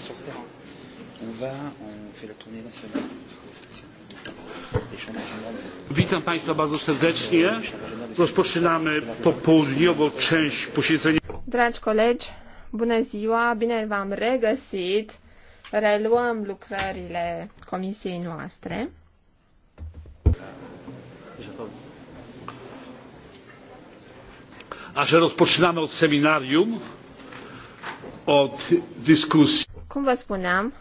sur le terrain. On va, on fait la tournée nationale. Witam Państwa bardzo serdecznie. Rozpoczynamy popołudniową część posiedzenia. Dragi colegi, bună ziua, bine v-am regăsit. Reluăm lucrările comisiei noastre. A że rozpoczynamy od seminarium, od dyskusji. Cum vă spuneam,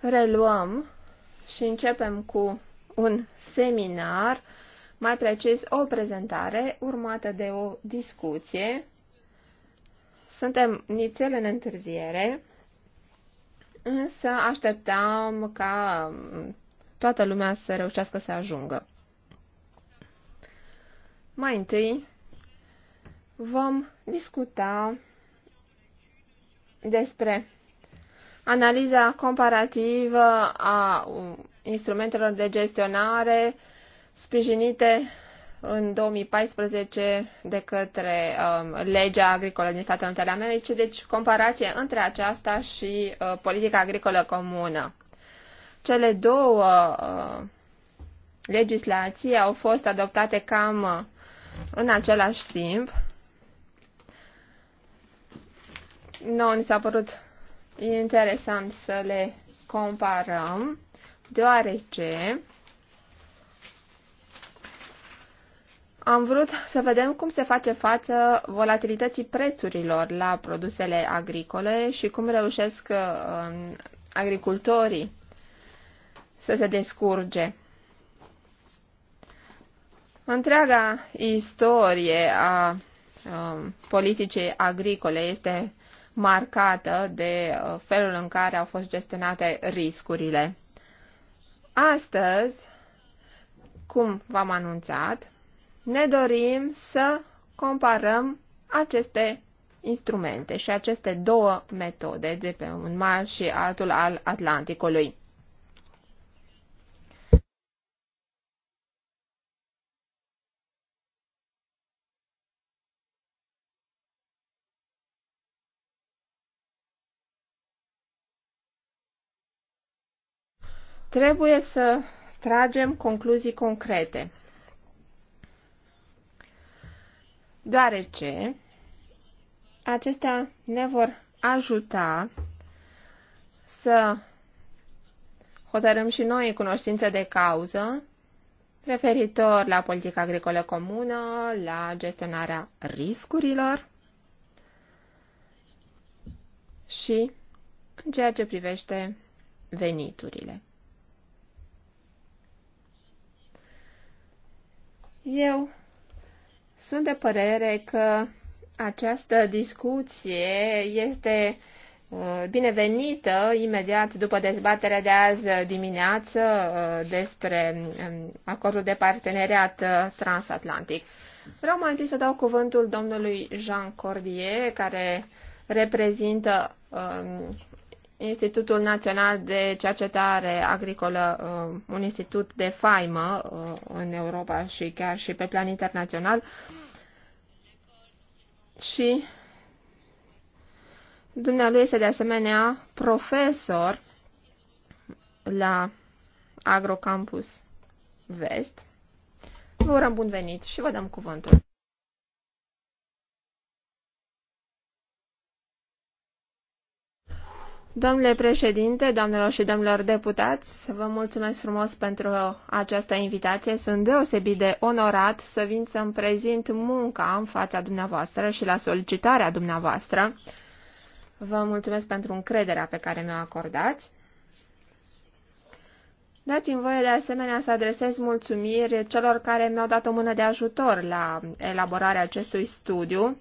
reluăm și începem cu un seminar, mai precis o prezentare urmată de o discuție. Suntem nițel în întârziere, însă așteptam ca toată lumea să reușească să ajungă. Mai întâi vom discuta despre analiza comparativă a instrumentelor de gestionare sprijinite în 2014 de către um, legea agricolă din Statele Unite ale Americii, deci comparație între aceasta și uh, politica agricolă comună. Cele două uh, legislații au fost adoptate cam uh, în același timp. Nu ni s-a părut E interesant să le comparăm, deoarece am vrut să vedem cum se face față volatilității prețurilor la produsele agricole și cum reușesc um, agricultorii să se descurge. Întreaga istorie a um, politicii agricole este marcată de uh, felul în care au fost gestionate riscurile. Astăzi, cum v-am anunțat, ne dorim să comparăm aceste instrumente și aceste două metode de pe un mar și altul al Atlanticului. Trebuie să tragem concluzii concrete. Deoarece acestea ne vor ajuta să hotărâm și noi cunoștințe de cauză referitor la politica agricolă comună, la gestionarea riscurilor și în ceea ce privește veniturile. Eu sunt de părere că această discuție este uh, binevenită imediat după dezbaterea de azi dimineață uh, despre um, acordul de parteneriat uh, transatlantic. Vreau mai întâi să dau cuvântul domnului Jean Cordier, care reprezintă um, Institutul Național de Cercetare Agricolă, uh, un institut de faimă uh, în Europa și chiar și pe plan internațional. Și dumnealui este de asemenea profesor la Agrocampus Vest. Vă urăm bun venit și vă dăm cuvântul. Domnule președinte, doamnelor și domnilor deputați, vă mulțumesc frumos pentru această invitație. Sunt deosebit de onorat să vin să-mi prezint munca în fața dumneavoastră și la solicitarea dumneavoastră. Vă mulțumesc pentru încrederea pe care mi-o acordați. Dați-mi voie de asemenea să adresez mulțumiri celor care mi-au dat o mână de ajutor la elaborarea acestui studiu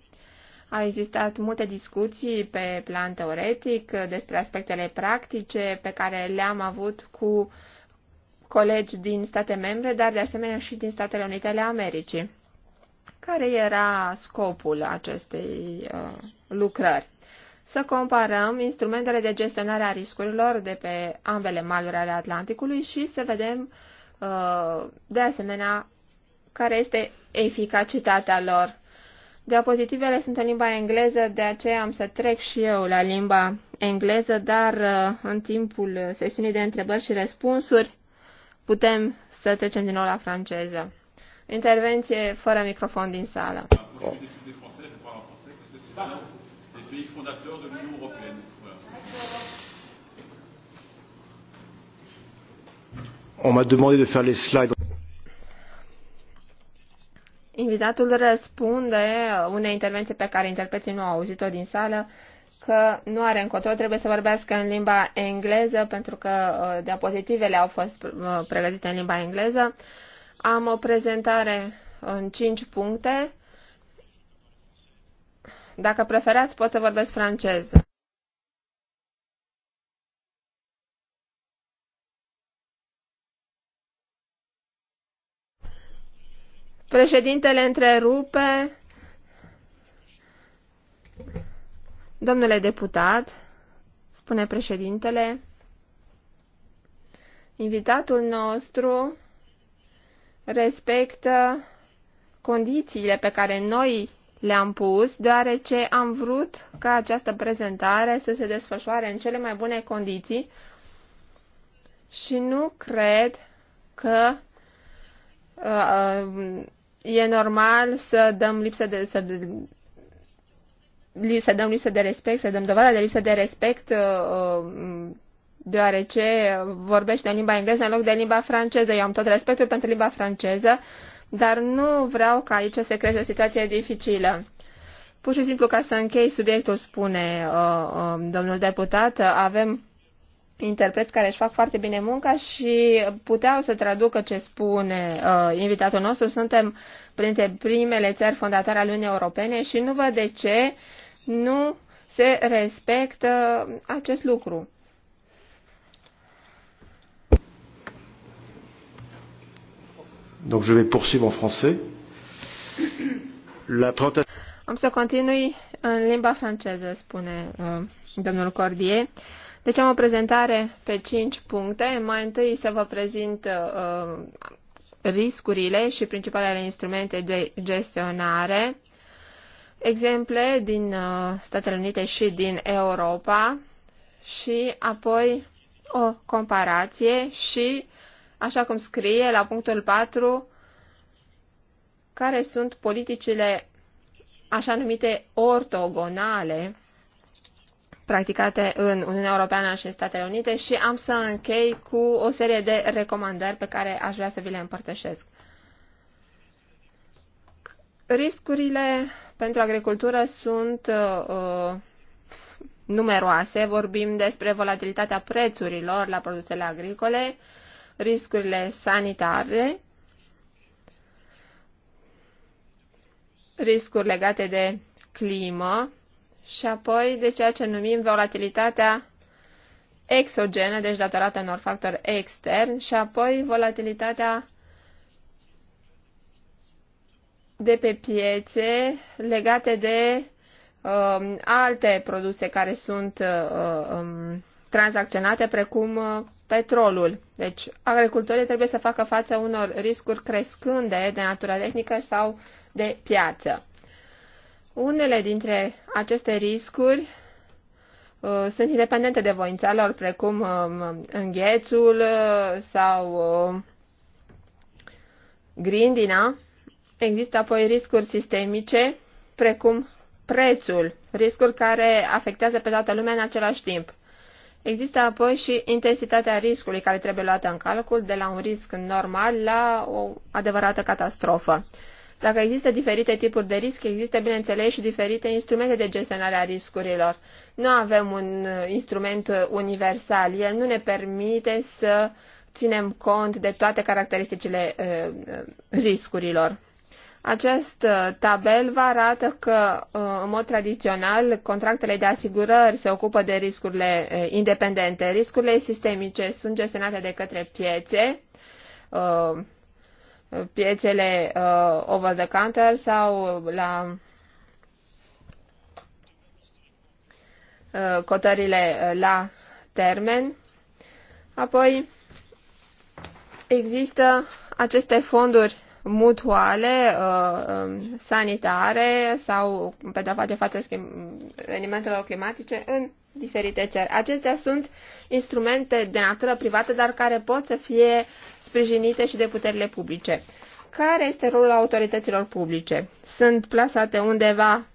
au existat multe discuții pe plan teoretic despre aspectele practice pe care le-am avut cu colegi din state membre, dar de asemenea și din Statele Unite ale Americii. Care era scopul acestei uh, lucrări? Să comparăm instrumentele de gestionare a riscurilor de pe ambele maluri ale Atlanticului și să vedem, uh, de asemenea, care este eficacitatea lor Diapozitivele sunt în limba engleză, de aceea am să trec și eu la limba engleză, dar uh, în timpul sesiunii de întrebări și răspunsuri putem să trecem din nou la franceză. Intervenție fără microfon din sală. On m'a demandé de faire les slides invitatul răspunde unei intervenții pe care interpreții nu au auzit-o din sală că nu are încotro, trebuie să vorbească în limba engleză pentru că uh, diapozitivele au fost uh, pregătite în limba engleză. Am o prezentare în 5 puncte. Dacă preferați, pot să vorbesc franceză. Președintele întrerupe. Domnule deputat, spune președintele, invitatul nostru respectă condițiile pe care noi le-am pus, deoarece am vrut ca această prezentare să se desfășoare în cele mai bune condiții și nu cred că uh, uh e normal să dăm lipsă de, să, să dăm lipsă de respect, să dăm dovadă de lipsă de respect uh, um, deoarece vorbește în limba engleză în loc de limba franceză. Eu am tot respectul pentru limba franceză, dar nu vreau ca aici să creeze o situație dificilă. Pur și simplu, ca să închei subiectul, spune uh, uh, domnul deputat, avem interpreți care își fac foarte bine munca și puteau să traducă ce spune uh, invitatul nostru. Suntem printre primele țări fondatoare ale Uniunii Europene și nu văd de ce nu se respectă uh, acest lucru. Donc je vais poursuivre en français. La présentation... Am să continui în limba franceză, spune uh, domnul Cordier. Uh, deci am o prezentare pe 5 puncte. Mai întâi să vă prezint uh, riscurile și principalele instrumente de gestionare, exemple din uh, Statele Unite și din Europa și apoi o comparație și, așa cum scrie la punctul 4, care sunt politicile așa numite ortogonale practicate în Uniunea Europeană și în Statele Unite și am să închei cu o serie de recomandări pe care aș vrea să vi le împărtășesc. Riscurile pentru agricultură sunt uh, numeroase. Vorbim despre volatilitatea prețurilor la produsele agricole, riscurile sanitare, riscuri legate de climă, și apoi de ceea ce numim volatilitatea exogenă, deci datorată unor factori externi, și apoi volatilitatea de pe piețe legate de um, alte produse care sunt uh, um, tranzacționate, precum uh, petrolul. Deci, agricultorii trebuie să facă față unor riscuri crescânde de natură tehnică sau de piață. Unele dintre aceste riscuri uh, sunt independente de voința lor, precum uh, înghețul uh, sau uh, grindina. Există apoi riscuri sistemice, precum prețul, riscuri care afectează pe toată lumea în același timp. Există apoi și intensitatea riscului care trebuie luată în calcul de la un risc normal la o adevărată catastrofă. Dacă există diferite tipuri de risc, există, bineînțeles, și diferite instrumente de gestionare a riscurilor. Nu avem un uh, instrument uh, universal. El nu ne permite să ținem cont de toate caracteristicile uh, riscurilor. Acest tabel vă arată că, în mod tradițional, contractele de asigurări se ocupă de riscurile independente. Riscurile sistemice sunt gestionate de către piețe, piețele uh, over the counter sau la uh, cotările uh, la termen. Apoi există aceste fonduri mutuale uh, um, sanitare sau pentru a face față evenimentelor climatice în diferite țări. Acestea sunt instrumente de natură privată, dar care pot să fie sprijinite și de puterile publice. Care este rolul autorităților publice? Sunt plasate undeva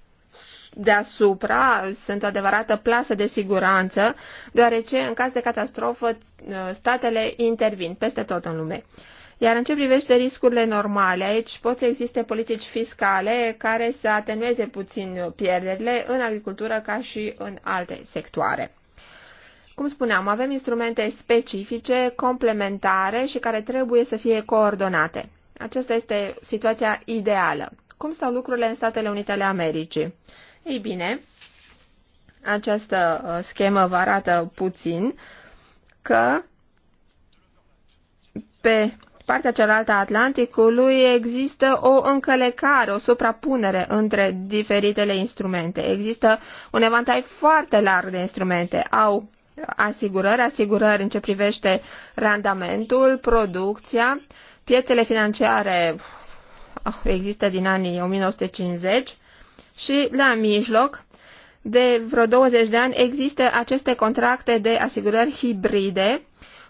deasupra, sunt o adevărată plasă de siguranță, deoarece în caz de catastrofă uh, statele intervin peste tot în lume. Iar în ce privește riscurile normale, aici pot să existe politici fiscale care să atenueze puțin pierderile în agricultură ca și în alte sectoare. Cum spuneam, avem instrumente specifice, complementare și care trebuie să fie coordonate. Aceasta este situația ideală. Cum stau lucrurile în Statele Unite ale Americii? Ei bine, această uh, schemă vă arată puțin că pe partea cealaltă a Atlanticului există o încălecare, o suprapunere între diferitele instrumente. Există un evantai foarte larg de instrumente. Au asigurări, asigurări în ce privește randamentul, producția, piețele financiare ah, există din anii 1950 și la mijloc de vreo 20 de ani există aceste contracte de asigurări hibride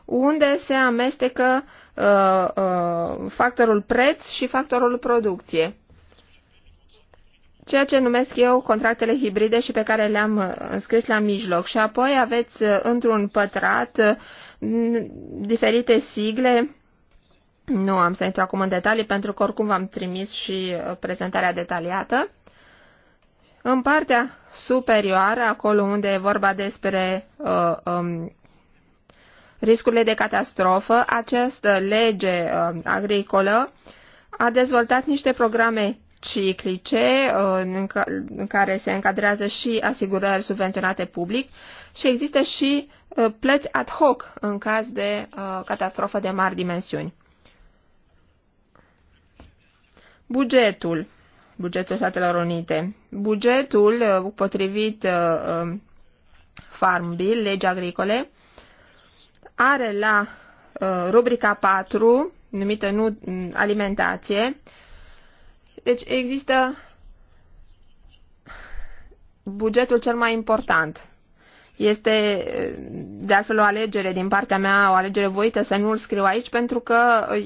unde se amestecă Uh, uh, factorul preț și factorul producție. Ceea ce numesc eu contractele hibride și pe care le-am uh, înscris la mijloc. Și apoi aveți într-un pătrat diferite sigle. Nu am să intru acum în detalii pentru că oricum v-am trimis și prezentarea detaliată. În partea superioară, acolo unde e vorba despre uh, um, riscurile de catastrofă, această lege uh, agricolă a dezvoltat niște programe ciclice uh, în care se încadrează și asigurări subvenționate public și există și uh, plăți ad hoc în caz de catastrofă de mari dimensiuni. Bugetul. Bugetul Statelor Unite. Bugetul, potrivit um, Farm Bill, legea agricole, are la uh, rubrica 4, numită nu alimentație, deci există bugetul cel mai important. Este de altfel o alegere din partea mea, o alegere voită să nu-l scriu aici pentru că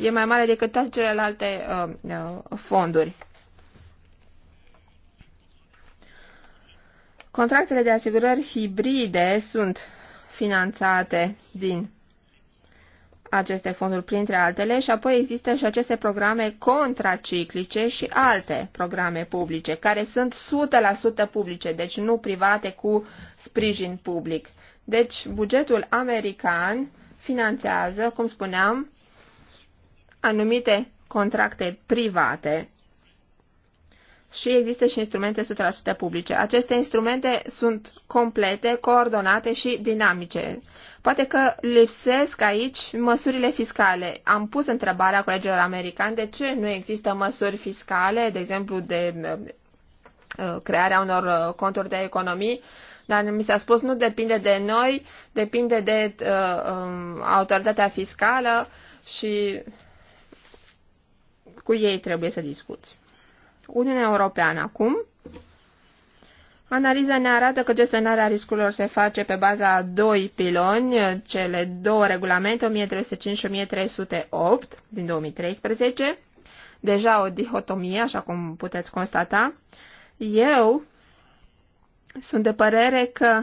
e mai mare decât toate celelalte uh, uh, fonduri. Contractele de asigurări hibride sunt finanțate din aceste fonduri, printre altele, și apoi există și aceste programe contraciclice și alte programe publice, care sunt 100% publice, deci nu private cu sprijin public. Deci, bugetul american finanțează, cum spuneam, anumite contracte private și există și instrumente 100% publice. Aceste instrumente sunt complete, coordonate și dinamice. Poate că lipsesc aici măsurile fiscale. Am pus întrebarea colegilor americani de ce nu există măsuri fiscale, de exemplu de uh, uh, crearea unor uh, conturi de economii, dar mi s-a spus nu depinde de noi, depinde de uh, um, autoritatea fiscală și cu ei trebuie să discuți. Uniunea Europeană acum. Analiza ne arată că gestionarea riscurilor se face pe baza a doi piloni, cele două regulamente 1305 și 1308 din 2013. Deja o dihotomie, așa cum puteți constata. Eu sunt de părere că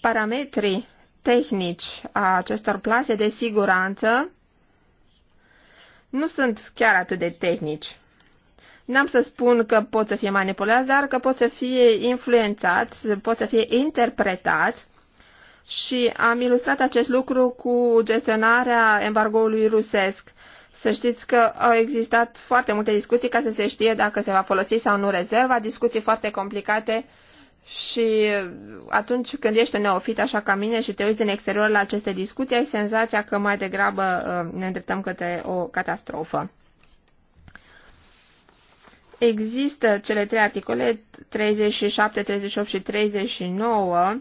parametrii tehnici a acestor plase de siguranță nu sunt chiar atât de tehnici. N-am să spun că pot să fie manipulați, dar că pot să fie influențați, pot să fie interpretați și am ilustrat acest lucru cu gestionarea embargoului rusesc. Să știți că au existat foarte multe discuții ca să se știe dacă se va folosi sau nu rezerva, discuții foarte complicate și atunci când ești neofit așa ca mine și te uiți din exterior la aceste discuții, ai senzația că mai degrabă uh, ne îndreptăm către o catastrofă. Există cele trei articole 37, 38 și 39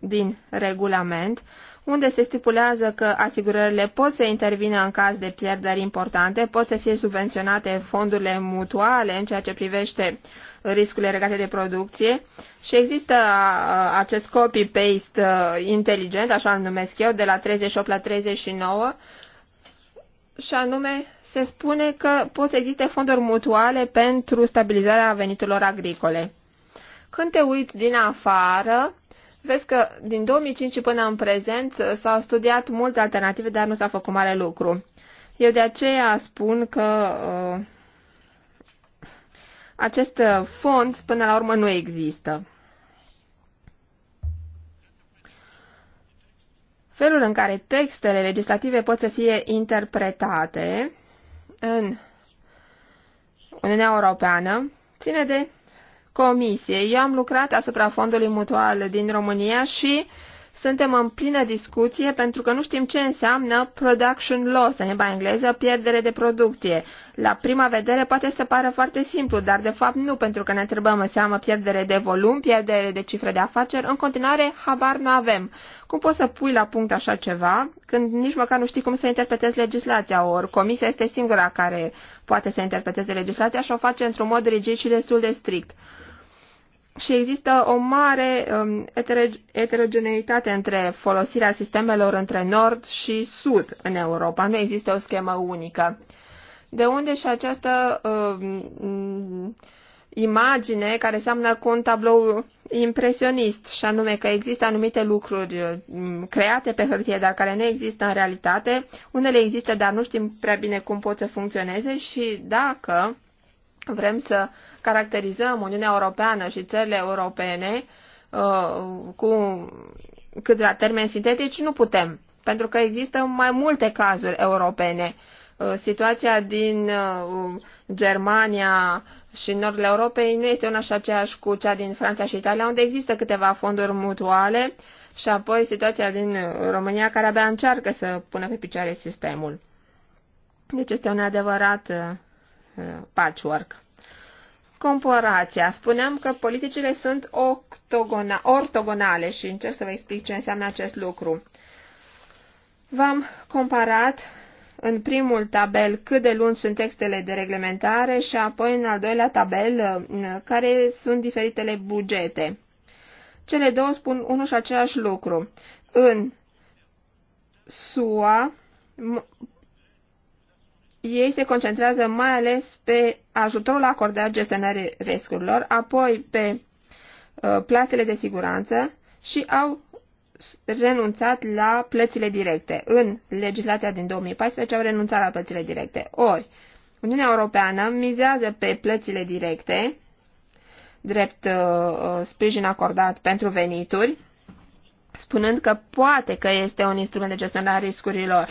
din regulament, unde se stipulează că asigurările pot să intervină în caz de pierderi importante, pot să fie subvenționate fondurile mutuale în ceea ce privește riscurile legate de producție și există acest copy-paste inteligent, așa îl numesc eu, de la 38 la 39, și anume se spune că pot să existe fonduri mutuale pentru stabilizarea veniturilor agricole. Când te uiți din afară, vezi că din 2005 până în prezent s-au studiat multe alternative, dar nu s-a făcut mare lucru. Eu de aceea spun că uh, acest fond până la urmă nu există. Felul în care textele legislative pot să fie interpretate în Uniunea Europeană ține de comisie. Eu am lucrat asupra fondului mutual din România și suntem în plină discuție pentru că nu știm ce înseamnă production loss în limba engleză, pierdere de producție. La prima vedere poate să pară foarte simplu, dar de fapt nu, pentru că ne întrebăm seamă pierdere de volum, pierdere de cifre de afaceri, în continuare habar nu avem. Cum poți să pui la punct așa ceva când nici măcar nu știi cum să interpretezi legislația, ori comisia este singura care poate să interpreteze legislația și o face într-un mod rigid și destul de strict și există o mare um, heterogeneitate între folosirea sistemelor între nord și sud în Europa. Nu există o schemă unică. De unde și această uh, imagine care seamănă cu un tablou impresionist, și anume că există anumite lucruri um, create pe hârtie, dar care nu există în realitate. Unele există, dar nu știm prea bine cum pot să funcționeze și dacă Vrem să caracterizăm Uniunea Europeană și țările europene uh, cu câțiva termeni sintetici? Nu putem, pentru că există mai multe cazuri europene. Uh, situația din uh, Germania și nordul Europei nu este una și aceeași cu cea din Franța și Italia, unde există câteva fonduri mutuale și apoi situația din România care abia încearcă să pună pe picioare sistemul. Deci este un adevărat patchwork. Comparația. Spuneam că politicile sunt octogona, ortogonale și încerc să vă explic ce înseamnă acest lucru. V-am comparat în primul tabel cât de lungi sunt textele de reglementare și apoi în al doilea tabel care sunt diferitele bugete. Cele două spun unul și același lucru. În SUA, ei se concentrează mai ales pe ajutorul acordat gestionării riscurilor, apoi pe uh, plasele de siguranță și au renunțat la plățile directe. În legislația din 2014 au renunțat la plățile directe. Ori, Uniunea Europeană mizează pe plățile directe, drept uh, uh, sprijin acordat pentru venituri, spunând că poate că este un instrument de gestionare a riscurilor,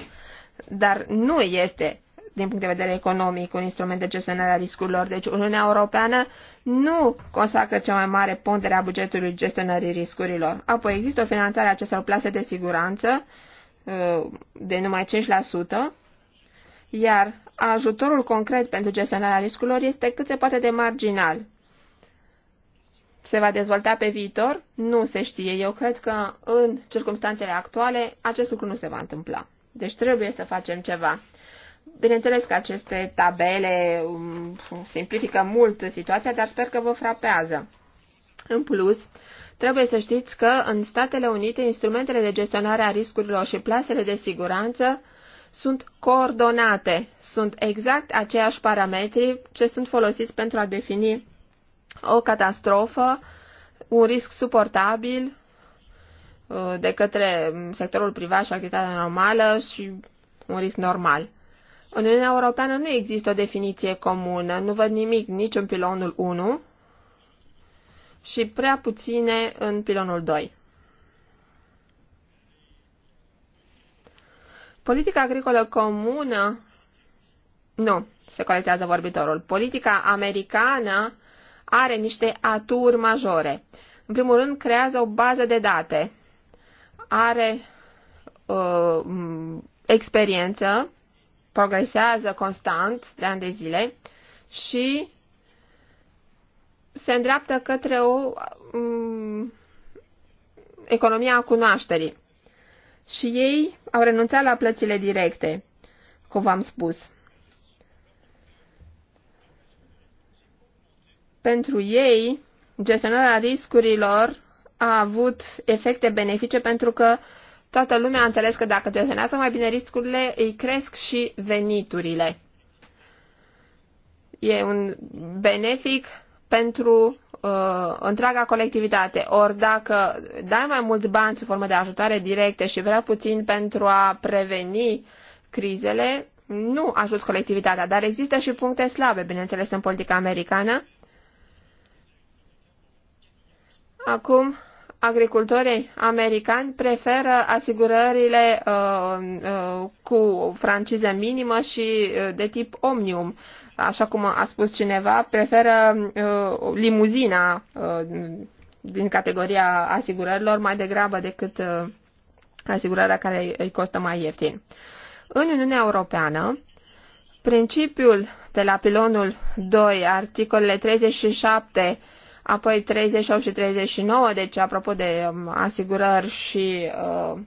dar nu este din punct de vedere economic, un instrument de gestionare a riscurilor. Deci Uniunea Europeană nu consacră cea mai mare pondere a bugetului gestionării riscurilor. Apoi există o finanțare a acestor plase de siguranță uh, de numai 5%, iar ajutorul concret pentru gestionarea riscurilor este cât se poate de marginal. Se va dezvolta pe viitor? Nu se știe. Eu cred că în circumstanțele actuale acest lucru nu se va întâmpla. Deci trebuie să facem ceva. Bineînțeles că aceste tabele um, simplifică mult situația, dar sper că vă frapează. În plus, trebuie să știți că în Statele Unite instrumentele de gestionare a riscurilor și plasele de siguranță sunt coordonate, sunt exact aceiași parametri ce sunt folosiți pentru a defini o catastrofă, un risc suportabil uh, de către um, sectorul privat și activitatea normală și un risc normal. În Uniunea Europeană nu există o definiție comună, nu văd nimic nici în pilonul 1 și prea puține în pilonul 2. Politica agricolă comună? Nu, se colectează vorbitorul. Politica americană are niște aturi majore. În primul rând, creează o bază de date. Are uh, experiență progresează constant de ani de zile și se îndreaptă către o um, mm, economie a cunoașterii. Și ei au renunțat la plățile directe, cum v-am spus. Pentru ei, gestionarea riscurilor a avut efecte benefice pentru că uh, Toată lumea a înțeles că dacă gestionează mai bine riscurile, îi cresc și veniturile. E un benefic pentru uh, întreaga colectivitate. Ori dacă dai mai mulți bani sub formă de ajutare directe și vrea puțin pentru a preveni crizele, nu ajuți colectivitatea, dar există și puncte slabe, bineînțeles, în politica americană. Acum, agricultorii americani preferă asigurările uh, uh, cu franciză minimă și uh, de tip omnium. Așa cum a spus cineva, preferă uh, limuzina uh, din categoria asigurărilor mai degrabă decât uh, asigurarea care îi costă mai ieftin. În Uniunea Europeană, principiul de la pilonul 2, articolele 37 apoi 38 și 39, deci apropo de um, asigurări și uh,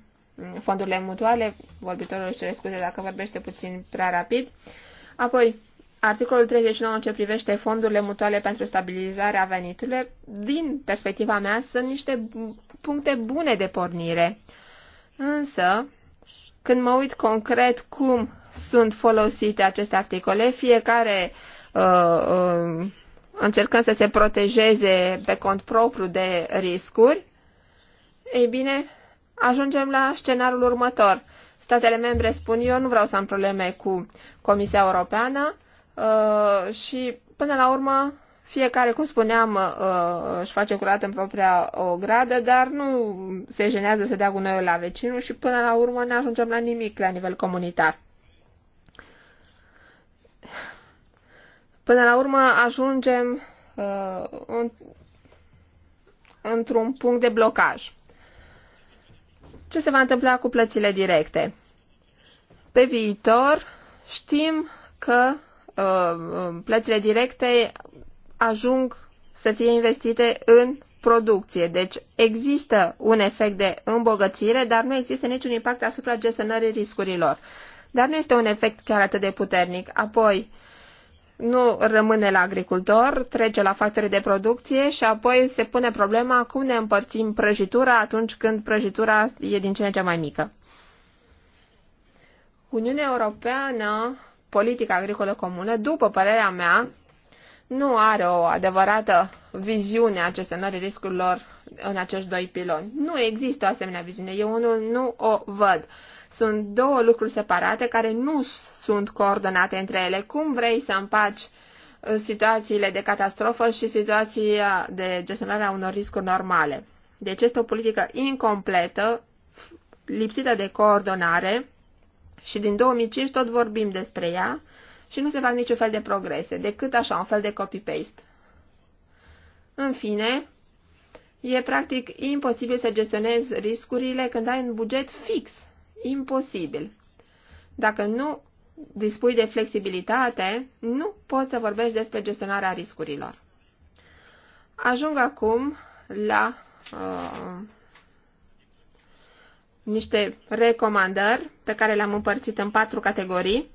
fondurile mutuale, vorbitorul își scuze dacă vorbește puțin prea rapid, apoi articolul 39 în ce privește fondurile mutuale pentru stabilizarea veniturilor, din perspectiva mea, sunt niște puncte bune de pornire. Însă, când mă uit concret cum sunt folosite aceste articole, fiecare uh, uh, încercând să se protejeze pe cont propriu de riscuri, ei bine, ajungem la scenariul următor. Statele membre spun eu nu vreau să am probleme cu Comisia Europeană uh, și până la urmă fiecare, cum spuneam, uh, își face curat în propria o gradă, dar nu se jenează să dea gunoiul la vecinul și până la urmă ne ajungem la nimic la nivel comunitar. Până la urmă ajungem uh, în, într-un punct de blocaj. Ce se va întâmpla cu plățile directe? Pe viitor știm că uh, plățile directe ajung să fie investite în producție. Deci există un efect de îmbogățire, dar nu există niciun impact asupra gestionării riscurilor. Dar nu este un efect chiar atât de puternic. Apoi, uh, nu rămâne la agricultor, trece la factorii de producție și apoi se pune problema cum ne împărțim prăjitura atunci când prăjitura e din ce în ce mai mică. Uniunea Europeană, politica agricolă comună, după părerea mea, nu are o adevărată viziune a gestionării riscurilor în acești doi piloni. Nu există o asemenea viziune. Eu unul nu o văd. Sunt două lucruri separate care nu sunt coordonate între ele. Cum vrei să împaci uh, situațiile de catastrofă și situația de gestionare a unor riscuri normale? Deci este o politică incompletă, lipsită de coordonare și din 2005 tot vorbim despre ea și nu se fac niciun fel de progrese, decât așa, un fel de copy-paste. În fine, e practic imposibil să gestionezi riscurile când ai un buget fix imposibil. Dacă nu dispui de flexibilitate, nu poți să vorbești despre gestionarea riscurilor. Ajung acum la uh, niște recomandări pe care le-am împărțit în patru categorii.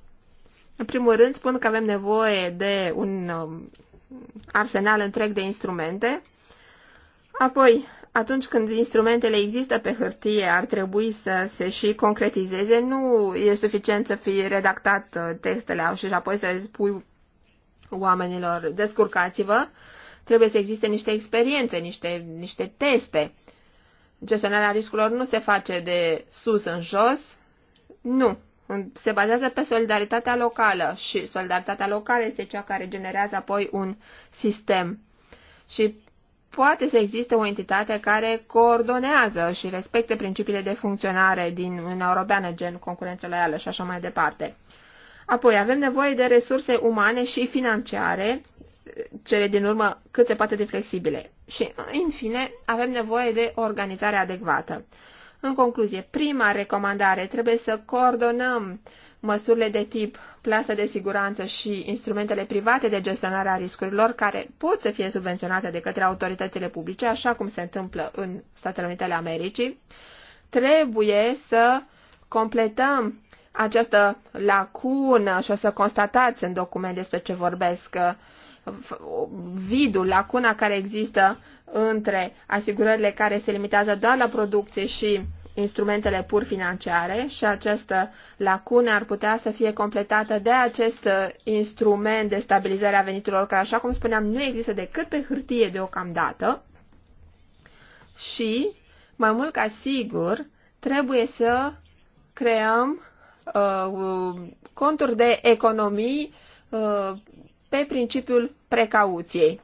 În primul rând, spun că avem nevoie de un uh, arsenal întreg de instrumente. Apoi, atunci când instrumentele există pe hârtie, ar trebui să se și concretizeze. Nu e suficient să fie redactat uh, textele și apoi să le spui oamenilor, descurcați-vă. Trebuie să existe niște experiențe, niște, niște teste. Gestionarea riscurilor nu se face de sus în jos, nu. Se bazează pe solidaritatea locală și solidaritatea locală este cea care generează apoi un sistem. Și poate să existe o entitate care coordonează și respecte principiile de funcționare din Uniunea Europeană, gen concurență loială și așa mai departe. Apoi, avem nevoie de resurse umane și financiare, cele din urmă cât se poate de flexibile. Și, în fine, avem nevoie de organizare adecvată. În concluzie, prima recomandare trebuie să coordonăm uh, măsurile de tip plasă de siguranță și instrumentele private de gestionare a riscurilor, care pot să fie subvenționate de către autoritățile publice, așa cum se întâmplă în Statele Unite ale Americii, trebuie să completăm această lacună și o să constatați în document despre ce vorbesc uh, vidul, lacuna care există între asigurările care se limitează doar la producție și instrumentele pur financiare și această lacună ar putea să fie completată de acest uh, instrument de stabilizare a veniturilor, care, așa cum spuneam, nu există decât pe hârtie deocamdată. Și, mai mult ca sigur, trebuie să creăm uh, conturi de economii uh, pe principiul precauției.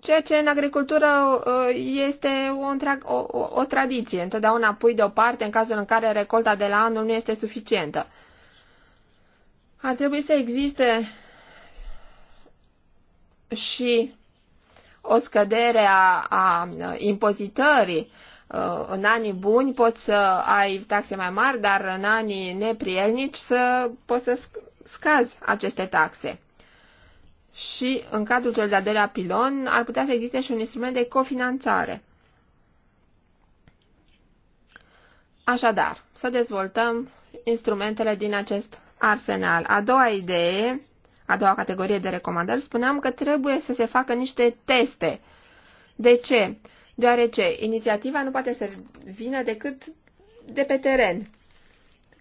Ceea ce în agricultură uh, este o, întreag, o, o, o tradiție. Întotdeauna pui deoparte în cazul în care recolta de la anul nu este suficientă. Ar trebui să existe și o scădere a, a impozitării. Uh, în anii buni poți să ai taxe mai mari, dar în anii neprielnici să poți să scazi aceste taxe și în cadrul cel de-al doilea pilon ar putea să existe și un instrument de cofinanțare. Așadar, să dezvoltăm instrumentele din acest arsenal. A doua idee, a doua categorie de recomandări, spuneam că trebuie să se facă niște teste. De ce? Deoarece inițiativa nu poate să vină decât de pe teren.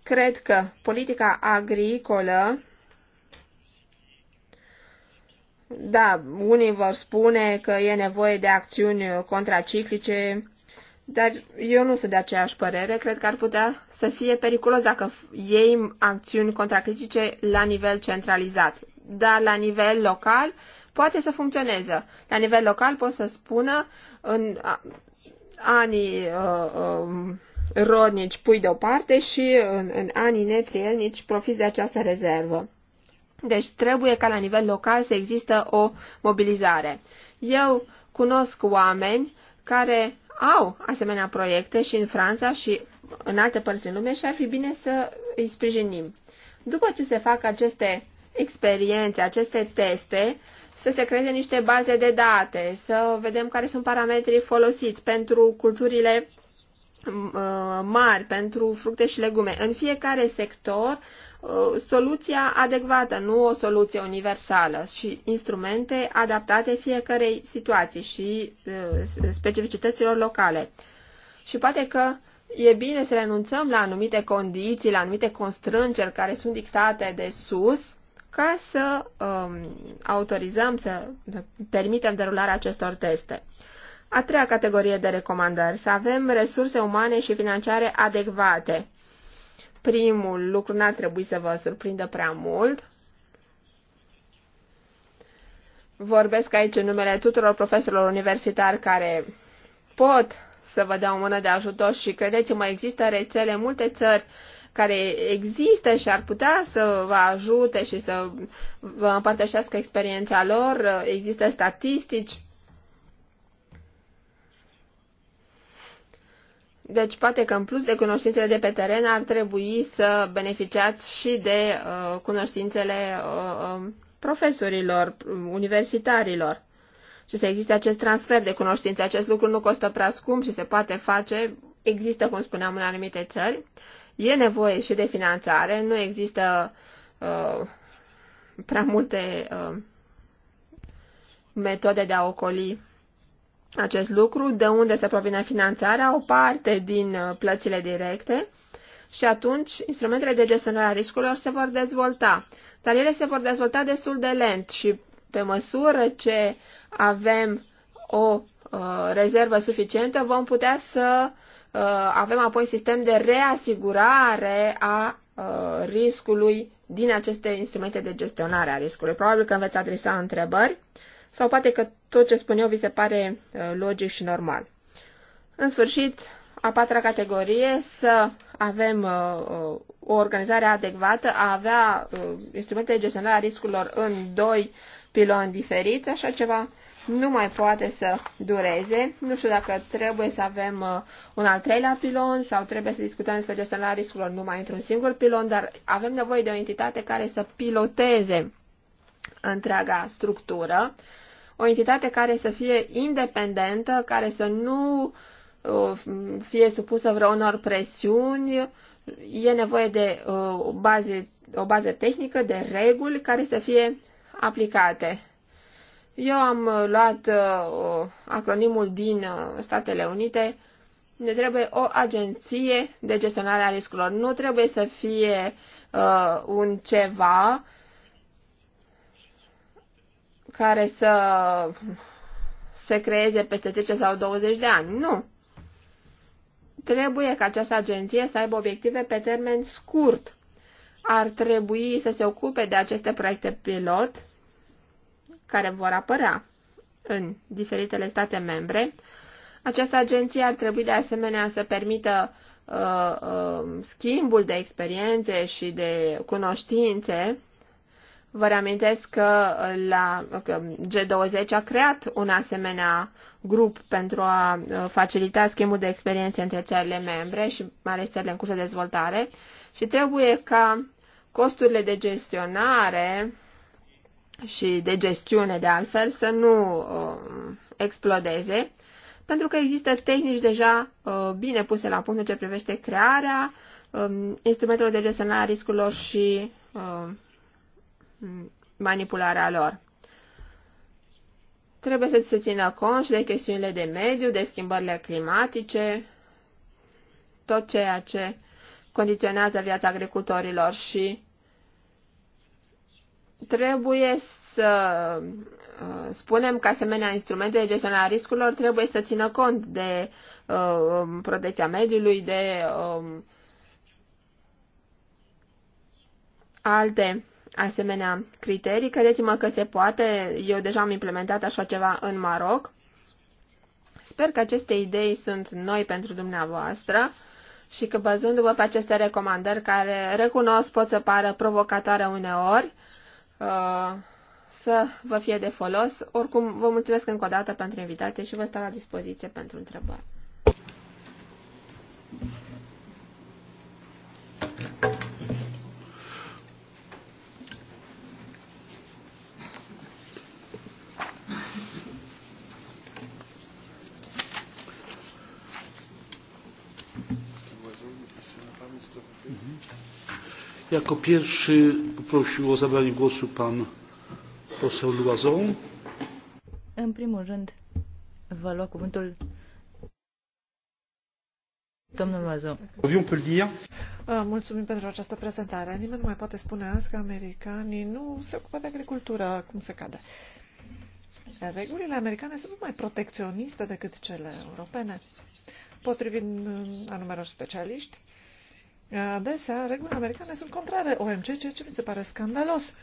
Cred că politica agricolă da, unii vor spune că e nevoie de acțiuni contraciclice, dar eu nu sunt de aceeași părere. Cred că ar putea să fie periculos dacă iei acțiuni contraciclice la nivel centralizat. Dar la nivel local poate să funcționeze. La nivel local pot să spună în anii uh, uh, rodnici pui deoparte și în, în anii neprielnici profiți de această rezervă. Deci trebuie ca la nivel local să există o mobilizare. Eu cunosc oameni care au asemenea proiecte și în Franța și în alte părți din lume și ar fi bine să îi sprijinim. După ce se fac aceste experiențe, aceste teste, să se creeze niște baze de date, să vedem care sunt parametrii folosiți pentru culturile Uh, mari pentru fructe și legume. În fiecare sector, uh, soluția adecvată, nu o soluție universală și instrumente adaptate fiecarei situații și uh, specificităților locale. Și poate că e bine să renunțăm la anumite condiții, la anumite constrângeri care sunt dictate de sus, ca să um, autorizăm, să permitem derularea acestor teste. A treia categorie de recomandări, să avem resurse umane și financiare adecvate. Primul lucru n-ar trebui să vă surprindă prea mult. Vorbesc aici în numele tuturor profesorilor universitari care pot să vă dea o mână de ajutor și credeți-mă, există rețele în multe țări care există și ar putea să vă ajute și să vă împărtășească experiența lor. Există statistici Deci poate că în plus de cunoștințele de pe teren ar trebui să beneficiați și de uh, cunoștințele uh, um, profesorilor, universitarilor. Și să existe acest transfer de cunoștințe. Acest lucru nu costă prea scump și se poate face. Există, cum spuneam, în anumite țări. E nevoie și de finanțare. Nu există uh, prea multe uh, metode de a ocoli acest lucru, de unde se provine finanțarea, o parte din uh, plățile directe și atunci instrumentele de gestionare a riscurilor se vor dezvolta. Dar ele se vor dezvolta destul de lent și pe măsură ce avem o uh, rezervă suficientă, vom putea să uh, avem apoi sistem de reasigurare a uh, riscului din aceste instrumente de gestionare a riscului. Probabil că veți adresa întrebări sau poate că tot ce spun eu vi se pare uh, logic și normal. În sfârșit, a patra categorie, să avem uh, uh, o organizare adecvată, a avea instrumente de gestionare a riscurilor în doi piloni diferiți, așa ceva nu mai poate să dureze. Nu știu dacă trebuie să avem uh, un al treilea pilon sau trebuie să discutăm despre gestionarea riscurilor numai într-un singur pilon, dar avem nevoie de o entitate care să piloteze întreaga structură o entitate care să fie independentă, care să nu fie supusă vreo unor presiuni, e nevoie de o bază, o bază tehnică, de reguli care să fie aplicate. Eu am luat acronimul din uh, Statele Unite, ne trebuie o agenție de gestionare a riscurilor. Nu trebuie să fie uh, un ceva care să se creeze peste 10 sau 20 de ani. Nu! Trebuie ca această agenție să aibă obiective pe termen scurt. Ar trebui să se ocupe de aceste proiecte pilot care vor apărea în diferitele state membre. Această agenție ar trebui de asemenea să permită uh, uh, schimbul de experiențe și de cunoștințe Vă reamintesc că la că G20 a creat un asemenea grup pentru a uh, facilita schimbul de experiențe între țările membre și mai ales țările în curs de dezvoltare și trebuie ca costurile de gestionare și de gestiune de altfel să nu uh, explodeze, pentru că există tehnici deja uh, bine puse la punct în ce privește crearea um, instrumentelor de gestionare a riscurilor și uh, manipularea lor. Trebuie să se țină cont și de chestiunile de mediu, de schimbările climatice, tot ceea ce condiționează viața agricultorilor și trebuie să uh, spunem că asemenea instrumente de gestionare a riscurilor trebuie să țină cont de uh, um, protecția mediului, de uh, alte asemenea criterii. Credeți-mă că se poate, eu deja am implementat așa ceva în Maroc. Sper că aceste idei sunt noi pentru dumneavoastră și că bazându-vă pe aceste recomandări, care recunosc pot să pară provocatoare uneori, uh, să vă fie de folos. Oricum, vă mulțumesc încă o dată pentru invitație și vă stau la dispoziție pentru întrebări. Jako pierwszy poprosił o zabranie głosu pan poseł Luazon. În primul rând, va lua cuvântul domnul Luazon. Mulțumim pentru această prezentare. Nimeni nu mai poate spune azi că americanii nu se ocupă de agricultură cum se cade. Regulile americane sunt mai protecționiste decât cele europene. Potrivit uh, a numeroși specialiști, Adesea, regulile americane sunt contrare OMC, ceea ce mi se pare scandalos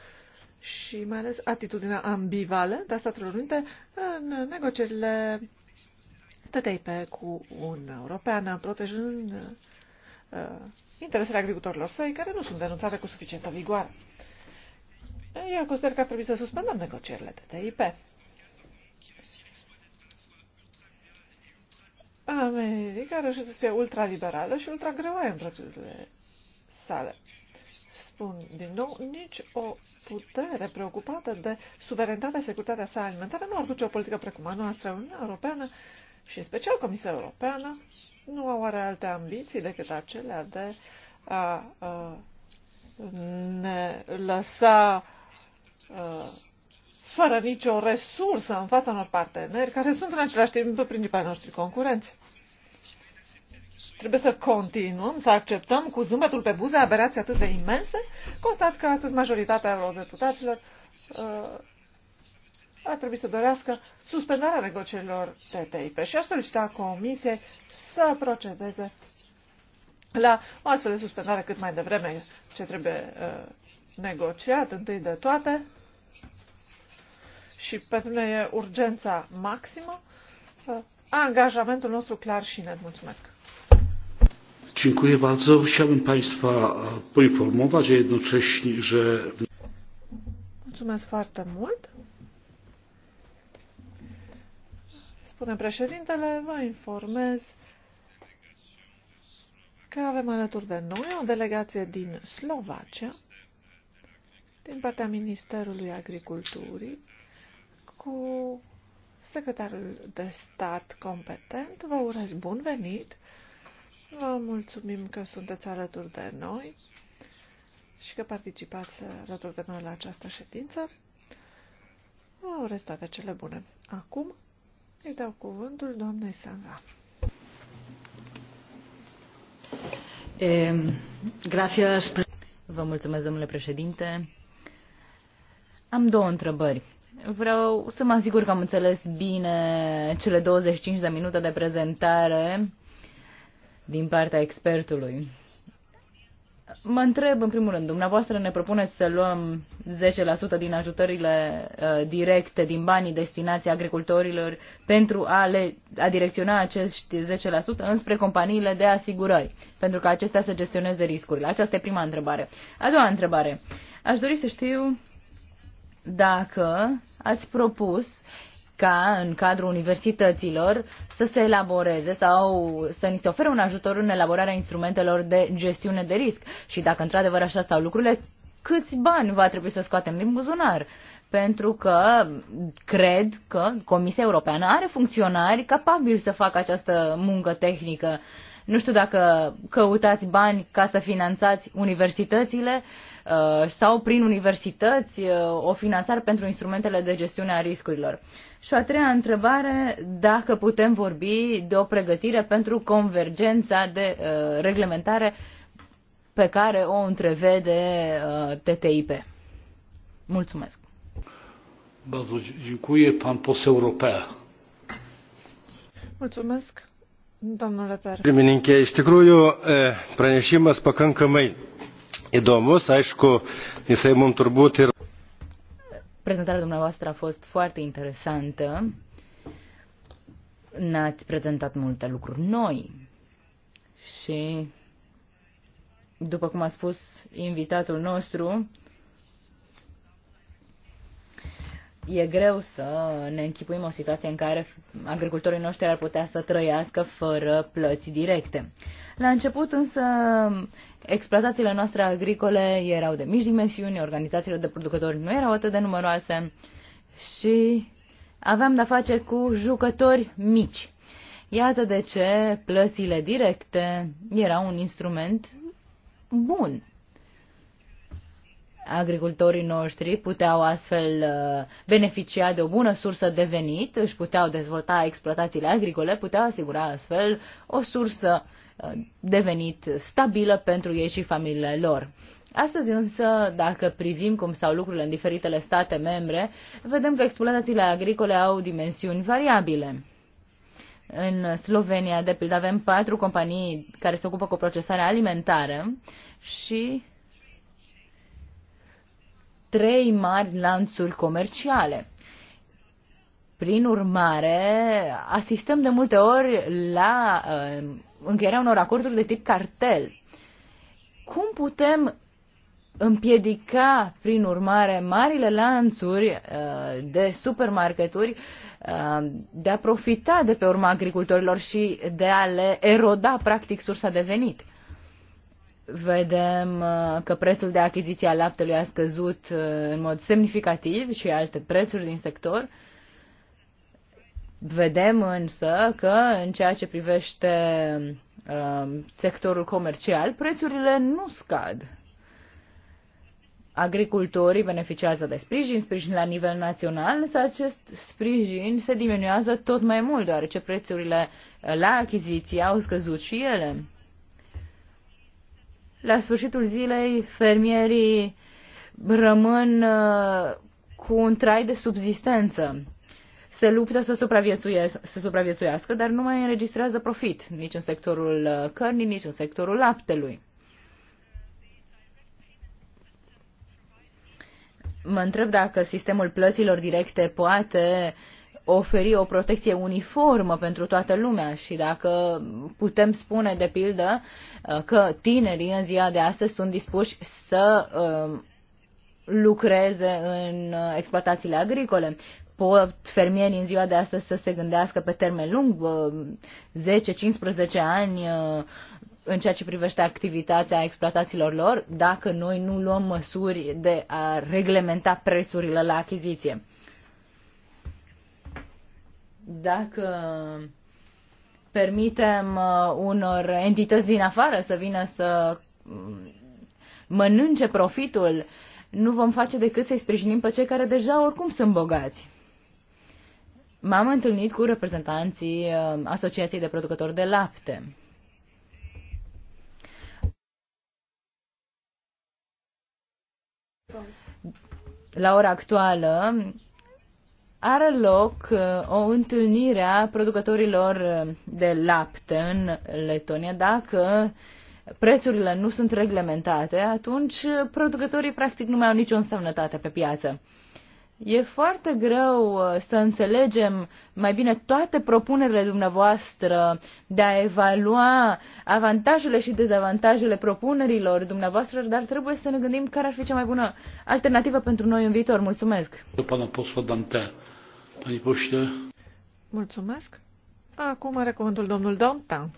și mai ales atitudinea ambivalentă a Statelor Unite în negocierile TTIP cu un european protejând uh, interesele agricultorilor săi, care nu sunt denunțate cu suficientă vigoare. Eu consider că ar trebui să suspendăm negocierile TTIP. America are reușit să fie ultraliberală și ultragreoaie în procedurile sale. Spun din nou, nici o putere preocupată de suverenitatea și securitatea sa alimentară nu ar duce o politică precum a noastră, Uniunea Europeană și în special Comisia Europeană nu au are alte ambiții decât acelea de a, a ne lăsa a, fără nicio resursă în fața unor parteneri care sunt în același timp principalii noștri concurenți. Trebuie să continuăm, să acceptăm cu zâmbetul pe buze aberații atât de imense. Constat că astăzi majoritatea deputaților uh, ar trebui să dorească suspendarea negocierilor TTIP și a solicita Comisiei să procedeze la o astfel de suspendare cât mai devreme ce trebuie uh, negociat întâi de toate și pentru noi e urgența maximă, angajamentul nostru clar și net. Mulțumesc! Dziękuję bardzo. Chciałbym Państwa poinformować, a jednocześnie, że... Mulțumesc foarte mult. Spune președintele, vă informez că avem alături de noi o delegație din Slovacia, din partea Ministerului Agriculturii, cu secretarul de stat competent. Vă urez bun venit. Vă mulțumim că sunteți alături de noi și că participați alături de noi la această ședință. Vă urez toate cele bune. Acum îi dau cuvântul doamnei Sanga. E, gracias. Vă mulțumesc, domnule președinte. Am două întrebări. Vreau să mă asigur că am înțeles bine cele 25 de minute de prezentare din partea expertului. Mă întreb, în primul rând, dumneavoastră ne propuneți să luăm 10% din ajutările uh, directe, din banii destinați agricultorilor, pentru a, le, a direcționa acești 10% înspre companiile de asigurări, pentru că acestea să gestioneze riscurile. Aceasta e prima întrebare. A doua întrebare. Aș dori să știu dacă ați propus ca în cadrul universităților să se elaboreze sau să ni se ofere un ajutor în elaborarea instrumentelor de gestiune de risc și dacă într-adevăr așa stau lucrurile, câți bani va trebui să scoatem din buzunar? Pentru că cred că Comisia Europeană are funcționari capabili să facă această muncă tehnică. Nu știu dacă căutați bani ca să finanțați universitățile, uh, Uh, sau prin universități uh, o finanțare pentru instrumentele de gestiune a riscurilor. Și a treia întrebare, dacă putem vorbi de o pregătire pentru convergența de uh, reglementare pe care o întrevede TTIP. Mulțumesc. Bardzo dziękuję. Pan poseł Europea. Mulțumesc, domnule Per. Pirmininkė, iš tikrųjų pranešimas pakankamai įdomus, aišku, jisai mums turbūt ir. Prezentarea dumneavoastră a fost foarte interesantă. Ne-ați prezentat multe lucruri noi și, după cum a spus invitatul nostru, e greu să ne închipuim o situație în care agricultorii noștri ar putea să trăiască fără plăți directe. La început însă exploatațiile noastre agricole erau de mici dimensiuni, organizațiile de producători nu erau atât de numeroase și aveam de-a face cu jucători mici. Iată de ce plățile directe erau un instrument bun. Agricultorii noștri puteau astfel uh, beneficia de o bună sursă de venit, își puteau dezvolta exploatațiile agricole, puteau asigura astfel o sursă devenit stabilă pentru ei și familiile lor. Astăzi însă, dacă privim cum stau lucrurile în diferitele state membre, vedem că exploatațiile agricole au dimensiuni variabile. În Slovenia, de pildă, avem patru companii care se ocupă cu procesarea alimentară și trei mari lanțuri comerciale. Prin urmare, asistăm de multe ori la uh, încheierea unor acorduri de tip cartel. Cum putem împiedica, prin urmare, marile lanțuri uh, de supermarketuri uh, de a profita de pe urma agricultorilor și de a le eroda, practic, sursa de venit. Vedem uh, că prețul de achiziție a laptelui a scăzut în mod semnificativ și alte prețuri din sector. Vedem însă că în ceea ce privește uh, sectorul comercial, prețurile nu scad. Agricultorii beneficiază de sprijin, sprijin la nivel național, însă acest sprijin se diminuează tot mai mult, deoarece prețurile uh, la achiziții au scăzut și ele. La sfârșitul zilei, fermierii rămân uh, cu un trai de subzistență se luptă să, să supraviețuiască, dar nu mai înregistrează profit nici în sectorul uh, cărnii, nici în sectorul laptelui. Mă întreb dacă sistemul plăților directe poate oferi o protecție uniformă pentru toată lumea și dacă putem spune, de pildă, uh, că tinerii în ziua de astăzi sunt dispuși să uh, lucreze în exploatațiile agricole pot fermierii în ziua de astăzi să se gândească pe termen lung, 10-15 ani, uh, în ceea ce privește activitatea exploatațiilor lor, dacă noi nu luăm măsuri de a reglementa prețurile la achiziție. Dacă permitem uh, unor entități din afară să vină să mm, mănânce profitul, nu vom face decât să-i sprijinim pe cei care deja oricum sunt bogați m-am întâlnit cu reprezentanții uh, Asociației de Producători de Lapte. La ora actuală are loc uh, o întâlnire a producătorilor uh, de lapte în Letonia. Dacă prețurile nu sunt reglementate, atunci producătorii practic nu mai au nicio însemnătate pe piață. E foarte greu uh, să înțelegem mai bine toate propunerile dumneavoastră de a evalua avantajele și dezavantajele propunerilor dumneavoastră, dar trebuie să ne gândim care ar fi cea mai bună alternativă pentru noi în viitor. Mulțumesc! Mulțumesc! Acum are cuvântul domnul Domta.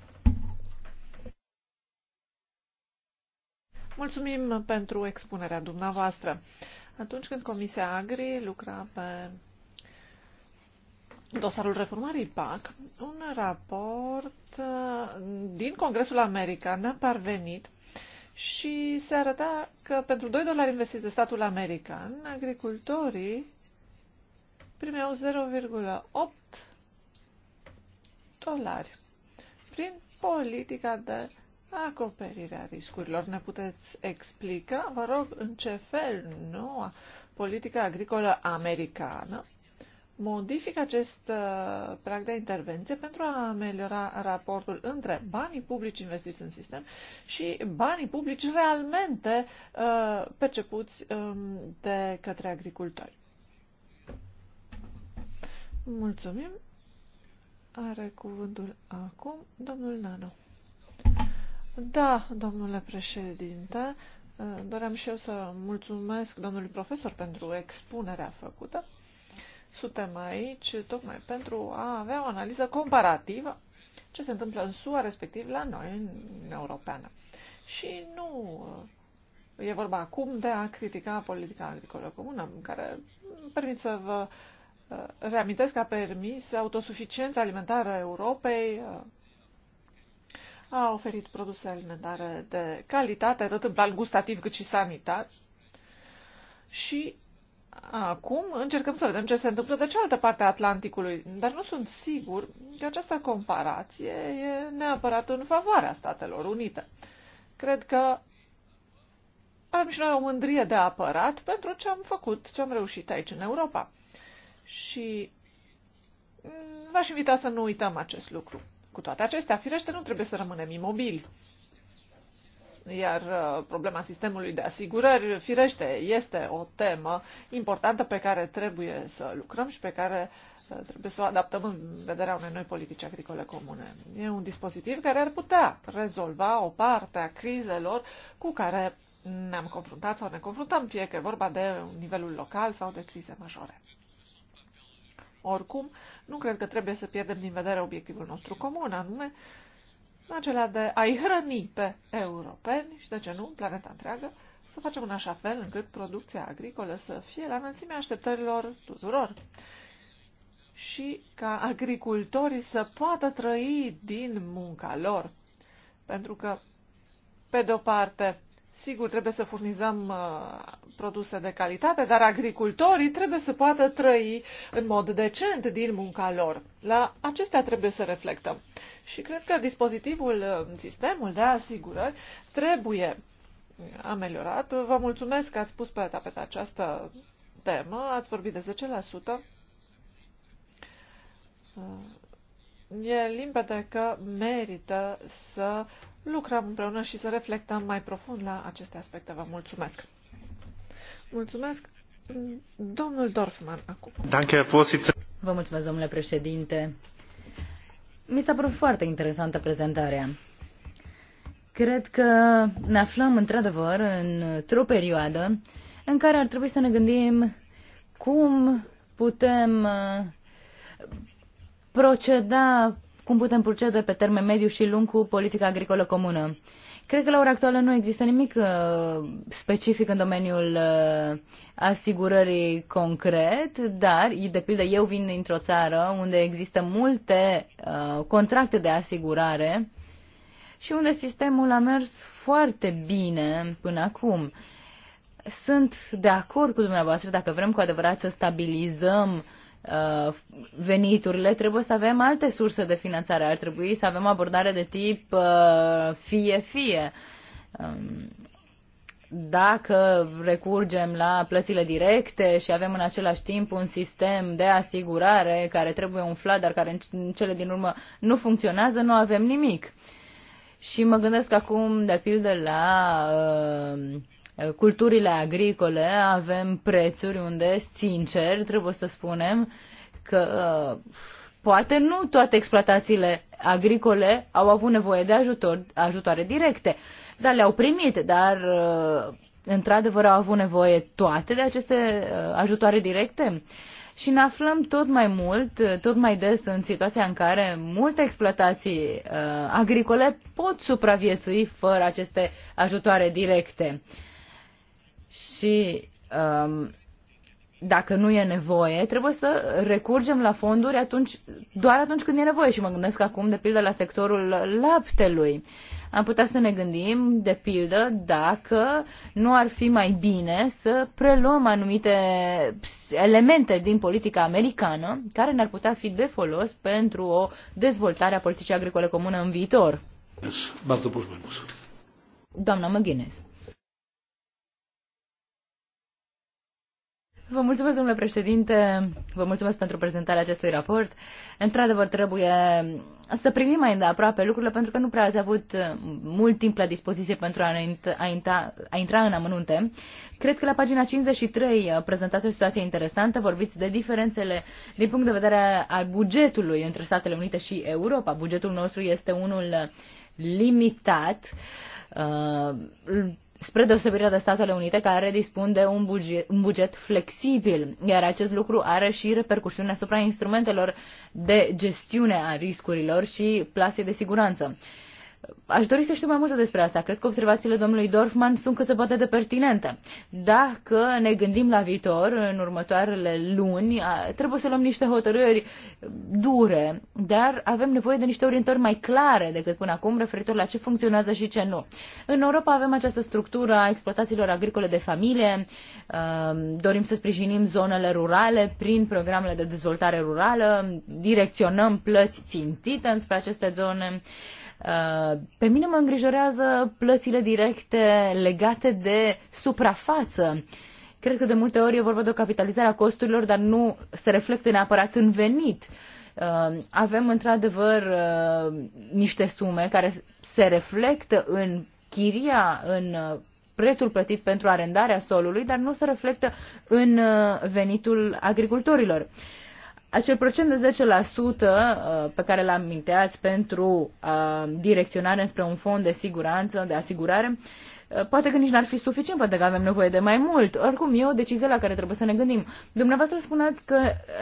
Mulțumim pentru expunerea dumneavoastră. Atunci când Comisia Agri lucra pe dosarul reformării PAC, un raport uh, din Congresul American a parvenit și se arăta că pentru 2 dolari investiți de statul american, agricultorii primeau 0,8 dolari prin politica de acoperirea riscurilor. Ne puteți explica, vă rog, în ce fel noua politică agricolă americană modifică acest uh, prag de intervenție pentru a ameliora raportul între banii publici investiți în sistem și banii publici realmente uh, percepuți um, de către agricultori. Mulțumim. Are cuvântul acum domnul Nano. Da, domnule președinte, eh, doream și eu să mulțumesc domnului profesor pentru expunerea făcută. Suntem aici tocmai pentru a avea o analiză comparativă ce se întâmplă în SUA, respectiv la noi, în Europeană. Și nu eh, e vorba acum de a critica politica agricolă comună, care permit să vă eh, reamintesc că a permis autosuficiența alimentară a Europei a oferit produse alimentare de calitate, atât în plan gustativ cât și sanitar. Și acum încercăm să vedem ce se întâmplă de cealaltă parte a Atlanticului, dar nu sunt sigur că această comparație e neapărat în favoarea Statelor Unite. Cred că avem și noi o mândrie de apărat pentru ce am făcut, ce am reușit aici în Europa. Și v-aș invita să nu uităm acest lucru. Cu toate acestea, firește, nu trebuie să rămânem imobili. Iar uh, problema sistemului de asigurări, firește, este o temă importantă pe care trebuie să lucrăm și pe care uh, trebuie să o adaptăm în vederea unei noi politici agricole comune. E un dispozitiv care ar putea rezolva o parte a crizelor cu care ne-am confruntat sau ne confruntăm, fie că e vorba de nivelul local sau de crize majore. Oricum, nu cred că trebuie să pierdem din vedere obiectivul nostru comun, anume acela de a-i hrăni pe europeni și, de ce nu, planeta întreagă, să facem în așa fel încât producția agricolă să fie la înălțimea așteptărilor tuturor și ca agricultorii să poată trăi din munca lor. Pentru că, pe de-o parte, Sigur, trebuie să furnizăm uh, produse de calitate, dar agricultorii trebuie să poată trăi în mod decent din munca lor. La acestea trebuie să reflectăm. Și cred că dispozitivul, uh, sistemul de asigurări trebuie ameliorat. Vă mulțumesc că ați pus pe tapet această temă. Ați vorbit de 10%. Uh, e limpede că merită să lucrăm împreună și să reflectăm mai profund la aceste aspecte. Vă mulțumesc! Mulțumesc! Domnul Dorfman, acum. Vă mulțumesc, domnule președinte. Mi s-a părut foarte interesantă prezentarea. Cred că ne aflăm, într-adevăr, într-o perioadă în care ar trebui să ne gândim cum putem uh, proceda cum putem procede pe termen mediu și lung cu politica agricolă comună. Cred că la ora actuală nu există nimic uh, specific în domeniul uh, asigurării concret, dar, de pildă, eu vin dintr-o țară unde există multe uh, contracte de asigurare și unde sistemul a mers foarte bine până acum. Sunt de acord cu dumneavoastră dacă vrem cu adevărat să stabilizăm Uh, veniturile, trebuie să avem alte surse de finanțare. Ar trebui să avem abordare de tip fie-fie. Uh, um, dacă recurgem la plățile directe și avem în același timp un sistem de asigurare care trebuie umflat, dar care în cele din urmă nu funcționează, nu avem nimic. Și mă gândesc acum, de pildă, la uh, culturile agricole avem prețuri unde, sincer, trebuie să spunem că uh, poate nu toate exploatațiile agricole au avut nevoie de ajutor, ajutoare directe, dar le-au primit, dar uh, într-adevăr au avut nevoie toate de aceste uh, ajutoare directe. Și ne aflăm tot mai mult, tot mai des în situația în care multe exploatații uh, agricole pot supraviețui fără aceste ajutoare directe. Uh, și um, dacă nu e nevoie, trebuie să recurgem la fonduri atunci, doar atunci când e nevoie. Și mă gândesc acum, de pildă, la sectorul laptelui. Am putea să ne gândim, de pildă, dacă nu ar fi mai bine să preluăm anumite elemente din politica americană care ne-ar putea fi de folos pentru o dezvoltare a politicii agricole comune în viitor. Doamna McGuinness. Vă mulțumesc, domnule președinte, vă mulțumesc pentru prezentarea acestui raport. Într-adevăr, trebuie să primim mai îndeaproape lucrurile, pentru că nu prea ați avut mult timp la dispoziție pentru a, a, intra, a intra în amănunte. Cred că la pagina 53 uh, prezentați o situație interesantă, vorbiți de diferențele din punct de vedere al bugetului între Statele Unite și Europa. Bugetul nostru este unul limitat. Uh, spre deosebire de Statele Unite, care dispun de un buget, un buget flexibil, iar acest lucru are și repercusiune asupra instrumentelor de gestiune a riscurilor și plasei de siguranță. Aș dori să știu mai multe despre asta. Cred că observațiile domnului Dorfman sunt cât se poate de pertinente. Dacă ne gândim la viitor, în următoarele luni, trebuie să luăm niște hotărâri dure, dar avem nevoie de niște orientări mai clare decât până acum referitor la ce funcționează și ce nu. În Europa avem această structură a exploatațiilor agricole de familie, dorim să sprijinim zonele rurale prin programele de dezvoltare rurală, direcționăm plăți țintite înspre aceste zone, Uh, pe mine mă îngrijorează plățile directe legate de suprafață. Cred că de multe ori e vorba de o capitalizare a costurilor, dar nu se reflectă neapărat în venit. Uh, avem într-adevăr uh, niște sume care se reflectă în chiria, în prețul plătit pentru arendarea solului, dar nu se reflectă în venitul agricultorilor. Uh, acel procent de 10% uh, pe care l-am minteați pentru uh, direcționare spre un fond de siguranță, de asigurare, uh, poate că nici n-ar fi suficient, poate că avem nevoie de mai mult. Oricum, e o decizie la care trebuie să ne gândim. Dumneavoastră spuneați că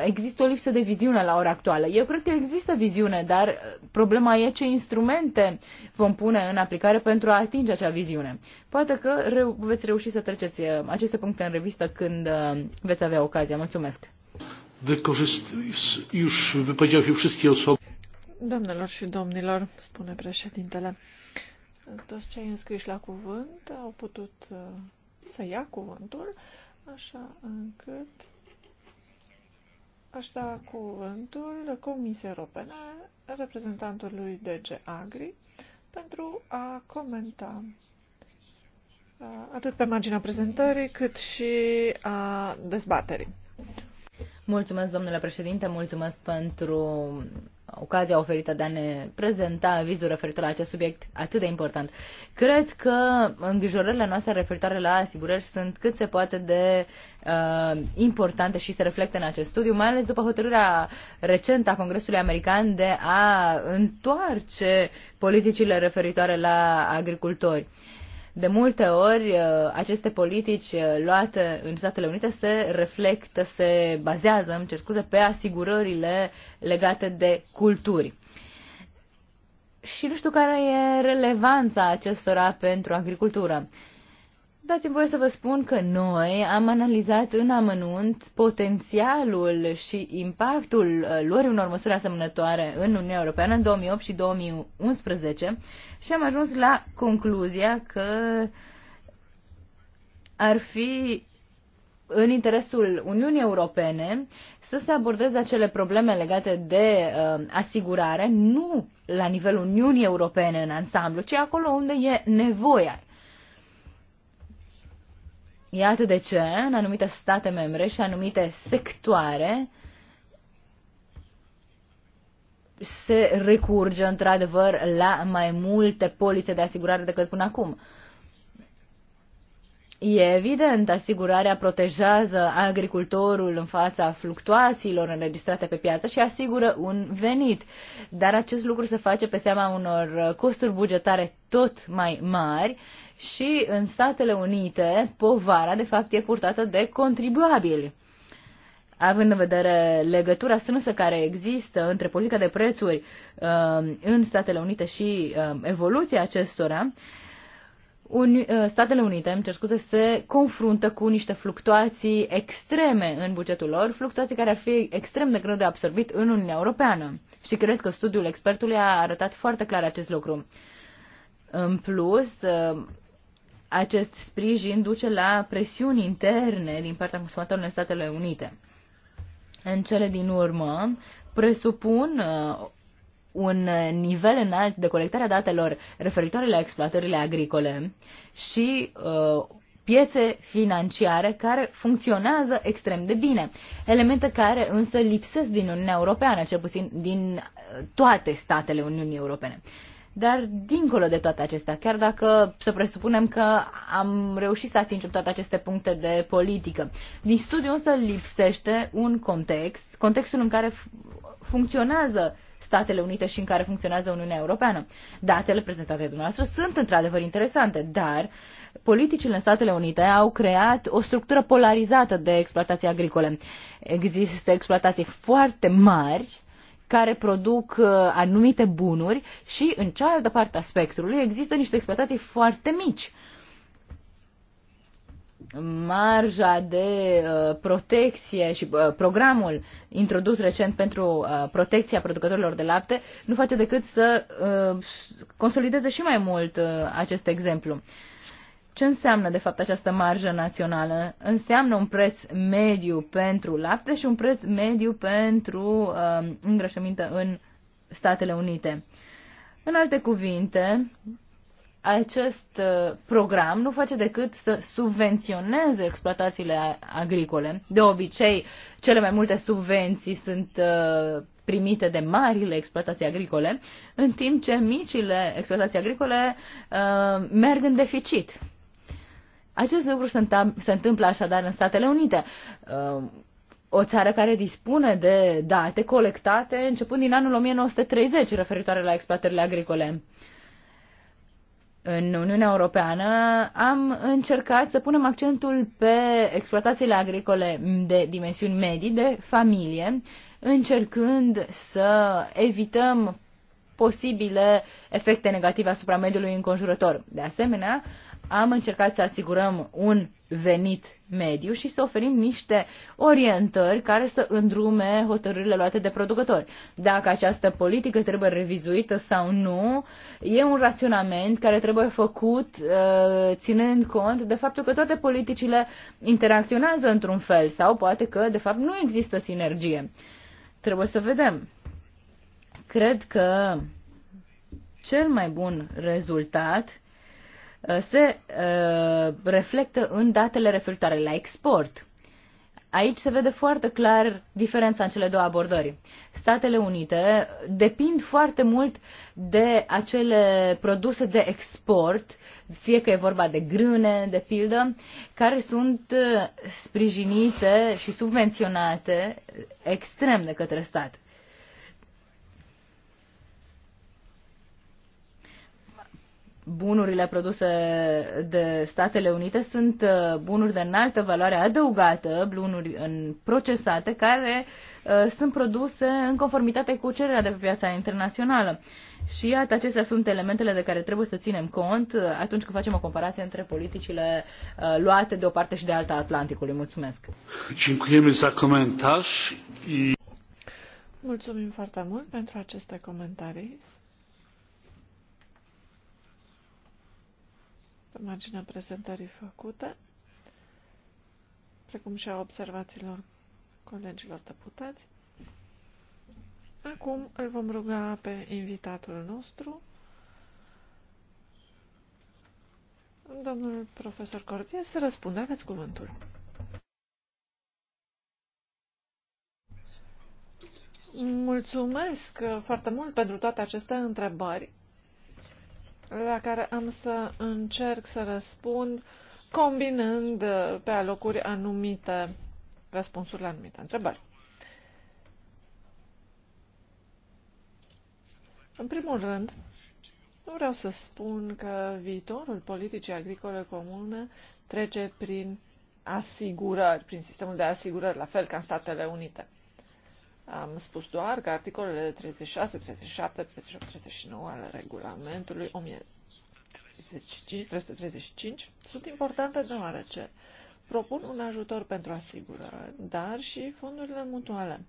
există o lipsă de viziune la ora actuală. Eu cred că există viziune, dar problema e ce instrumente vom pune în aplicare pentru a atinge acea viziune. Poate că veți reuși să treceți aceste puncte în revistă când veți avea ocazia. Mulțumesc! już Doamnelor și domnilor, spune președintele, toți cei înscriși la cuvânt au putut uh, să ia cuvântul, așa încât aș da cuvântul Comisiei Europene reprezentantului DG Agri pentru a comenta uh, atât pe marginea prezentării cât și a dezbaterii. Mulțumesc, domnule președinte, mulțumesc pentru ocazia oferită de a ne prezenta avizul referitor la acest subiect atât de important. Cred că îngrijorările noastre referitoare la asigurări sunt cât se poate de uh, importante și se reflectă în acest studiu, mai ales după hotărârea recentă a Congresului American de a întoarce politicile referitoare la agricultori. Uh, de multe ori, uh, aceste politici uh, luate în Statele Unite se reflectă, se bazează, îmi cer scuze, pe asigurările legate de culturi. Și nu știu care e relevanța acestora pentru agricultură. Dați-mi voie să vă spun că noi am analizat în amănunt potențialul și impactul uh, luării unor măsuri asemănătoare în Uniunea Europeană în 2008 și 2011 și am ajuns la concluzia că ar fi în interesul Uniunii Europene să se abordeze acele probleme legate de uh, asigurare, nu la nivelul Uniunii Europene în ansamblu, ci acolo unde e nevoia. Iată de ce, în anumite state membre și anumite sectoare, se recurge într-adevăr la mai multe polițe de asigurare decât până acum. E evident, asigurarea protejează agricultorul în fața fluctuațiilor înregistrate pe piață și asigură un venit, dar acest lucru se face pe seama unor costuri bugetare tot mai mari și în Statele Unite povara, de fapt, e purtată de contribuabili. Având în vedere legătura strânsă care există între politica de prețuri uh, în Statele Unite și uh, evoluția acestora, Uni- uh, Statele Unite, îmi cer scuze, se confruntă cu niște fluctuații extreme în bugetul lor, fluctuații care ar fi extrem de greu de absorbit în Uniunea Europeană. Și cred că studiul expertului a arătat foarte clar acest lucru. În plus, uh, acest sprijin duce la presiuni interne din partea consumatorilor în Statele Unite. În cele din urmă, presupun uh, un nivel înalt de colectare a datelor referitoare la exploatările agricole și uh, piețe financiare care funcționează extrem de bine, elemente care însă lipsesc din Uniunea Europeană, cel puțin din uh, toate statele Uniunii Europene. Uh, dar dincolo de toate acestea, chiar dacă să presupunem că am reușit să atingem toate aceste puncte de politică, din studiu însă lipsește un context, contextul în care funcționează Statele Unite și în care funcționează Uniunea Europeană. Datele prezentate de dumneavoastră sunt într-adevăr interesante, dar politicile în Statele Unite au creat o structură polarizată de exploatații agricole. Există exploatații foarte mari care produc uh, anumite bunuri și în cealaltă parte a spectrului există niște exploatații foarte mici. Marja de uh, protecție și uh, programul introdus recent pentru protecția producătorilor de lapte nu face decât să consolideze și mai mult acest exemplu. Ce înseamnă, de fapt, această marjă națională? Înseamnă un preț mediu pentru lapte și un preț mediu pentru uh, îngrășăminte în Statele Unite. În alte cuvinte, acest uh, program nu face decât să subvenționeze exploatațiile agricole. De obicei, cele mai multe subvenții sunt uh, primite de marile exploatații agricole, în timp ce micile exploatații agricole uh, merg în deficit. Acest lucru se întâmplă așadar în Statele Unite, uh, o țară care dispune de date colectate începând din anul 1930 referitoare la exploatările agricole. În Uniunea Europeană am încercat să punem accentul pe exploatațiile agricole de dimensiuni medii, de familie, încercând să evităm posibile efecte negative asupra mediului înconjurător. De asemenea, am încercat să asigurăm un venit mediu și să oferim niște orientări care să îndrume hotărârile luate de producători. Dacă această politică trebuie revizuită sau nu, e un raționament care trebuie făcut uh, ținând cont de faptul că toate politicile interacționează într-un fel sau poate că, de fapt, nu există sinergie. Trebuie să vedem. Cred că cel mai bun rezultat Uh, se uh, reflectă în datele referitoare la export. Aici se vede foarte clar diferența în cele două abordări. Statele Unite depind foarte mult de acele produse de export, fie că e vorba de grâne, de pildă, care sunt uh, sprijinite și subvenționate extrem de către stat. bunurile produse de Statele Unite sunt uh, bunuri de înaltă valoare adăugată, bunuri în procesate, care uh, sunt produse în conformitate cu cererea de pe piața internațională. Și iată, acestea sunt elementele de care trebuie să ținem cont uh, atunci când facem o comparație între politicile luate de o parte și de alta Atlanticului. Mulțumesc! Mulțumim foarte mult pentru aceste comentarii. pe marginea prezentării făcute, precum și a observațiilor colegilor deputați. Acum îl vom ruga pe invitatul nostru, domnul profesor Corvie, să răspundă. Aveți cuvântul. Mulțumesc foarte mult pentru toate aceste întrebări la care am să încerc să răspund combinând uh, pe alocuri anumite răspunsuri la anumite întrebări. În primul rând, nu vreau să spun că viitorul politicii agricole comune trece prin asigurări, prin sistemul de asigurări, la fel ca în Statele Unite. Am spus doar că articolele 36, 37, 38, 39 ale regulamentului 1335 sunt importante deoarece propun un ajutor pentru asigurări, dar și fondurile mutuale.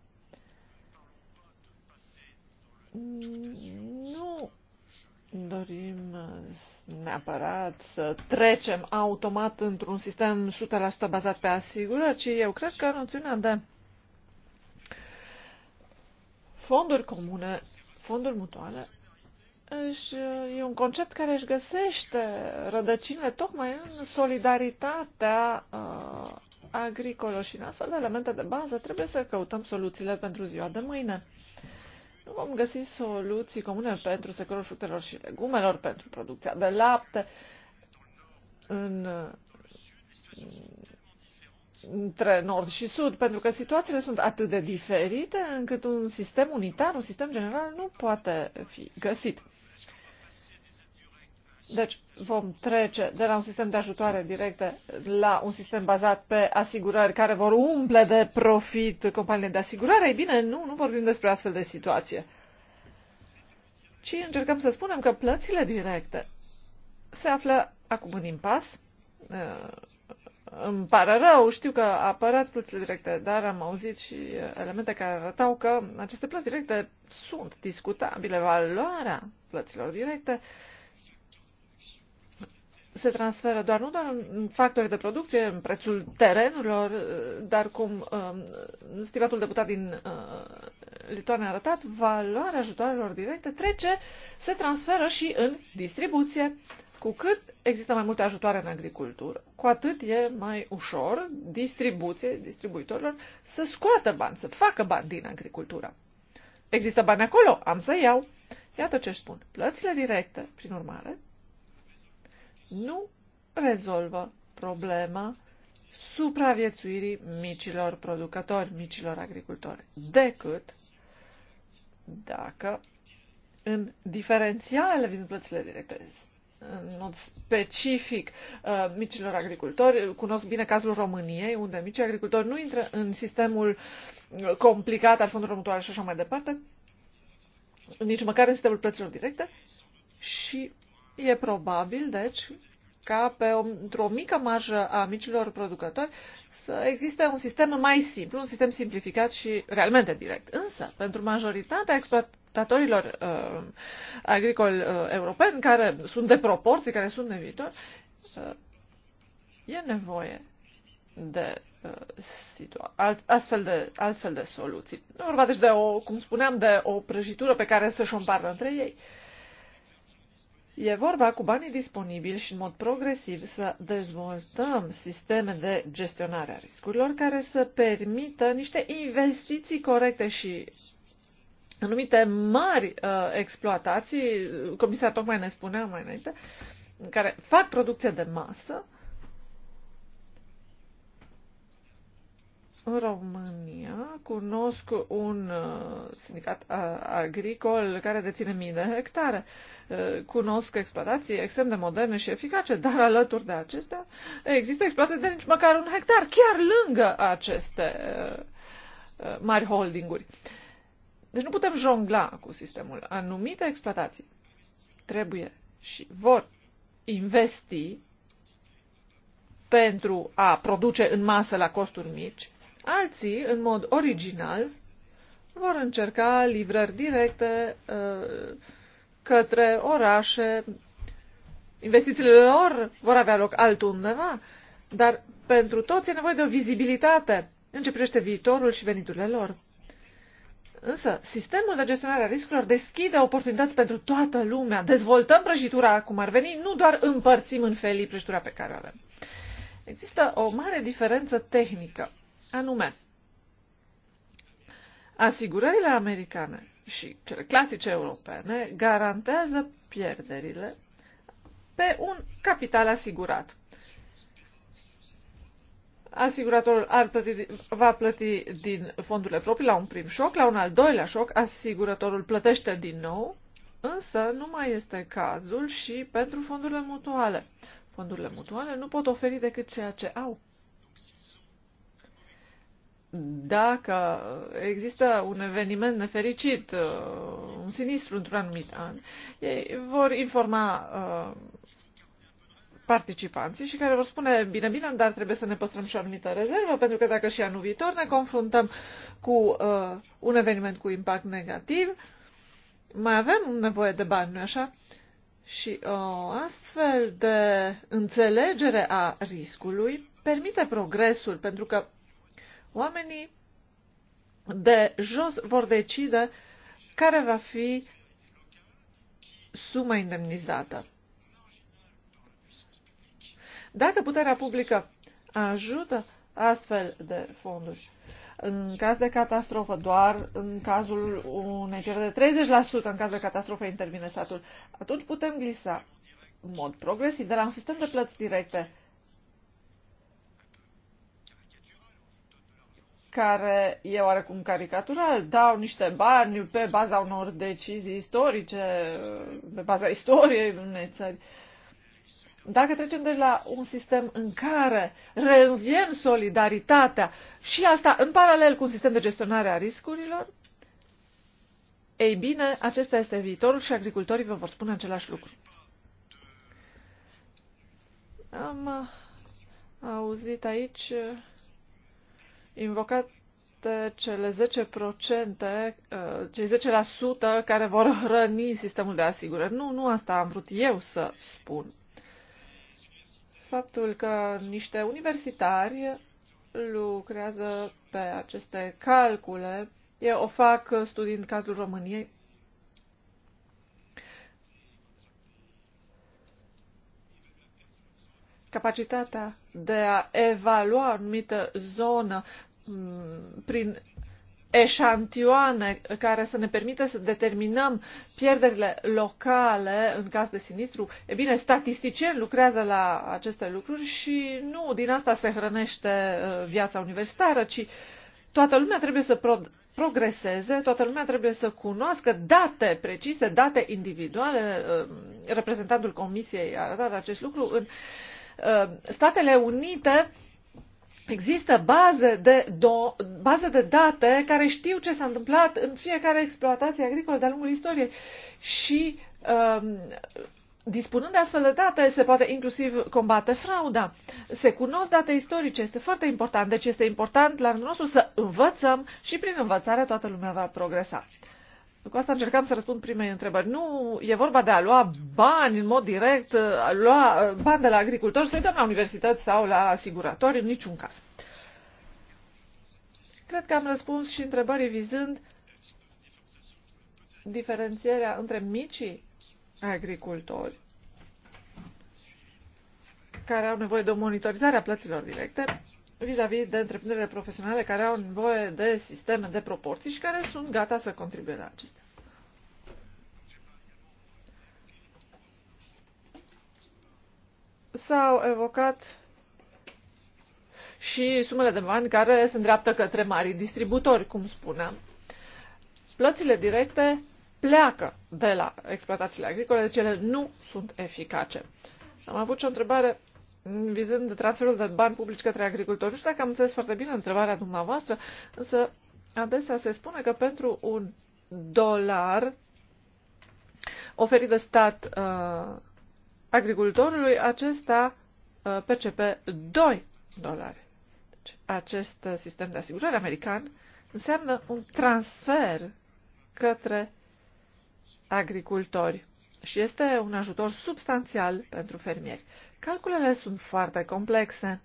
Nu dorim neapărat să trecem automat într-un sistem 100% bazat pe asigurări, ci eu cred că noțiunea de fonduri comune, fonduri mutuale, își, e un concept care își găsește rădăcinile tocmai în solidaritatea uh, agricolă și în astfel de elemente de bază trebuie să căutăm soluțiile pentru ziua de mâine. Nu vom găsi soluții comune pentru sectorul fructelor și legumelor, pentru producția de lapte, în între nord și sud, pentru că situațiile sunt atât de diferite încât un sistem unitar, un sistem general nu poate fi găsit. Deci vom trece de la un sistem de ajutoare directe la un sistem bazat pe asigurări care vor umple de profit companiile de asigurare. Ei bine, nu, nu vorbim despre astfel de situație. Ci încercăm să spunem că plățile directe se află acum în impas uh, îmi pare rău, știu că apărat plățile directe, dar am auzit și uh, elemente care arătau că aceste plăți directe sunt discutabile. Valoarea plăților directe se transferă doar nu doar în factorii de producție, în prețul terenurilor, uh, dar cum um, stimatul deputat din uh, Lituania a arătat, valoarea ajutoarelor directe trece, se transferă și în distribuție. Cu cât există mai multe ajutoare în agricultură, cu atât e mai ușor distribuție, distribuitorilor să scoată bani, să facă bani din agricultură. Există bani acolo, am să iau. Iată ce spun. Plățile directe, prin urmare, nu rezolvă problema supraviețuirii micilor producători, micilor agricultori, decât dacă în diferențialele vizând plățile directe în mod specific uh, micilor agricultori. Cunosc bine cazul României, unde micii agricultori nu intră în sistemul complicat al fondurilor mutuale și așa mai departe, nici măcar în sistemul plăților directe și e probabil, deci, ca pe o, într-o mică marjă a micilor producători să existe un sistem mai simplu, un sistem simplificat și realmente direct. Însă, pentru majoritatea exploatării tratorilor uh, agricoli uh, europeni, care sunt de proporții, care sunt de viitor, uh, e nevoie de uh, alt, astfel, de, astfel de soluții. Nu vorba deci de o, cum spuneam, de o prăjitură pe care să-și o împartă între ei. E vorba cu banii disponibili și în mod progresiv să dezvoltăm sisteme de gestionare a riscurilor care să permită niște investiții corecte și anumite mari uh, exploatații, comisar tocmai ne spunea mai înainte, care fac producție de masă, în România cunosc un uh, sindicat uh, agricol care deține mii de hectare. Uh, cunosc exploatații extrem de moderne și eficace, dar alături de acestea există exploatații de nici măcar un hectar, chiar lângă aceste uh, uh mari holdinguri. Uh, deci nu putem jongla cu sistemul. Anumite exploatații trebuie și vor investi pentru a produce în masă la costuri mici, alții, în mod original, vor încerca livrări directe uh, către orașe. Investițiile lor vor avea loc altundeva, dar pentru toți e nevoie de o vizibilitate în ce privește viitorul și veniturile lor. Însă, sistemul de gestionare a riscurilor deschide oportunități pentru toată lumea. Dezvoltăm prăjitura cum ar veni, nu doar împărțim în felii prăjitura pe care o avem. Există o mare diferență tehnică, anume, asigurările americane și cele clasice europene garantează pierderile pe un capital asigurat asiguratorul ar plăti, va plăti din fondurile proprii la un prim șoc, la un al doilea șoc, asiguratorul plătește din nou, însă nu mai este cazul și pentru fondurile mutuale. Fondurile mutuale nu pot oferi decât ceea ce au. Dacă există un eveniment nefericit, uh, un sinistru într-un anumit an, ei vor informa uh, participanții și care vor spune, bine, bine, dar trebuie să ne păstrăm și o anumită rezervă, pentru că dacă și anul viitor ne confruntăm cu uh, un eveniment cu impact negativ, mai avem nevoie de bani, nu așa? Și o uh, astfel de înțelegere a riscului permite progresul, pentru că oamenii de jos vor decide care va fi suma indemnizată. Dacă puterea publică ajută astfel de fonduri, în caz de catastrofă, doar în cazul unei pierderi de 30%, în caz de catastrofă intervine statul, atunci putem glisa în mod progresiv de la un sistem de plăți directe care e oarecum caricatural, dau niște bani pe baza unor decizii istorice, pe baza istoriei unei țări. Uh, dacă trecem deci la un sistem în care reînviem solidaritatea și asta în paralel cu un sistem de gestionare a riscurilor, ei bine, acesta este viitorul și agricultorii vă vor spune același lucru. Am uh, auzit aici uh, invocate uh, cele 10%, cei 10% care vor hrăni sistemul de asigurări. Nu, nu asta am vrut eu să spun faptul că niște universitari lucrează pe aceste calcule. Eu o fac studiind cazul României. Capacitatea de a evalua anumită zonă prin eșantioane care să ne permită să determinăm pierderile locale în caz de sinistru. E bine, statisticieni lucrează la aceste lucruri și nu din asta se hrănește uh, viața universitară, ci toată lumea trebuie să pro- progreseze, toată lumea trebuie să cunoască date precise, date individuale. Uh, reprezentantul Comisiei a arătat acest lucru în uh, Statele Unite Există baze de, do, bază de date care știu ce s-a întâmplat în fiecare exploatație agricolă de-a lungul istoriei și um, dispunând de astfel de date se poate inclusiv combate frauda. Se cunosc date istorice, este foarte important, deci este important la rândul nostru să învățăm și prin învățare toată lumea va progresa. Cu asta încercam să răspund primei întrebări. Nu e vorba de a lua bani în mod direct, a lua bani de la agricultori, să-i dăm la universități sau la asiguratori, în niciun caz. Cred că am răspuns și întrebării vizând diferențierea între micii agricultori care au nevoie de o monitorizare a plăților directe vis-a-vis -vis de întreprinderile profesionale care au nevoie de sisteme de proporții și care sunt gata să contribuie la acestea. S-au evocat și sumele de bani care se îndreaptă către mari distributori, cum spuneam. Plățile directe pleacă de la exploatațiile agricole, deci ele nu sunt eficace. Am avut și o întrebare vizând transferul de bani publici către agricultori. Nu știu dacă am înțeles foarte bine întrebarea dumneavoastră, însă adesea se spune că pentru un dolar oferit de stat uh, agricultorului, acesta uh, percepe 2 dolari. Deci, acest sistem de asigurare american înseamnă un transfer către agricultori și este un ajutor substanțial pentru fermieri. Calculele sunt foarte complexe.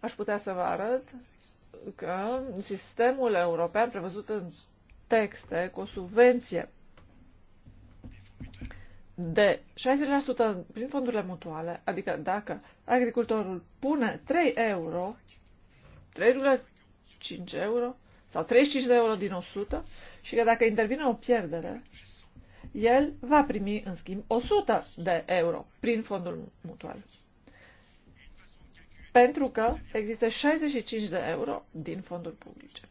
Aș putea să vă arăt că sistemul european prevăzut în texte cu o subvenție de 60% prin fondurile mutuale, adică dacă agricultorul pune 3 euro, 3,5 euro, sau 35 de euro din 100 și că dacă intervine o pierdere, el va primi în schimb 100 de euro prin fondul mutual. Pentru că există 65 de euro din fonduri publice.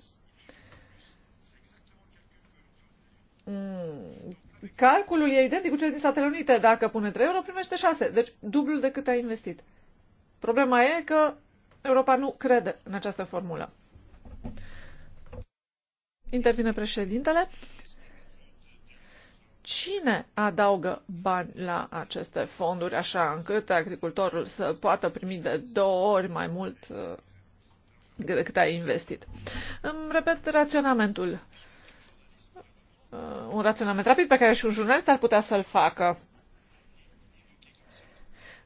Mm, calculul e identic cu cel din Statele Unite. Dacă pune 3 euro, primește 6. Deci dublul de cât a investit. Problema e că Europa nu crede în această formulă. Intervine președintele. Cine adaugă bani la aceste fonduri, așa încât agricultorul să poată primi de două ori mai mult uh, decât a investit? Îmi repet raționamentul. Uh, un raționament rapid pe care și un jurnalist ar putea să-l facă,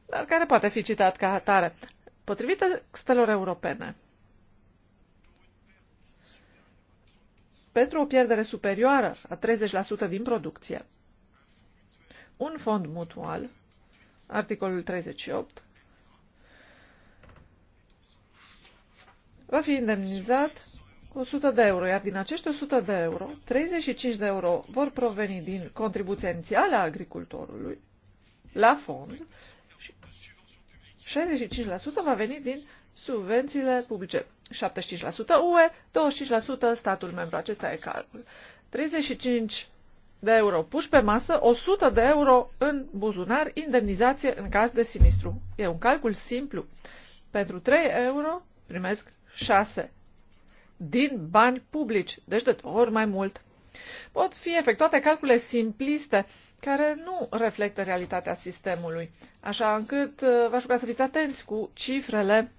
dar care poate fi citat ca atare. Potrivit textelor europene, pentru o pierdere superioară a 30% din producție. Un fond mutual, articolul 38, va fi indemnizat cu 100 de euro, iar din acești 100 de euro, 35 de euro vor proveni din contribuția inițială a agricultorului la fond și 65% va veni din subvențiile publice. 75% UE, 25% statul membru. Acesta e calcul. 35 de euro puși pe masă, 100 de euro în buzunar, indemnizație în caz de sinistru. E un calcul simplu. Pentru 3 euro primesc 6 din bani publici, deci de două ori mai mult. Pot fi efectuate calcule simpliste care nu reflectă realitatea sistemului, așa încât uh, v-aș ruga să fiți atenți cu cifrele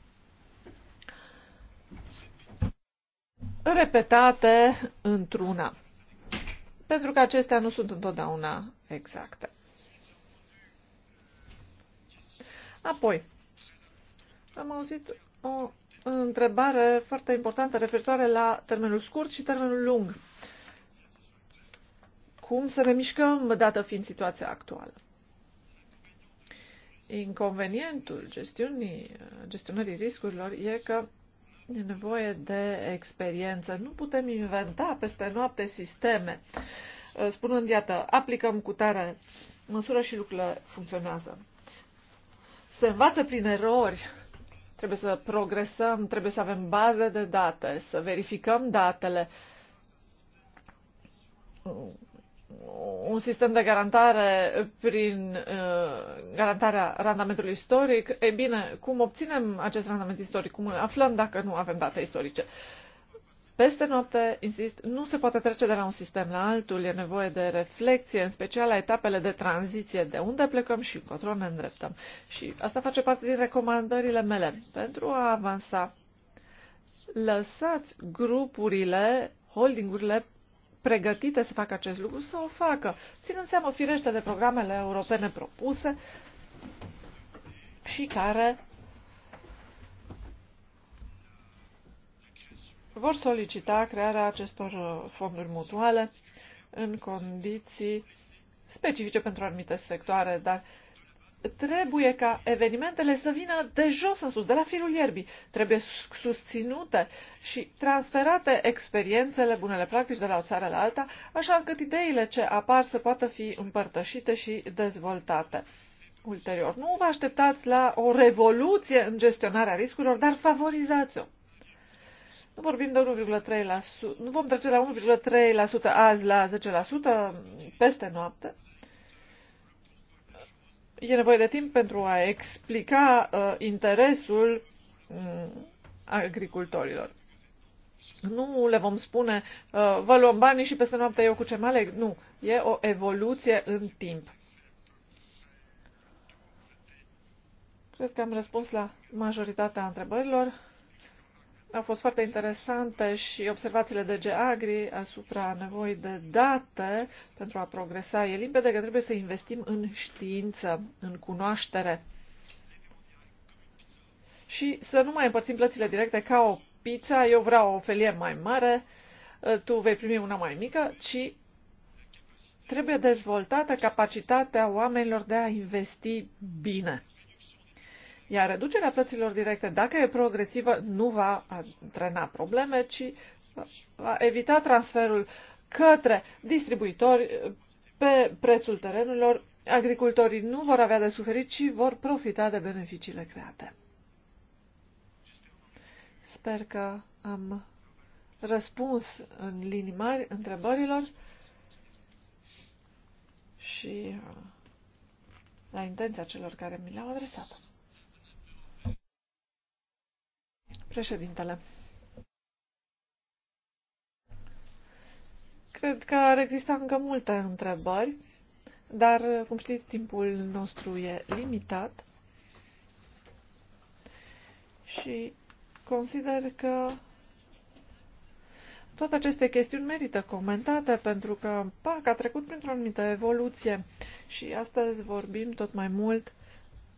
repetate într-una, pentru că acestea nu sunt întotdeauna exacte. Apoi, am auzit o întrebare foarte importantă referitoare la termenul scurt și termenul lung. Cum să ne mișcăm, dată fiind situația actuală? Inconvenientul gestiunii, gestionării riscurilor e că E nevoie de experiență. Nu putem inventa peste noapte sisteme. Uh, spunând, iată, aplicăm cu tare măsură și lucrurile funcționează. Se învață prin erori. Trebuie să progresăm, trebuie să avem baze de date, să verificăm datele un sistem de garantare prin uh, garantarea randamentului istoric, e bine, cum obținem acest randament istoric? Cum îl aflăm dacă nu avem date istorice? Peste noapte, insist, nu se poate trece de la un sistem la altul, e nevoie de reflexie, în special la etapele de tranziție, de unde plecăm și încotro ne îndreptăm. Și asta face parte din recomandările mele. Pentru a avansa, lăsați grupurile holdingurile pregătite să facă acest lucru, să o facă, ținând seama firește de programele europene propuse și care vor solicita crearea acestor uh, fonduri mutuale în condiții specifice pentru anumite sectoare, dar uh, trebuie ca evenimentele să vină de jos în sus, de la firul ierbii. Trebuie susținute și transferate experiențele, bunele practici de la o țară la alta, așa încât ideile ce apar să poată fi împărtășite și dezvoltate. Ulterior, nu vă așteptați la o revoluție în gestionarea riscurilor, dar favorizați-o. Nu vorbim de 1,3%, nu vom trece la 1,3% azi la 10% peste noapte, e nevoie de timp pentru a explica uh, interesul um, agricultorilor. Nu le vom spune, uh, vă luăm banii și peste noapte eu cu ce mă aleg. Nu, e o evoluție în timp. Cred că am răspuns la majoritatea întrebărilor. Au fost foarte interesante și observațiile de Geagri asupra nevoii de date pentru a progresa. E limpede că trebuie să investim în știință, în cunoaștere și să nu mai împărțim plățile directe ca o pizza, eu vreau o felie mai mare, tu vei primi una mai mică, ci trebuie dezvoltată capacitatea oamenilor de a investi bine. Iar reducerea plăților directe, dacă e progresivă, nu va antrena probleme, ci va evita transferul către distribuitori pe prețul terenurilor. Agricultorii nu vor avea de suferit, ci vor profita de beneficiile create. Sper că am răspuns în linii mari întrebărilor și la intenția celor care mi le-au adresat. Președintele. Cred că ar exista încă multe întrebări, dar, cum știți, timpul nostru e limitat și consider că toate aceste chestiuni merită comentate pentru că PAC a trecut printr-o anumită evoluție și astăzi vorbim tot mai mult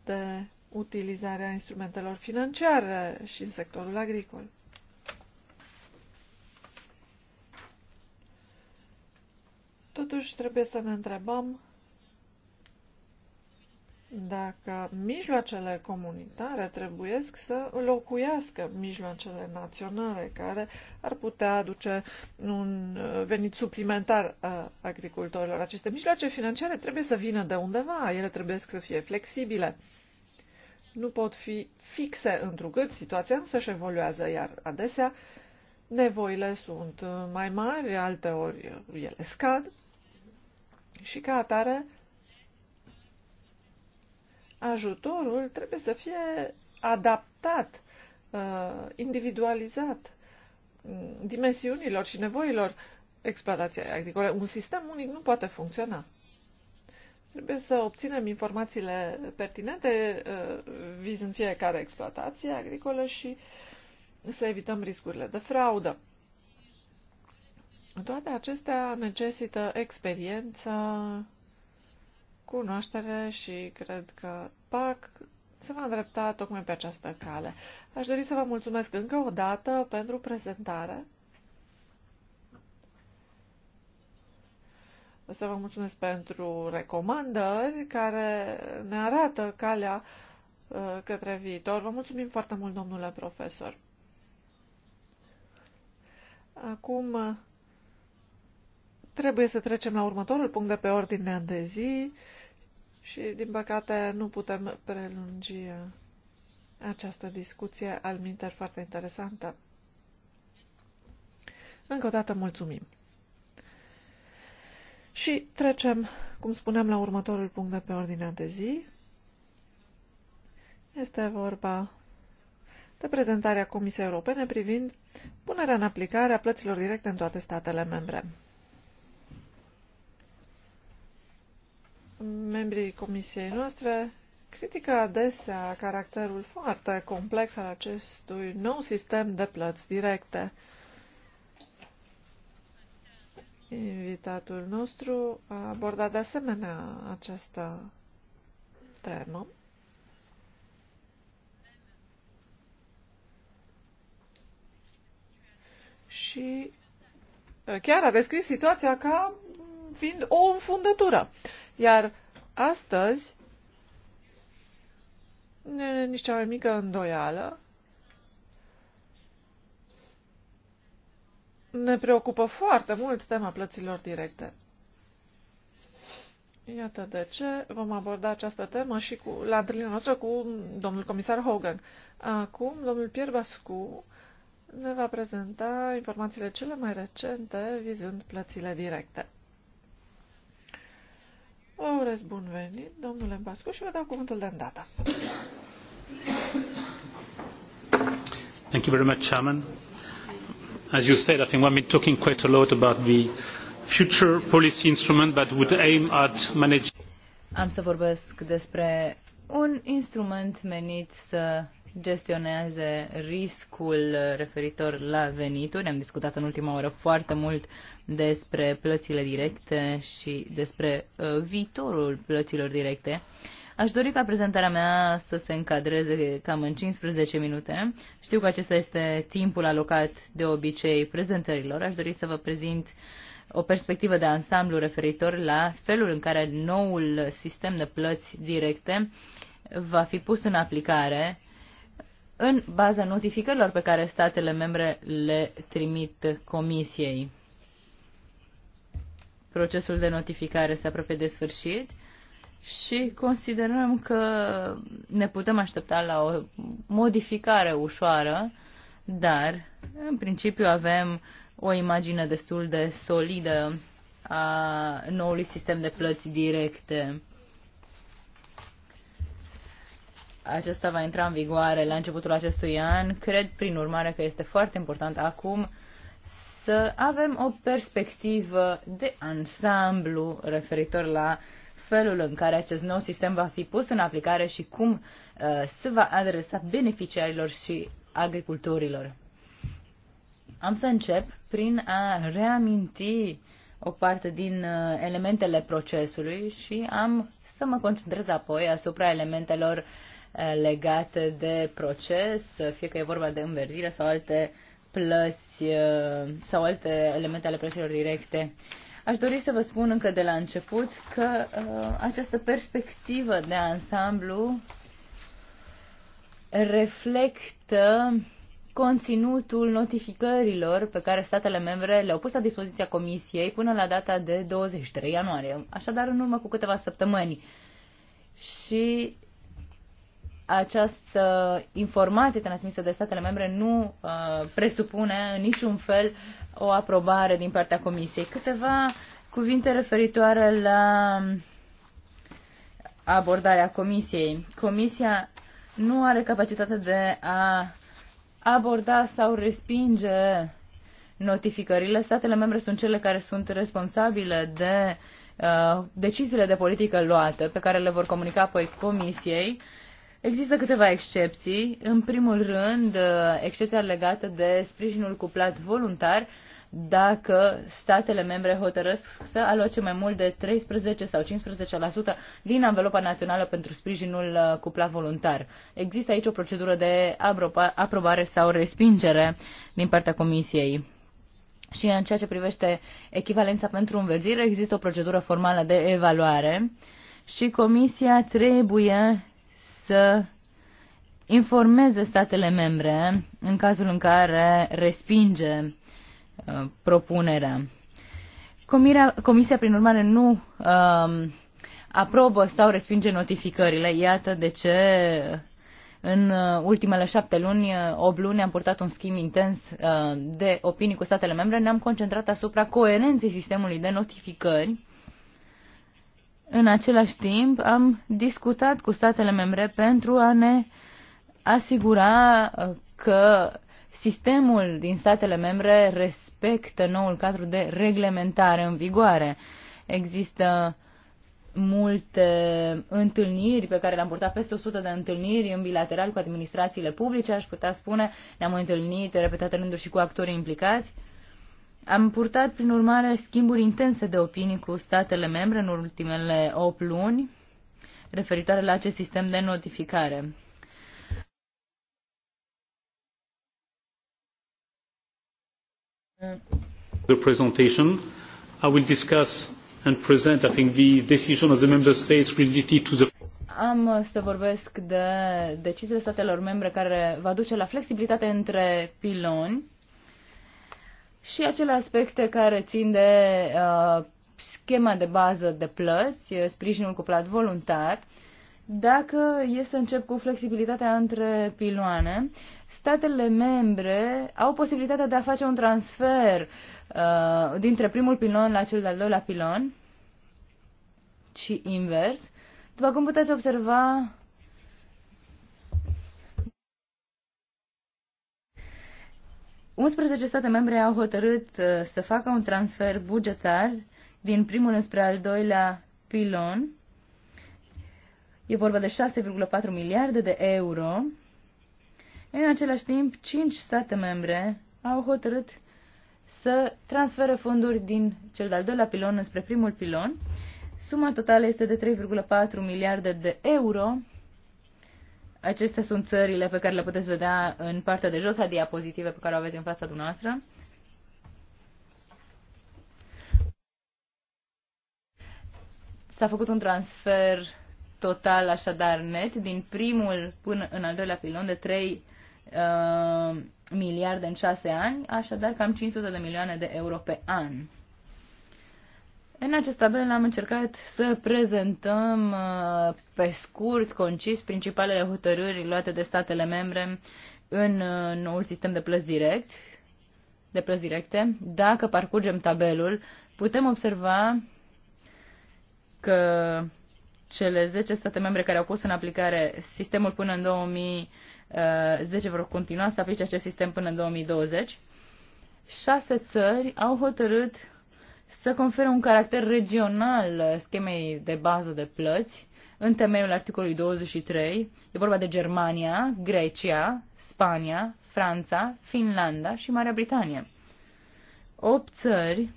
de utilizarea instrumentelor financiare și în sectorul agricol. Totuși trebuie să ne întrebăm dacă mijloacele comunitare trebuie să locuiască mijloacele naționale care ar putea aduce un venit suplimentar a uh, agricultorilor. Aceste mijloace financiare trebuie să vină de undeva, ele trebuie să fie flexibile nu pot fi fixe întrucât situația însă își evoluează, iar adesea nevoile sunt uh, mai mari, alte ori uh, ele scad și ca atare ajutorul trebuie să fie adaptat, uh, individualizat mm, dimensiunilor și nevoilor exploatației agricole. Un sistem unic nu poate funcționa. Trebuie să obținem informațiile pertinente uh, vizând fiecare exploatație agricolă și să evităm riscurile de fraudă. Toate acestea necesită experiență, cunoaștere și cred că PAC se va îndrepta tocmai pe această cale. Aș dori să vă mulțumesc încă o dată pentru prezentare să vă mulțumesc pentru recomandări care ne arată calea uh, către viitor. Vă mulțumim foarte mult, domnule profesor. Acum uh, trebuie să trecem la următorul punct de pe ordinea de zi și, din păcate, nu putem prelungi uh, această discuție al minter foarte interesantă. Încă o dată mulțumim! Și trecem, cum spuneam, la următorul punct de pe ordinea de zi. Este vorba de prezentarea Comisiei Europene privind punerea în aplicare a plăților directe în toate statele membre. Membrii Comisiei noastre critică adesea caracterul foarte complex al acestui nou sistem de plăți directe. Invitatul nostru a abordat de asemenea această temă. Și uh, chiar a descris situația ca fiind o înfundătură. Iar astăzi, nici cea mai mică îndoială, Ne preocupă foarte mult tema plăților directe. Iată de ce vom aborda această temă și cu, la întâlnirea noastră cu domnul comisar Hogan. Acum, domnul Pierre Bascu ne va prezenta informațiile cele mai recente vizând plățile directe. Vă urez bun venit, domnule Bascu, și vă dau cuvântul de îndată. Thank you very much, Chairman as you said, I think we've been talking quite a lot about the future policy instrument that would aim at managing. Am să vorbesc despre un instrument menit să gestioneze riscul referitor la venituri. Am discutat în ultima oră foarte mult despre plățile directe și despre uh, viitorul plăților directe. Uh, Aș dori ca prezentarea mea să se încadreze cam în 15 minute. Știu că acesta este timpul alocat de obicei prezentărilor. Aș dori să vă prezint o perspectivă de ansamblu referitor la felul în care noul sistem de plăți directe va fi pus în aplicare în baza notificărilor pe care statele membre le trimit Comisiei. Procesul de notificare se apropie de sfârșit și considerăm că ne putem aștepta la o modificare ușoară, dar în principiu avem o imagine destul de solidă a noului sistem de plăți directe. Acesta va intra în vigoare la începutul acestui an. Cred, prin urmare, că este foarte important acum să avem o perspectivă de ansamblu referitor la uh, felul în care acest nou sistem va fi pus în aplicare și cum uh, se va adresa beneficiarilor și agricultorilor. Am să încep prin a reaminti o parte din uh, elementele procesului și am să mă concentrez apoi asupra elementelor uh, legate de proces, fie că e vorba de înverzire sau alte plăți sau alte elemente ale plăților directe. Aș dori să vă spun încă de la început că uh, această perspectivă de ansamblu reflectă conținutul notificărilor pe care statele membre le-au pus la dispoziția Comisiei până la data de 23 ianuarie, așadar în urmă cu câteva săptămâni. Și această informație transmisă de statele membre nu uh, presupune în niciun fel o aprobare din partea Comisiei. Câteva cuvinte referitoare la abordarea Comisiei. Comisia nu are capacitatea de a aborda sau respinge notificările. Statele membre sunt cele care sunt responsabile de uh, deciziile de politică luate, pe care le vor comunica apoi Comisiei. Uh, Există câteva excepții. În primul rând, uh, excepția legată de sprijinul cuplat voluntar, dacă statele membre hotărăsc să aloce mai mult de 13 sau 15% din anvelopa națională pentru sprijinul uh, cuplat voluntar. Există aici o procedură de aprobare sau respingere din partea Comisiei. Și în ceea ce privește echivalența pentru înverzire, există o procedură formală de evaluare și Comisia trebuie să informeze statele membre în cazul în care respinge uh, propunerea. Comirea, comisia, prin urmare, nu um, aprobă sau respinge notificările. Iată de ce în uh, ultimele șapte luni, uh, o luni, am purtat un schimb intens de opinii cu statele membre. Ne-am concentrat asupra coerenței sistemului de notificări în același timp, am discutat cu statele membre pentru a ne asigura uh, că sistemul din statele membre respectă noul cadru de reglementare în vigoare. Există multe întâlniri pe care le-am purtat, peste 100 de întâlniri în bilateral cu administrațiile publice, aș putea spune. Ne-am întâlnit repetate rânduri și cu actorii implicați. Am purtat, prin urmare, schimburi intense de opinii cu statele membre în ultimele 8 luni referitoare la acest sistem de notificare. The presentation, I will discuss and present, I think, the decision of the member states related to the am să vorbesc de deciziile statelor membre care va duce la flexibilitate între piloni și acele aspecte care țin de uh, schema de bază de plăți, uh, sprijinul cuplat voluntar. Dacă e să încep cu flexibilitatea între piloane, statele membre au posibilitatea de a face un transfer uh, dintre primul pilon la cel de-al doilea pilon și invers. După cum puteți observa, 11 state membre au hotărât uh, să facă un transfer bugetar din primul înspre al doilea pilon. E vorba de 6,4 miliarde de euro. În același timp, 5 state membre au hotărât să transferă fonduri din cel de-al doilea pilon înspre primul pilon. Suma totală este de 3,4 miliarde de euro Acestea sunt țările pe care le puteți vedea în partea de jos a diapozitive pe care o aveți în fața dumneavoastră. S-a făcut un transfer total, așadar, net, din primul până în al doilea pilon de 3 uh, miliarde în 6 ani, așadar cam 500 de milioane de euro pe an. În acest tabel am încercat să prezentăm uh, pe scurt, concis, principalele hotărâri luate de statele membre în uh, noul sistem de plăți direct, de plăți directe. Dacă parcurgem tabelul, putem observa că cele 10 state membre care au pus în aplicare sistemul până în 2010 uh, vor continua să aplice acest sistem până în 2020. Șase țări au hotărât să confere un caracter regional schemei de bază de plăți în temeiul articolului 23. E vorba de Germania, Grecia, Spania, Franța, Finlanda și Marea Britanie. 8 țări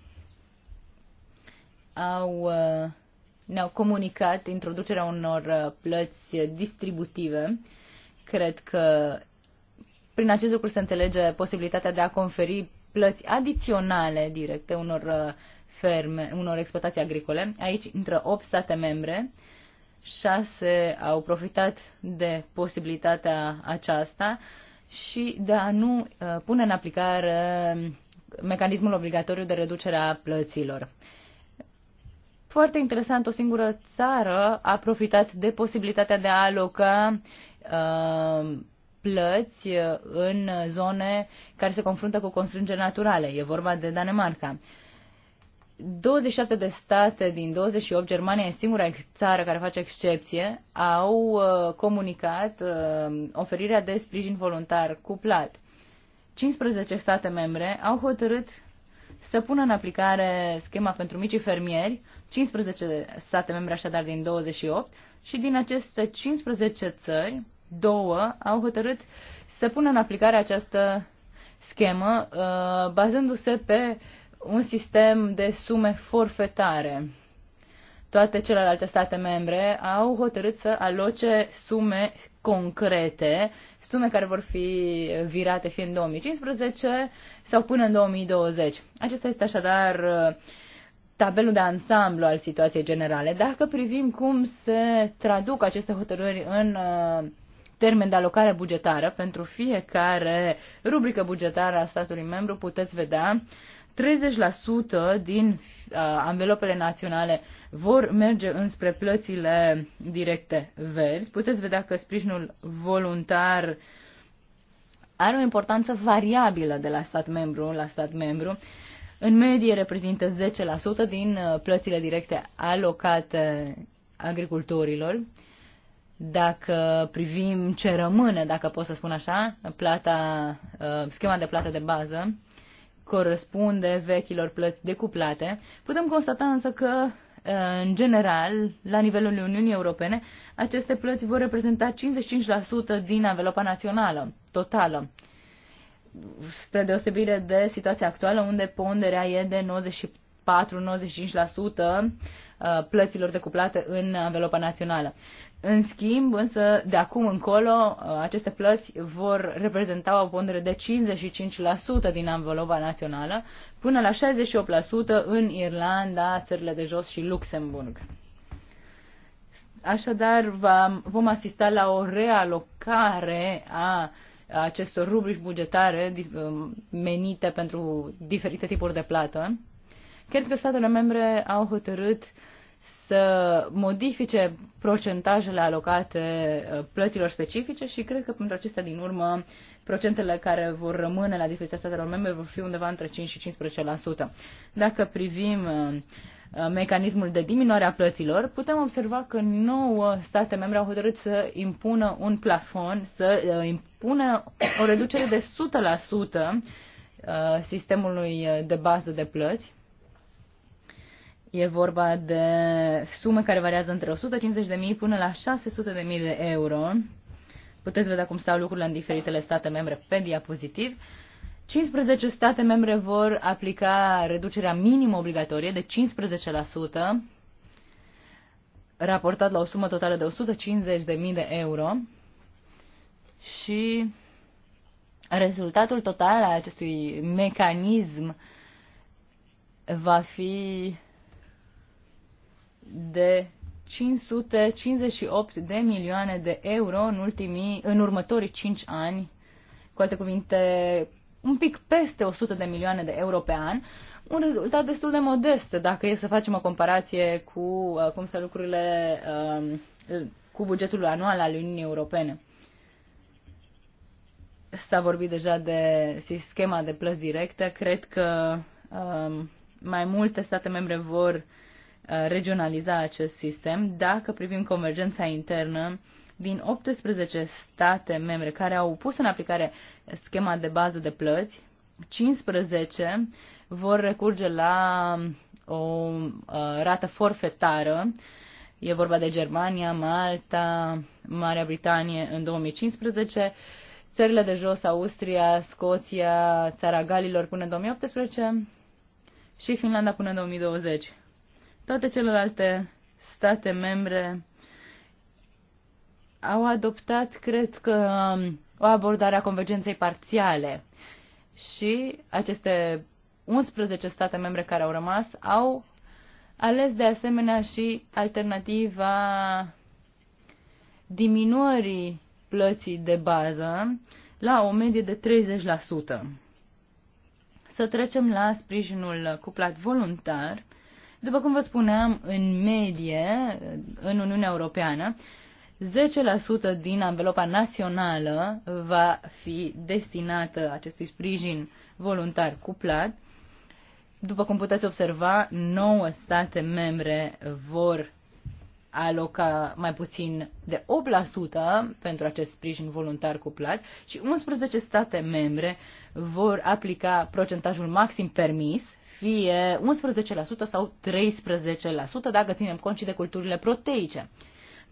au, uh, ne-au comunicat introducerea unor uh, plăți distributive. Cred că prin acest lucru se înțelege posibilitatea de a conferi plăți adiționale directe unor uh, ferme, unor exploatații agricole. Aici intră 8 state membre, 6 au profitat de posibilitatea aceasta și de a nu uh, pune în aplicare um, mecanismul obligatoriu de reducere a plăților. Foarte interesant, o singură țară a profitat de posibilitatea de a aloca uh, plăți uh, în zone care se confruntă cu constrângeri naturale. E vorba de Danemarca. 27 de state din 28, Germania e singura țară care face excepție, au uh, comunicat uh, oferirea de sprijin voluntar cuplat. 15 state membre au hotărât să pună în aplicare schema pentru micii fermieri, 15 state membre așadar din 28, și din aceste 15 țări, două au hotărât să pună în aplicare această schemă, uh, bazându-se pe uh, un sistem de sume forfetare. Toate celelalte state membre au hotărât să aloce sume concrete, sume care vor fi virate fie în 2015 sau până în 2020. Acesta este așadar uh, tabelul de ansamblu al situației generale. Dacă privim cum se traduc aceste hotărâri în uh, termen de alocare bugetară pentru fiecare rubrică bugetară a statului membru, puteți vedea 30% din uh, anvelopele naționale vor merge înspre plățile directe verzi. Puteți vedea că sprijinul voluntar are o importanță variabilă de la stat membru la stat membru. În medie reprezintă 10% din uh, plățile directe alocate agricultorilor. Dacă privim ce rămâne, dacă pot să spun așa, plata, uh, schema de plată de bază, corespunde vechilor plăți decuplate. Putem constata însă că, ă, în general, la nivelul Uniunii Europene, aceste plăți vor reprezenta 55% din anvelopa națională totală spre deosebire de situația actuală, unde ponderea e de 94-95% ă, plăților decuplate în anvelopa națională. În schimb, însă, de acum încolo, uh, aceste plăți vor reprezenta o pondere de 55% din anvelopa națională, până la 68% în Irlanda, țările de jos și Luxemburg. Așadar, vom asista la o realocare a acestor rubrici bugetare um, menite pentru diferite tipuri de plată. Cred că statele membre au hotărât uh, să modifice procentajele alocate uh, plăților specifice și cred că pentru acestea din urmă procentele care vor rămâne la dispoziția statelor membre vor fi undeva între 5 și 15%. Dacă privim uh, uh, mecanismul de diminuare a plăților, putem observa că 9 state membre au hotărât să impună un plafon, să impună o reducere de 100% sistemului de bază de plăți E vorba de sume care variază între 150.000 până la 600.000 de euro. Puteți vedea cum stau lucrurile în diferitele state membre pe diapozitiv. 15 state membre vor aplica reducerea minimă obligatorie de 15%, raportat la o sumă totală de 150.000 de euro. Și rezultatul total al acestui mecanism va fi de 558 de milioane de euro în, ultimii, în următorii 5 ani, cu alte cuvinte, un pic peste 100 de milioane de euro pe an, un rezultat destul de modest dacă e să facem o comparație cu uh, cum sunt lucrurile um, cu bugetul anual al Uniunii Europene. S-a vorbit deja de schema de plăți directe. Cred că um, mai multe state membre vor uh, Uh, regionaliza acest sistem. Dacă privim convergența internă, din 18 state membre care au pus în aplicare schema de bază de plăți, 15 vor recurge la o uh, rată forfetară. E vorba de Germania, Malta, Marea Britanie în 2015, țările de jos, Austria, Scoția, Țara Galilor până în 2018 și Finlanda până în 2020. Toate celelalte state membre au adoptat, cred că, o abordare a convergenței parțiale și aceste 11 state membre care au rămas au ales de asemenea și alternativa diminuării plății de bază la o medie de 30%. Să trecem la sprijinul cuplat voluntar. După cum vă spuneam, în medie, în Uniunea Europeană, 10% din anvelopa națională va fi destinată acestui sprijin voluntar cuplat. După cum puteți observa, 9 state membre vor aloca mai puțin de 8% pentru acest sprijin voluntar cuplat și 11 state membre vor aplica procentajul maxim permis fie 11% sau 13%, dacă ținem cont și de culturile proteice.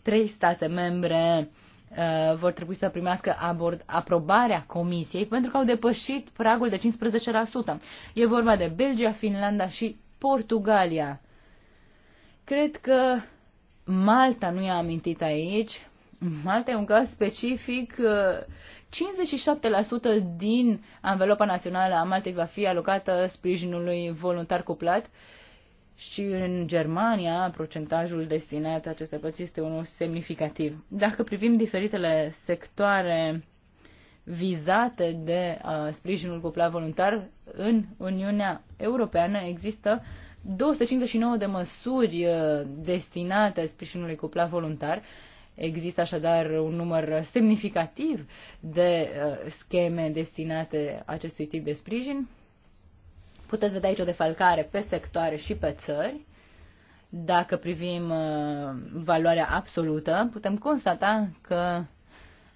Trei state membre uh, vor trebui să primească abord, aprobarea comisiei pentru că au depășit pragul de 15%. E vorba de Belgia, Finlanda și Portugalia. Cred că Malta nu i-a amintit aici. Malta e un caz specific uh, 57% din anvelopa națională a Maltei va fi alocată sprijinului voluntar cuplat și în Germania procentajul destinat aceste plăți este unul semnificativ. Dacă privim diferitele sectoare vizate de uh, sprijinul cuplat voluntar, în Uniunea Europeană există 259 de măsuri uh, destinate sprijinului cuplat voluntar, uh, Există așadar un număr semnificativ de uh, scheme destinate acestui tip de sprijin. Puteți vedea aici o defalcare pe sectoare și pe țări. Dacă privim uh, valoarea absolută, putem constata că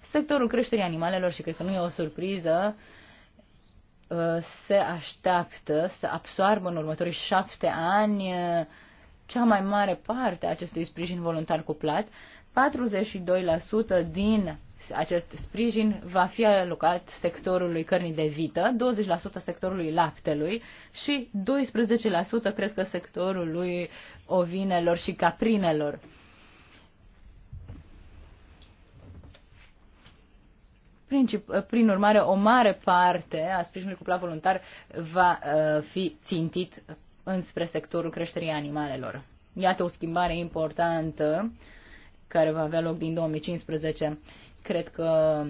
sectorul creșterii animalelor, și cred că nu e o surpriză, uh, se așteaptă să absoarbă în următorii șapte ani cea mai mare parte a acestui sprijin voluntar cuplat, 42% din acest sprijin va fi alocat sectorului cărnii de vită, 20% sectorului laptelui și 12% cred că sectorului ovinelor și caprinelor. prin urmare, o mare parte a sprijinului cuplat voluntar va uh, fi țintit înspre sectorul creșterii animalelor. Iată o schimbare importantă care va avea loc din 2015. Cred că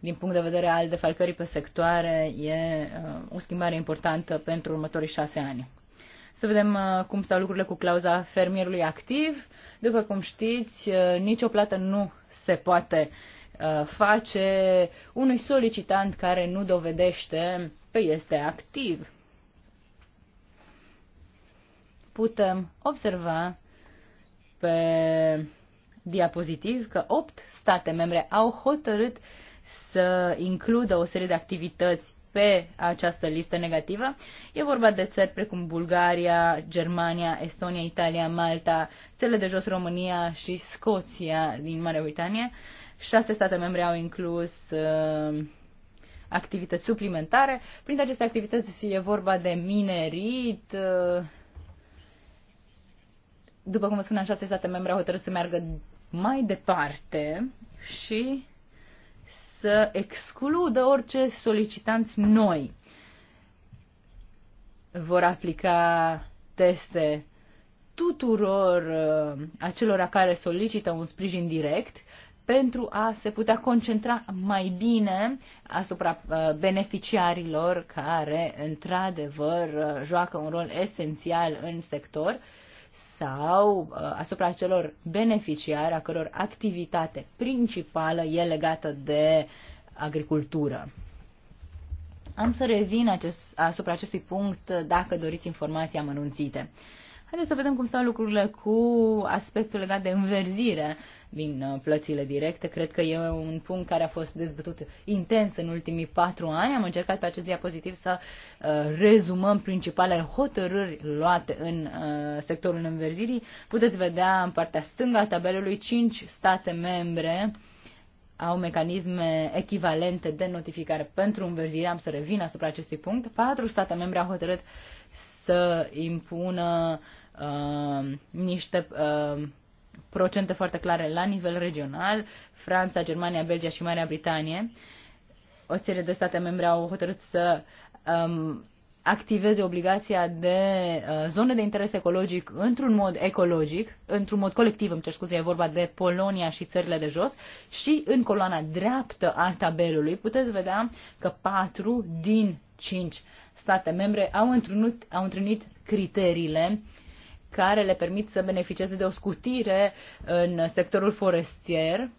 din punct de vedere al defalcării pe sectoare e uh, o schimbare importantă pentru următorii șase ani. Să vedem uh, cum stau lucrurile cu clauza fermierului activ. După cum știți, uh, nicio plată nu se poate face unui solicitant care nu dovedește că este activ putem observa pe diapozitiv că opt state membre au hotărât să includă o serie de activități pe această listă negativă. E vorba de țări precum Bulgaria, Germania, Estonia, Italia, Malta, țările de jos România și Scoția din Marea Britanie. Șase state membre au inclus uh, activități suplimentare. Printre aceste activități e vorba de minerit, uh, după cum spuneam, șase state membre au hotărât să meargă mai departe și să excludă orice solicitanți noi. Vor aplica teste tuturor uh, acelora care solicită un sprijin direct pentru a se putea concentra mai bine asupra uh, beneficiarilor care, într-adevăr, uh, joacă un rol esențial în sector uh, sau uh, asupra celor beneficiari a căror activitate principală e legată de agricultură. Am să revin acest, asupra acestui punct uh, dacă doriți informații amănunțite. Uh, Haideți să vedem cum stau lucrurile cu aspectul legat de înverzire din uh, plățile directe. Cred că e un punct care a fost dezbătut intens în ultimii patru ani. Am încercat pe acest diapozitiv să uh, rezumăm principalele hotărâri luate în uh, sectorul înverzirii. Puteți vedea în partea stângă a tabelului 5 state membre au mecanisme echivalente de notificare pentru înverzire. Am să revin asupra acestui punct. Patru state membre au hotărât să impună Um, niște uh, procente foarte clare la nivel regional, Franța, Germania, Belgia și Marea Britanie. O serie de state membre au hotărât să um, activeze obligația de uh, zone de interes ecologic într-un mod ecologic, într-un mod colectiv, îmi cer scuze, e vorba de Polonia și țările de jos, și în coloana dreaptă a tabelului puteți vedea că patru din cinci state membre au întrunit, au întrunit criteriile uh, care le permit să beneficieze de o scutire în sectorul forestier.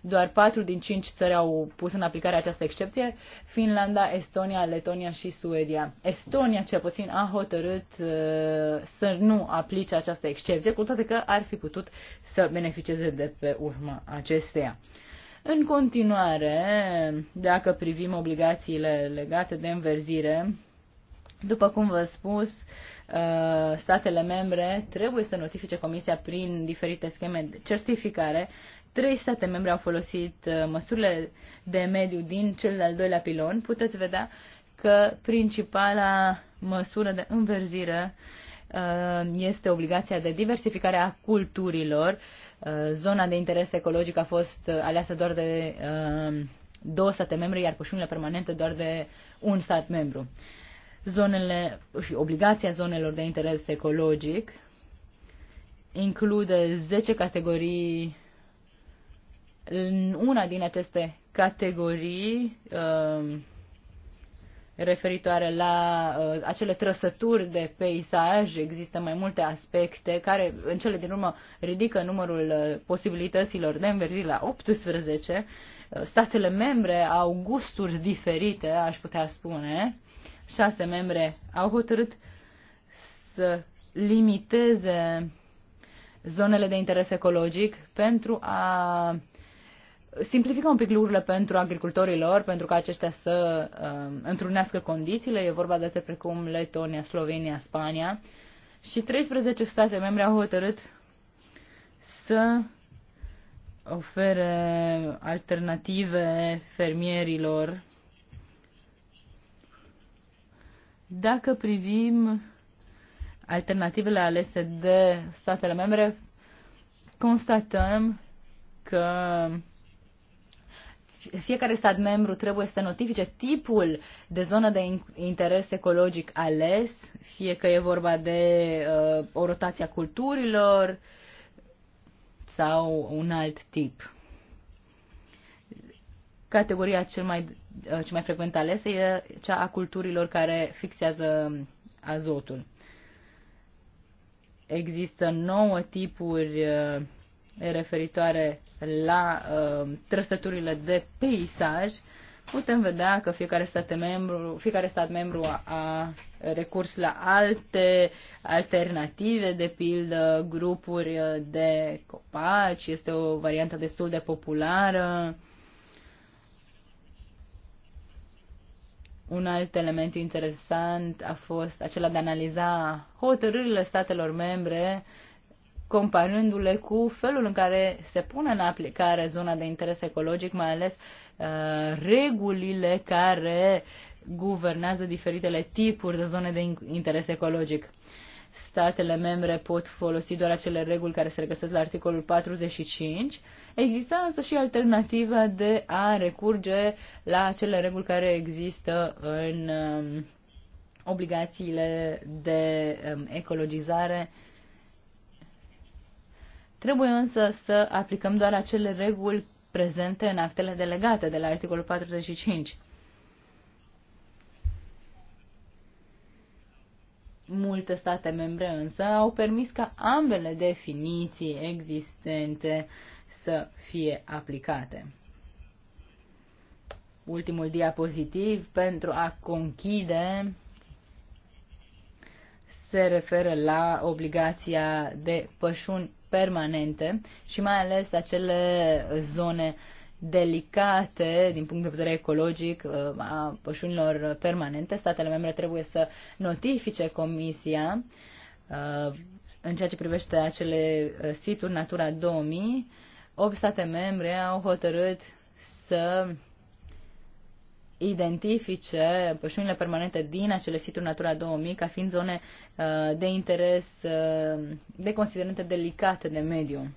Doar patru din cinci țări au pus în aplicare această excepție, Finlanda, Estonia, Letonia și Suedia. Estonia, cel puțin, a hotărât uh, să nu aplice această excepție, cu toate că ar fi putut să beneficieze de pe urma acesteia. În continuare, dacă privim obligațiile legate de înverzire, după cum vă spus, uh, statele membre trebuie să notifice Comisia prin diferite scheme de certificare. Trei state membre au folosit uh, măsurile de mediu din cel de-al doilea pilon. Puteți vedea că principala măsură de înverzire uh, este obligația de diversificare a culturilor. Zona de interes ecologic a fost aleasă doar de două state membre, iar pășunile permanente doar de un stat membru zonele și obligația zonelor de interes ecologic include 10 categorii. În una din aceste categorii um, referitoare la uh, acele trăsături de peisaj, există mai multe aspecte care în cele din urmă ridică numărul uh, posibilităților de înverzire la 18. Uh, statele membre au gusturi diferite, aș putea spune șase membre au hotărât să limiteze zonele de interes ecologic pentru a simplifica un pic lucrurile pentru agricultorilor, pentru ca aceștia să uh, întrunească condițiile. E vorba de precum Letonia, Slovenia, Spania. Și 13 state membre au hotărât să ofere alternative fermierilor Dacă privim alternativele alese de statele membre, constatăm că fiecare stat membru trebuie să notifice tipul de zonă de interes ecologic ales, fie că e vorba de uh, o rotație a culturilor sau un alt tip. Categoria cel mai, uh, cel mai frecvent alesă e cea a culturilor care fixează azotul. Există nouă tipuri uh, referitoare la uh, trăsăturile de peisaj, putem vedea că fiecare stat membru, fiecare stat membru a, a recurs la alte alternative, de pildă grupuri de copaci, este o variantă destul de populară. Uh, Un alt element interesant a fost acela de a analiza hotărârile statelor membre comparându-le cu felul în care se pune în aplicare zona de interes ecologic, mai ales uh, regulile care guvernează diferitele tipuri de zone de interes ecologic. Statele membre pot folosi doar acele reguli care se regăsesc la articolul 45 Există însă și alternativa de a recurge la acele reguli care există în um, obligațiile de um, ecologizare. Trebuie însă să aplicăm doar acele reguli prezente în actele delegate de la articolul 45. Multe state membre însă au permis ca ambele definiții existente uh, să fie aplicate. Ultimul diapozitiv pentru a conchide se referă la obligația de pășuni permanente și mai ales acele zone delicate din punct de vedere ecologic uh, a pășunilor permanente. Statele membre trebuie să notifice Comisia uh, în ceea ce privește acele uh, situri Natura 2000 8 state membre au hotărât să identifice pășunile permanente din acele situri Natura 2000 ca fiind zone uh, de interes, uh, de considerente delicate de mediu.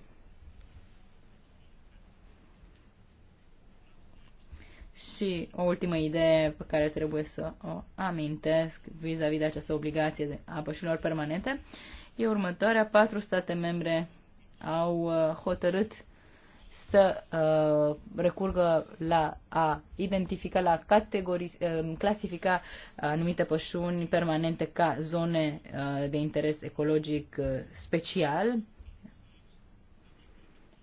Și o ultimă idee pe care trebuie să o amintesc vis-a-vis -vis de această obligație de a pășunilor permanente e următoarea. Patru state membre au uh, hotărât să uh, recurgă la a identifica, la a uh, clasifica anumite pășuni permanente ca zone uh, de interes ecologic uh, special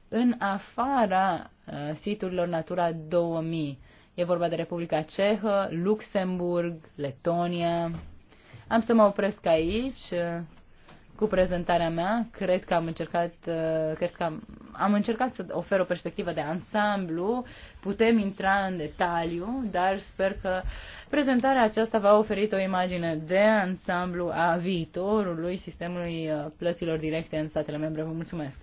în afara uh, siturilor Natura 2000. E vorba de Republica Cehă, Luxemburg, Letonia. Am să mă opresc aici. Uh, cu prezentarea mea. Cred că am încercat, uh, cred că am, am încercat să ofer o perspectivă de ansamblu. Putem intra în detaliu, dar sper că prezentarea aceasta va oferi o imagine de ansamblu a viitorului sistemului uh, plăților directe în statele membre. Vă mulțumesc!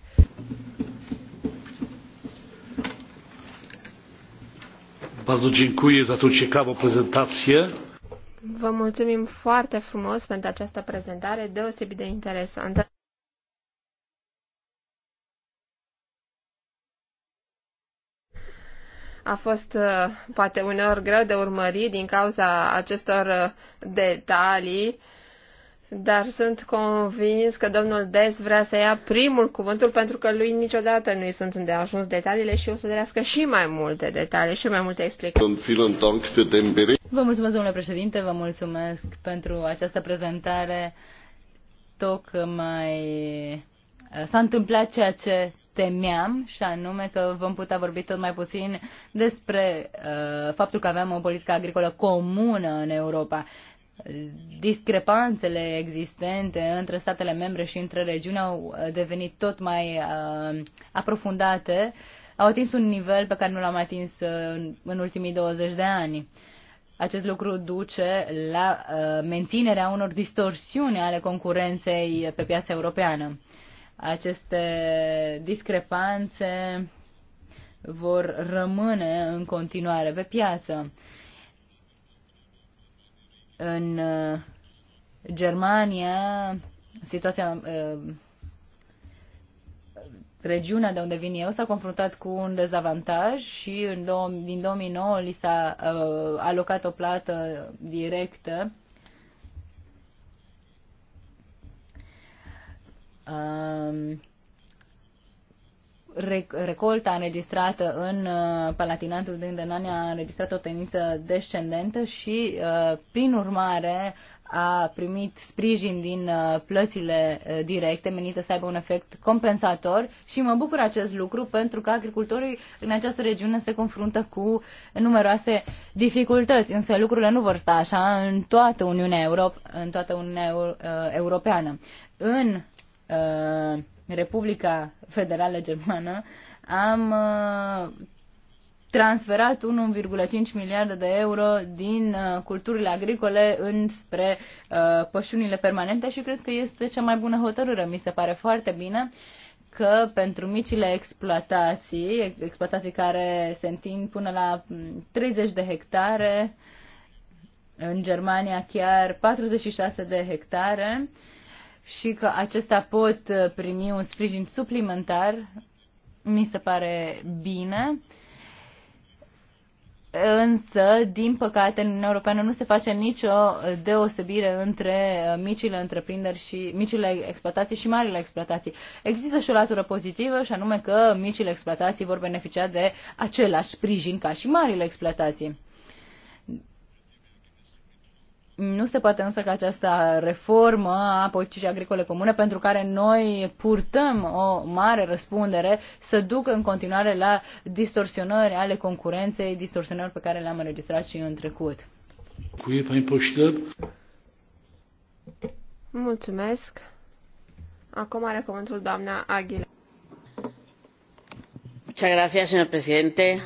Bardzo dziękuję za tą ciekawą prezentację. Vă mulțumim foarte frumos pentru această prezentare deosebit de interesantă. a fost uh, poate uneori greu de urmărit din cauza acestor uh, detalii dar sunt convins că domnul Des vrea să ia primul cuvântul pentru că lui niciodată nu-i sunt ajuns detaliile și o să dorească și mai multe detalii și mai multe explicații. Vă mulțumesc, domnule președinte, vă mulțumesc pentru această prezentare. Tocmai uh, s-a întâmplat ceea ce temeam și anume că vom putea vorbi tot mai puțin despre uh, faptul că aveam o politică agricolă comună în Europa discrepanțele existente între statele membre și între regiuni au uh, devenit tot mai uh, aprofundate, au atins un nivel pe care nu l-am atins uh, în ultimii 20 de ani. Acest lucru duce la uh, menținerea unor distorsiuni ale concurenței pe piața europeană. Aceste discrepanțe vor rămâne în continuare pe piață în uh, Germania, situația uh, regiunea de unde vin eu s-a confruntat cu un dezavantaj și în din 2009 li s-a uh, alocat o plată directă. Um, recolta înregistrată în uh, Palatinatul din Renania a înregistrat o tendință descendentă și, uh, prin urmare, a primit sprijin din uh, plățile directe menite să aibă un efect compensator și mă bucur acest lucru pentru că agricultorii în această regiune se confruntă cu numeroase dificultăți, însă lucrurile nu vor sta așa în toată Uniunea, Europe, în toată Uniunea Europeană. În uh, Republica Federală Germană, am uh, transferat 1,5 miliarde de euro din uh, culturile agricole înspre uh, pășunile permanente și cred că este cea mai bună hotărâre. Mi se pare foarte bine că pentru micile exploatații, exploatații care se întind până la 30 mm, de hectare, în Germania chiar 46 de hectare, uh, și că acestea pot uh, primi un sprijin suplimentar, mi se pare bine. Însă, din păcate, în Uniunea Europeană nu se face nicio uh, deosebire între uh, micile întreprinderi și micile exploatații și marile exploatații. Există și o latură pozitivă, și anume că micile exploatații vor beneficia de același sprijin ca și marile exploatații. Nu se poate însă ca această reformă a politicii agricole comune, pentru care noi purtăm o mare răspundere, să ducă în continuare la distorsionări ale concurenței, distorsionări pe care le-am înregistrat și în trecut. Mulțumesc. Acum are cuvântul doamna Aguilera. Muchas gracias, señor presidente.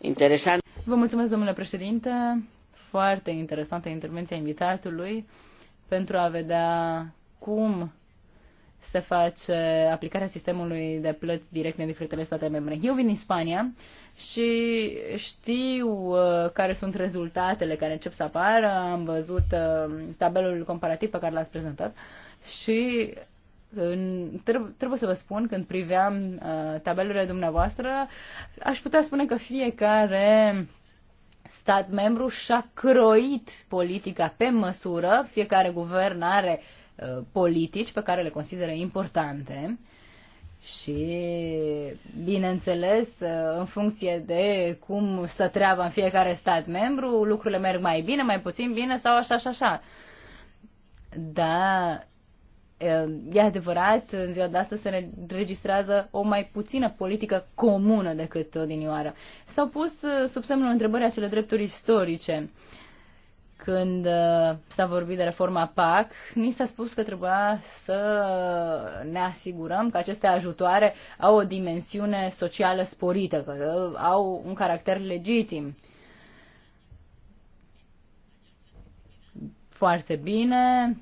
Interesant. Vă mulțumesc, domnule președinte foarte interesantă intervenția invitatului pentru a vedea cum se face aplicarea sistemului de plăți directe în diferitele state membre. Eu vin din Spania și știu uh, care sunt rezultatele care încep să apară. Am văzut uh, tabelul comparativ pe care l-ați prezentat și în, trebuie să vă spun, când priveam uh, tabelurile dumneavoastră, aș putea spune că fiecare stat membru și-a croit politica pe măsură, fiecare guvern are uh, politici pe care le consideră importante și, bineînțeles, uh, în funcție de cum stă treaba în fiecare stat membru, lucrurile merg mai bine, mai puțin bine sau așa și așa. Da, Ehm, e adevărat, în ziua de astăzi se registrează o mai puțină politică comună decât odinioară. S-au pus eh, sub semnul întrebării acele drepturi istorice. Când eh, s-a vorbit de reforma PAC, ni s-a spus că trebuia să ne asigurăm că aceste ajutoare au o dimensiune socială sporită, că eh, au un caracter legitim. Foarte bine,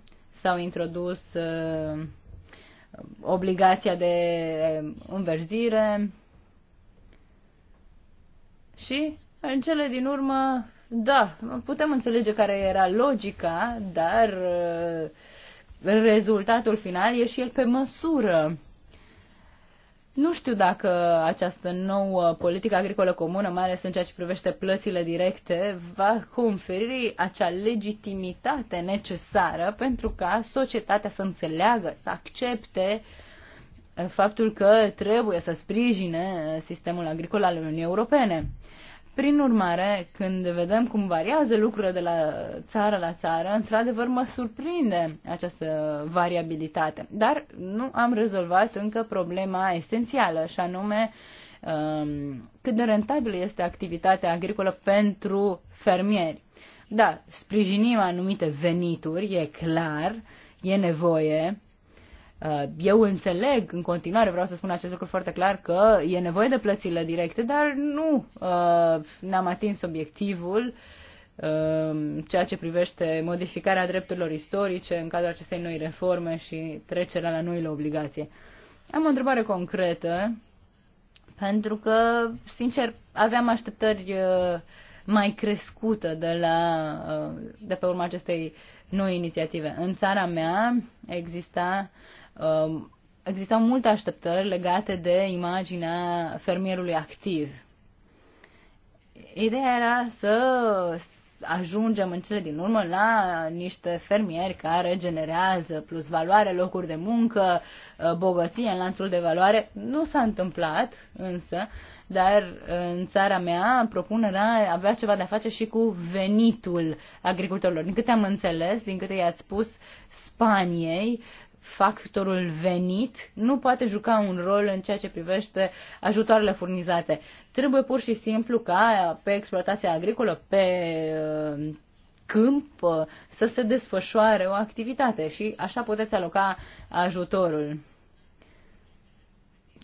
s-au introdus uh, obligația de uh, înverzire și în cele din urmă, da, putem înțelege care era logica, dar uh, rezultatul final e și el pe măsură. Nu știu dacă această nouă politică agricolă comună, mai ales în ceea ce privește plățile directe, va conferi acea legitimitate necesară pentru ca societatea să înțeleagă, să accepte eh, faptul că trebuie să sprijine eh, sistemul agricol al Uniunii Europene. Prin urmare, când vedem cum variază lucrurile de la țară la țară, într-adevăr mă surprinde această variabilitate. Dar nu am rezolvat încă problema esențială, și anume um, cât de rentabilă este activitatea agricolă pentru fermieri. Da, sprijinim anumite venituri, e clar, e nevoie, Uh, eu înțeleg în continuare, vreau să spun acest lucru foarte clar, că e nevoie de plățile directe, dar nu uh, ne-am atins obiectivul uh, ceea ce privește modificarea drepturilor istorice în cadrul acestei noi reforme și trecerea la noile obligații. Am o întrebare concretă, pentru că, sincer, aveam așteptări mai crescută de, la, de pe urma acestei noi inițiative. În țara mea exista Um, existau multe așteptări legate de imaginea fermierului activ. Ideea era să ajungem în cele din urmă la niște fermieri care generează plus valoare, locuri de muncă, uh, bogăție în lanțul de valoare. Nu s-a întâmplat însă, dar uh, în țara mea propunerea avea ceva de a face și cu venitul agricultorilor. Din câte am înțeles, din câte i-ați spus Spaniei, factorul venit nu poate juca un rol în ceea ce privește ajutoarele furnizate. Trebuie pur și simplu ca pe exploatația agricolă, pe uh, câmp, uh, să se desfășoare o activitate și așa puteți aloca ajutorul.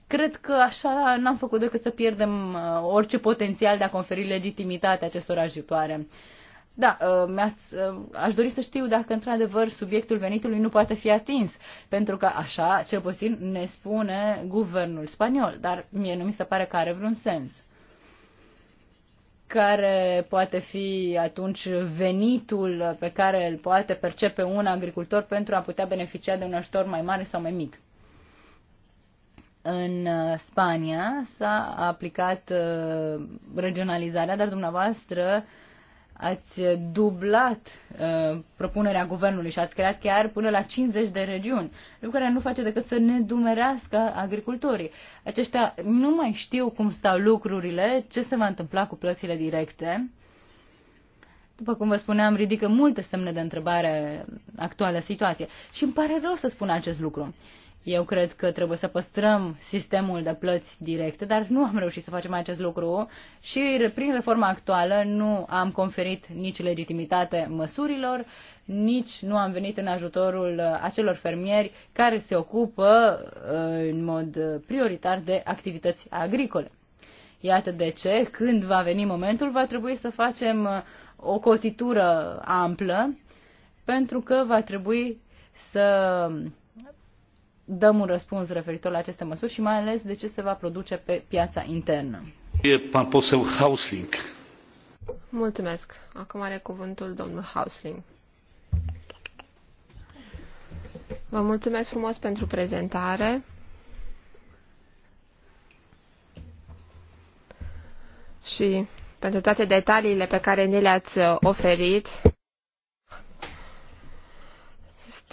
Cred că așa n-am făcut decât să pierdem uh, orice potențial de a conferi legitimitate acestor ajutoare. Uh, da, uh, mi-ați, uh, aș dori să știu dacă într-adevăr subiectul venitului nu poate fi atins, pentru că așa, cel puțin, ne spune guvernul spaniol, dar mie nu mi se pare că are vreun sens. Care poate fi atunci venitul pe care îl poate percepe un agricultor pentru a putea beneficia de un ajutor mai mare sau mai mic? în uh, Spania s-a aplicat regionalizarea, dar dumneavoastră uh, ați dublat uh, propunerea guvernului și ați creat chiar până la 50 de regiuni, lucru care nu face decât să ne dumerească agricultorii. Aceștia nu mai știu cum stau lucrurile, ce se va întâmpla cu plățile directe. După cum vă spuneam, ridică multe semne de întrebare actuala situație. Și îmi pare rău să spun acest lucru. Uh, eu cred că trebuie să păstrăm sistemul de plăți directe, dar nu am reușit să facem acest lucru și prin reforma actuală nu am conferit nici legitimitate măsurilor, nici nu am venit în ajutorul acelor fermieri care se ocupă uh, în mod prioritar de activități agricole. Iată de ce, când va veni momentul, va trebui să facem uh, o cotitură amplă, pentru că va trebui să dăm un răspuns referitor la aceste măsuri și mai ales de ce se va produce pe piața internă. Pan poseł Hausling. Mulțumesc. Acum are cuvântul domnul Hausling. Vă mulțumesc frumos pentru prezentare. Și pentru toate detaliile pe care ni le-ați oferit.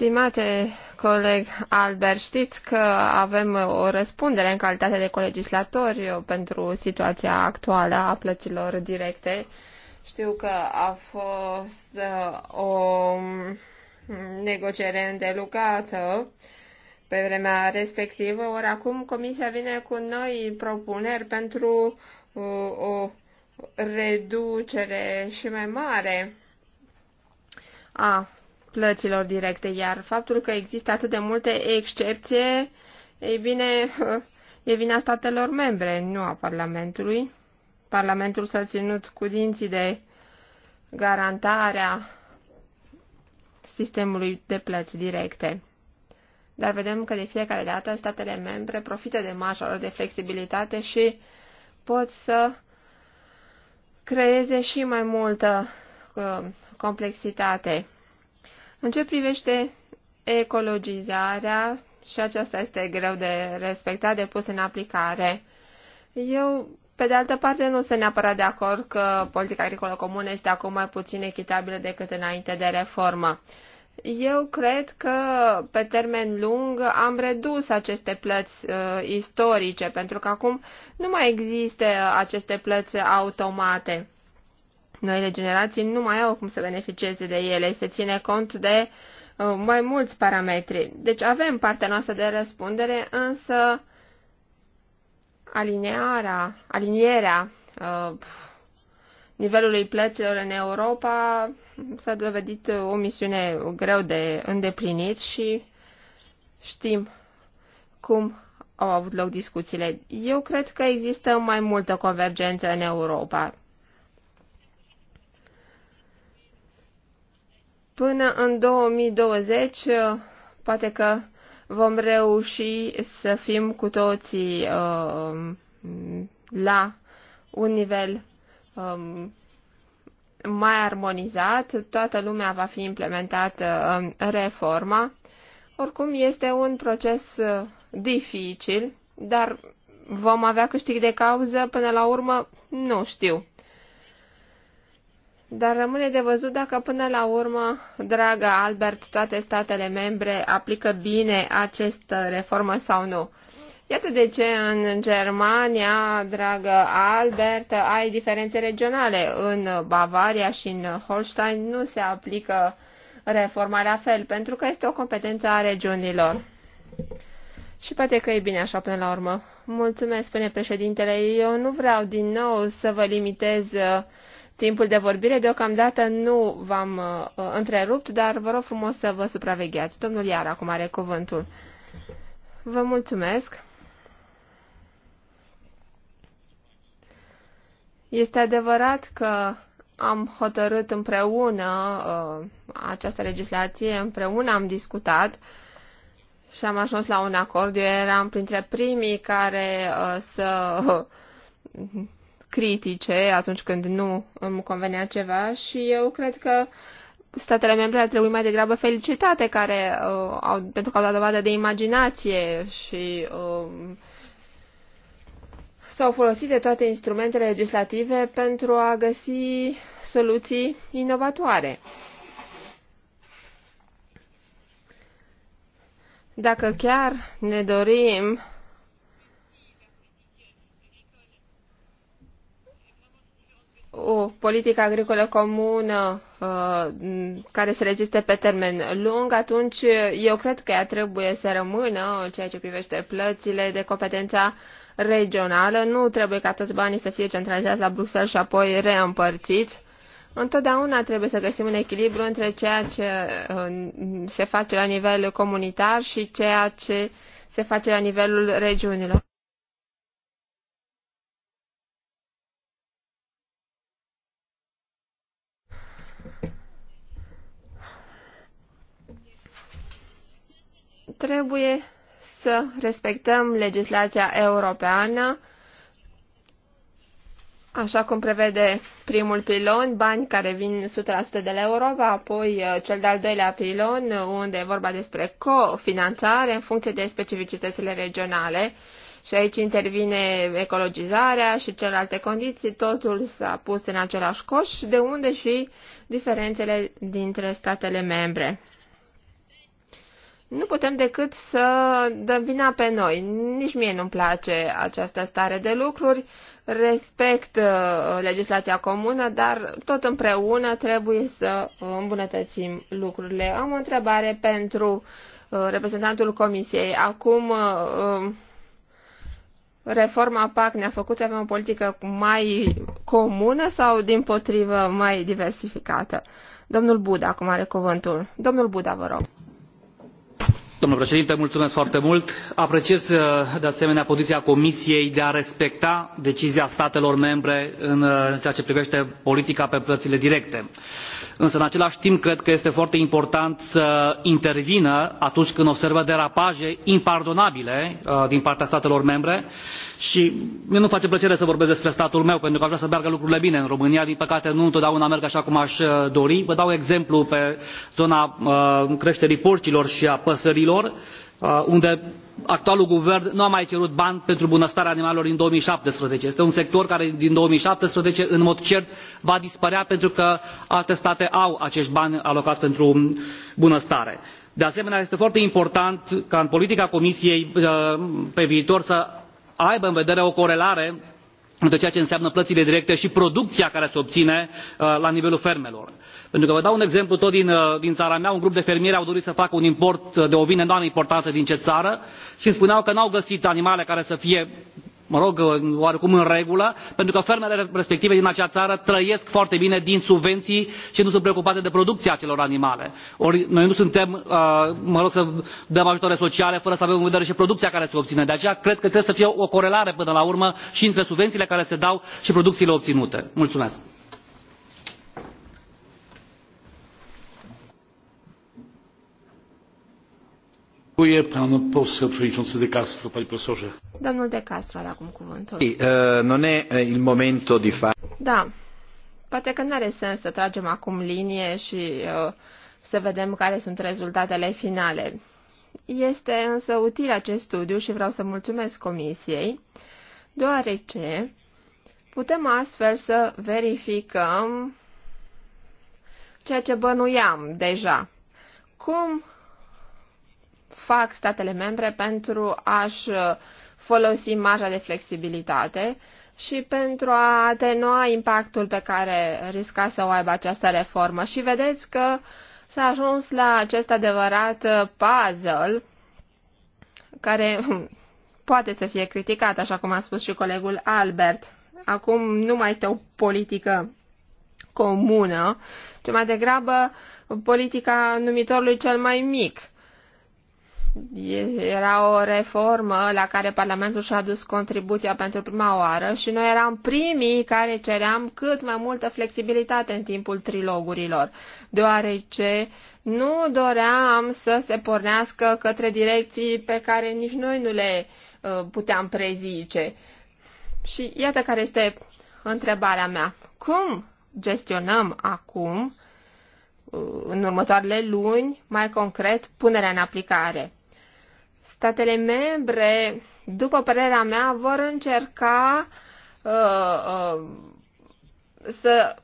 Stimate coleg Albert, știți că avem o răspundere în calitate de colegislatori pentru situația actuală a plăților directe. Știu că a fost uh, o negociere îndelugată pe vremea respectivă, ori acum Comisia vine cu noi propuneri pentru uh, o reducere și mai mare a plăților directe, iar faptul că există atât de multe excepții, ei bine, e vina statelor membre, nu a Parlamentului. Parlamentul s-a ținut cu dinții de garantarea sistemului de plăți directe. Dar vedem că de fiecare dată statele membre profită de marja lor de flexibilitate și pot să creeze și mai multă uh, complexitate. În ce privește ecologizarea, și aceasta este greu de respectat, de pus în aplicare, eu, pe de altă parte, nu sunt neapărat de acord că politica agricolă comună este acum mai puțin echitabilă decât înainte de reformă. Eu cred că pe termen lung am redus aceste plăți uh, istorice, pentru că acum nu mai există aceste plăți automate. Noile generații nu mai au cum să beneficieze de ele, se ține cont de uh, mai mulți parametri. Deci avem partea noastră de răspundere, însă alinearea, alinierea uh, nivelului plăților în Europa s-a dovedit uh, o misiune greu de îndeplinit și știm cum au avut loc discuțiile. Eu cred că există mai multă convergență în Europa. Până în 2020, uh, poate că vom reuși să fim cu toții uh, la un nivel um, mai armonizat, toată lumea va fi implementată um, reforma. Oricum, este un proces uh, dificil, dar vom avea câștig de cauză până la urmă, nu știu. Dar rămâne de văzut dacă până la urmă, dragă Albert, toate statele membre aplică bine această reformă sau nu. Iată de ce în Germania, dragă Albert, ai diferențe regionale. În Bavaria și în Holstein nu se aplică reforma la fel, pentru că este o competență a regiunilor. Și poate că e bine așa până la urmă. Mulțumesc, spune președintele. Eu nu vreau din nou să vă limitez timpul de vorbire. Deocamdată nu v-am uh, întrerupt, dar vă rog frumos să vă supravegheați. Domnul Iar acum are cuvântul. Vă mulțumesc. Este adevărat că am hotărât împreună uh, această legislație, împreună am discutat și am ajuns la un acord. Eu eram printre primii care uh, să uh, critice atunci când nu îmi convenea ceva și eu cred că statele membre ar trebui mai degrabă felicitate care, uh, au, pentru că au dat dovadă de imaginație și uh, s-au folosit de toate instrumentele legislative pentru a găsi soluții inovatoare. Dacă chiar ne dorim o politică agricolă comună uh, care să reziste pe termen lung, atunci eu cred că ea trebuie să rămână în ceea ce privește plățile de competența regională. Nu trebuie ca toți banii să fie centralizați la Bruxelles și apoi reîmpărțiți. Întotdeauna trebuie să găsim un echilibru între ceea ce uh, se face la nivel comunitar și ceea ce se face la nivelul regiunilor. Trebuie să respectăm legislația europeană, așa cum prevede primul pilon, bani care vin 100% de la Europa, apoi uh, cel de-al doilea pilon, uh, unde e vorba despre cofinanțare în funcție de specificitățile regionale. Și aici intervine ecologizarea și celelalte condiții, totul s-a pus în același coș, de unde și diferențele dintre statele membre nu putem decât să dăm vina pe noi. Nici mie nu-mi place această stare de lucruri, respect uh, legislația comună, dar tot împreună trebuie să îmbunătățim lucrurile. Am o întrebare pentru uh, reprezentantul Comisiei. Acum uh, um, reforma PAC ne-a făcut să avem o politică mai comună sau din potrivă mai diversificată? Domnul Buda acum are cuvântul. Domnul Buda, vă rog domnule președinte mulțumesc foarte mult. apreciez uh, de asemenea poziția comisiei de a respecta decizia statelor membre uh, în ceea ce privește politica pe plățile directe însă în același timp cred că este foarte important să intervină atunci când observă derapaje impardonabile uh, din partea statelor membre și și mie nu mi face plăcere să vorbesc despre statul meu pentru că aș vrea să meargă lucrurile bine în românia din păcate nu întotdeauna merg așa cum aș uh, dori. vă dau exemplu pe zona uh, creșterii porcilor și a păsărilor uh, unde actualul guvern nu a mai cerut bani pentru bunăstarea animalelor din două mii șaptesprezece este un sector care din două mii șaptesprezece în mod cert va dispărea pentru că alte state au acești bani alocați pentru bunăstare. de asemenea este foarte important ca în politica comisiei pe viitor să aibă în vedere o corelare între ceea ce înseamnă plățile directe și producția care se obține uh, la nivelul fermelor. pentru că vă dau un exemplu tot din, uh, din țara mea un grup de fermieri au dorit să facă un import uh, de ovine nu am importanță din ce țară și îmi spuneau că nu au găsit animale care să fie mă rog uh, oarecum în regulă pentru că fermele respective din acea țară trăiesc foarte bine din subvenții și nu sunt preocupate de producția acelor animale. ori noi nu suntem uh, mă rog să dăm ajutoare sociale fără să avem în vedere și producția care se obține. de aceea cred că trebuie să fie o corelare până la urmă și între subvențiile care se dau și producțiile obținute. mulțumesc. Dziękuję pan poseł przewodniczący De Castro, panie profesorze. Domnul De Castro are acum cuvântul. Eh, non e eh, il momento di fa. Da. Poate că nu are sens să tragem acum linie și uh, să vedem care sunt rezultatele finale. Este însă util acest studiu și vreau să mulțumesc comisiei, deoarece putem astfel să verificăm ceea ce bănuiam deja. Cum fac statele membre pentru a-și uh, folosi marja de flexibilitate și pentru a atenua impactul pe care risca să o aibă această reformă. Și vedeți că s-a ajuns la acest adevărat uh, puzzle care poate să fie criticat, așa cum a spus și colegul Albert. Acum nu mai este o politică comună, ci mai degrabă politica numitorului cel mai mic. Era o reformă la care Parlamentul și-a adus contribuția pentru prima oară și noi eram primii care ceream cât mai multă flexibilitate în timpul trilogurilor, deoarece nu doream să se pornească către direcții pe care nici noi nu le uh, puteam prezice. Și iată care este întrebarea mea. Cum gestionăm acum, uh, în următoarele luni, mai concret, punerea în aplicare? Statele membre, după părerea mea, vor încerca uh, uh, să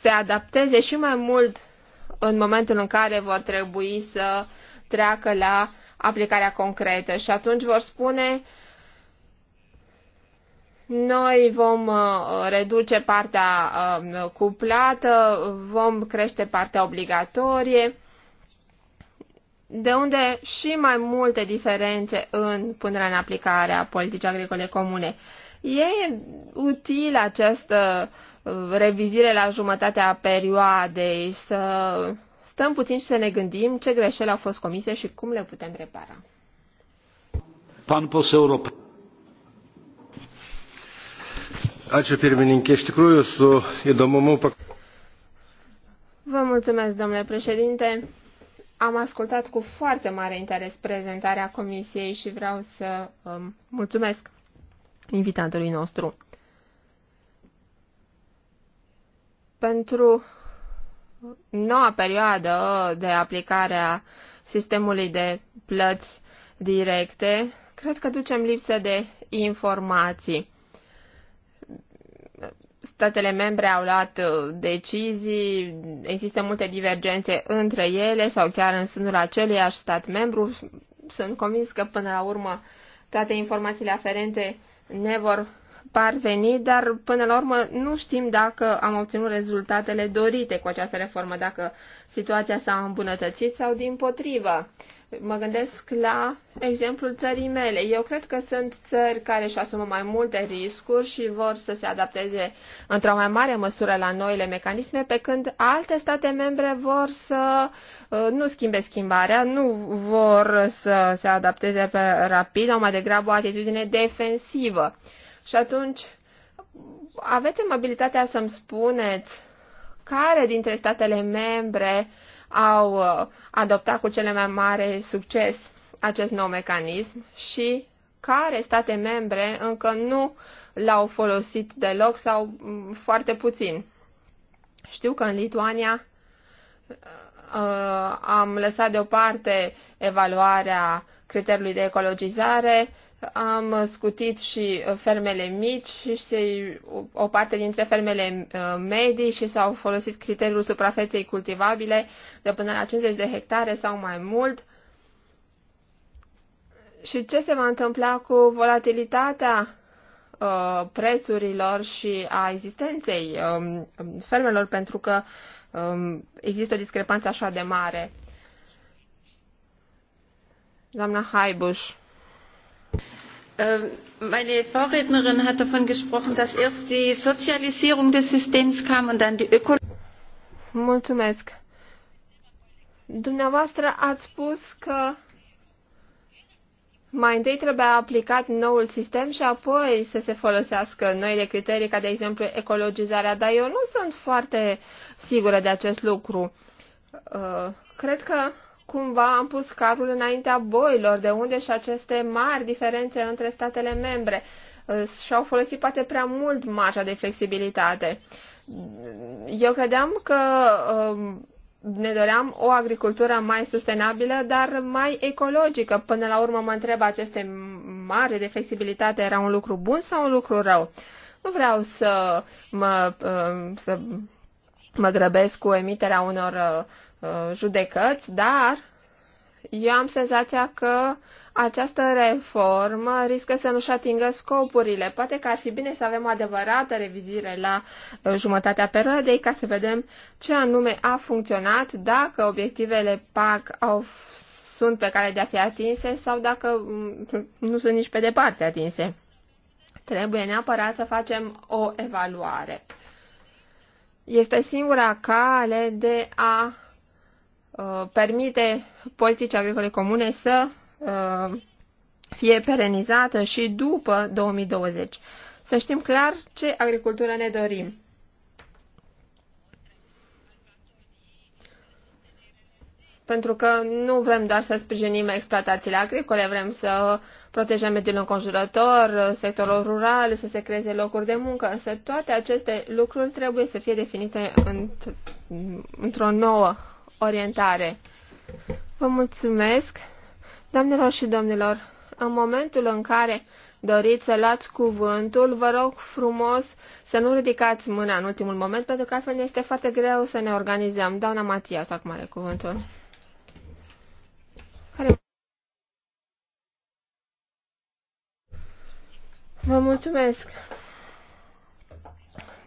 se adapteze și mai mult în momentul în care vor trebui să treacă la aplicarea concretă și atunci vor spune noi vom uh, reduce partea uh, cuplată, vom crește partea obligatorie de unde și mai multe diferențe în punerea în aplicare a politicii agricole comune. E util această uh, revizire la jumătatea perioadei, să stăm puțin și să ne gândim ce greșeli au fost comise și cum le putem repara. Pan Europa. Ačiū pirmininkė, iš tikrųjų su įdomumu. Vă mulțumesc, domnule președinte. Am ascultat cu foarte mare interes prezentarea comisiei și vreau să um, mulțumesc invitatului nostru. Pentru noua perioadă de aplicare a sistemului de plăți directe, cred că ducem lipsă de informații statele membre au luat uh, decizii, există multe divergențe între ele sau chiar în sânul aceluiași stat membru. Sunt convins că până la urmă toate informațiile aferente ne vor parveni, dar până la urmă nu știm dacă am obținut rezultatele dorite cu această reformă, dacă situația s-a îmbunătățit sau din potrivă. Mă gândesc la exemplul țării mele. Eu cred că sunt țări care își asumă mai multe riscuri și vor să se adapteze într-o mai mare măsură la noile mecanisme, pe când alte state membre vor să uh, nu schimbe schimbarea, nu vor să se adapteze rapid, au mai degrabă o atitudine defensivă. Și atunci, aveți mobilitatea să-mi spuneți care dintre statele membre au uh, adoptat cu cele mai mare succes acest nou mecanism și care state membre încă nu l-au folosit deloc sau mm, foarte puțin. Știu că în Lituania uh, am lăsat deoparte evaluarea criteriului de ecologizare am scutit și uh, fermele mici și o parte dintre fermele uh, medii și s-au folosit criteriul suprafeței cultivabile de până la 50 de hectare sau mai mult. Și ce se va întâmpla cu volatilitatea uh, prețurilor și a existenței um, fermelor pentru că um, există o discrepanță așa de mare. Doamna Haibuș. Ähm, meine vorrednerin hat davon gesprochen dass erst die sozialisierung des systems kam und dann die Mulțumesc. Dumneavoastră ați spus că mai întâi trebuie aplicat noul sistem și apoi să se folosească noile criterii, ca de exemplu ecologizarea, dar eu nu sunt foarte sigură de acest lucru. Uh, cred că cumva am pus carul înaintea boilor, de unde și aceste mari diferențe între statele membre. Uh, și-au folosit poate prea mult marja de flexibilitate. Eu credeam că um, ne doream o agricultură mai sustenabilă, dar mai ecologică. Până la urmă mă întreb, aceste mari de flexibilitate era un lucru bun sau un lucru rău? Nu vreau să mă, uh, să mă grăbesc cu emiterea unor uh, Uh, judecăți, dar eu am senzația că această reformă riscă să nu-și atingă scopurile. Poate că ar fi bine să avem o adevărată revizuire la uh, jumătatea perioadei ca să vedem ce anume a funcționat, dacă obiectivele PAC au, sunt pe care de a fi atinse sau dacă mm, nu sunt nici pe departe atinse. Trebuie neapărat să facem o evaluare. Este singura cale de a Uh, permite politicii agricole comune să uh, fie perenizată și după 2020. Să știm clar ce agricultură ne dorim. Pentru că nu vrem doar să sprijinim exploatațiile agricole, vrem să protejăm mediul înconjurător, sectorul rural, să se creeze locuri de muncă, însă toate aceste lucruri trebuie să fie definite într-o nouă orientare. Vă mulțumesc, doamnelor și domnilor. În momentul în care doriți să luați cuvântul, vă rog frumos să nu ridicați mâna în ultimul moment, pentru că altfel ne este foarte greu să ne organizăm. Doamna să acum are cuvântul. Care... Vă mulțumesc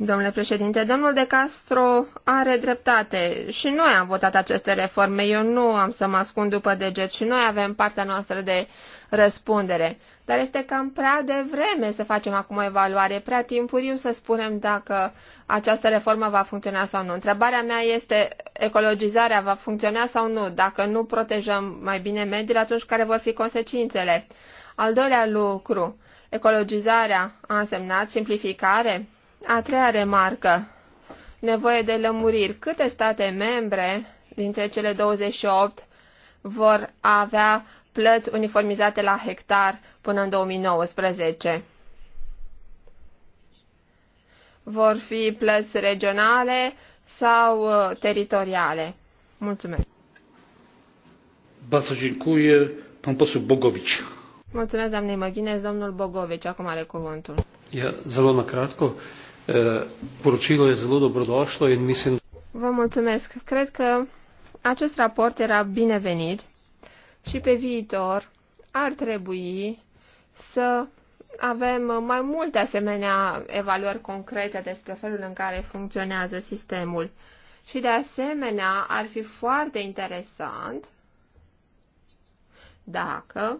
domnule președinte. Domnul De Castro are dreptate. Și noi am votat aceste reforme. Eu nu am să mă ascund după deget și noi avem partea noastră de răspundere. Dar este cam prea devreme să facem acum o evaluare, prea timpuriu să spunem dacă această reformă va funcționa sau nu. Întrebarea mea este, ecologizarea va funcționa sau nu? Dacă nu protejăm mai bine mediul, atunci care vor fi consecințele? Al doilea lucru, ecologizarea a însemnat simplificare? A treia remarcă. Nevoie de lămuriri. Câte state membre dintre cele 28 vor avea plăți uniformizate la hectar până în 2019? Vor fi plăți regionale sau uh, teritoriale? Mulțumesc. Bardzo dziękuję. Pan poseł Bogowicz. Mulțumesc, doamnei Măghinez. Domnul Bogovici acum are cuvântul. Ja, zelona kratko. Poročilo je zelo dobrodošlo in mislim. Da- Vă mulțumesc. Cred că acest raport era binevenit și pe viitor ar trebui să avem mai multe asemenea evaluări concrete despre felul în care funcționează sistemul. Și de asemenea, ar fi foarte interesant dacă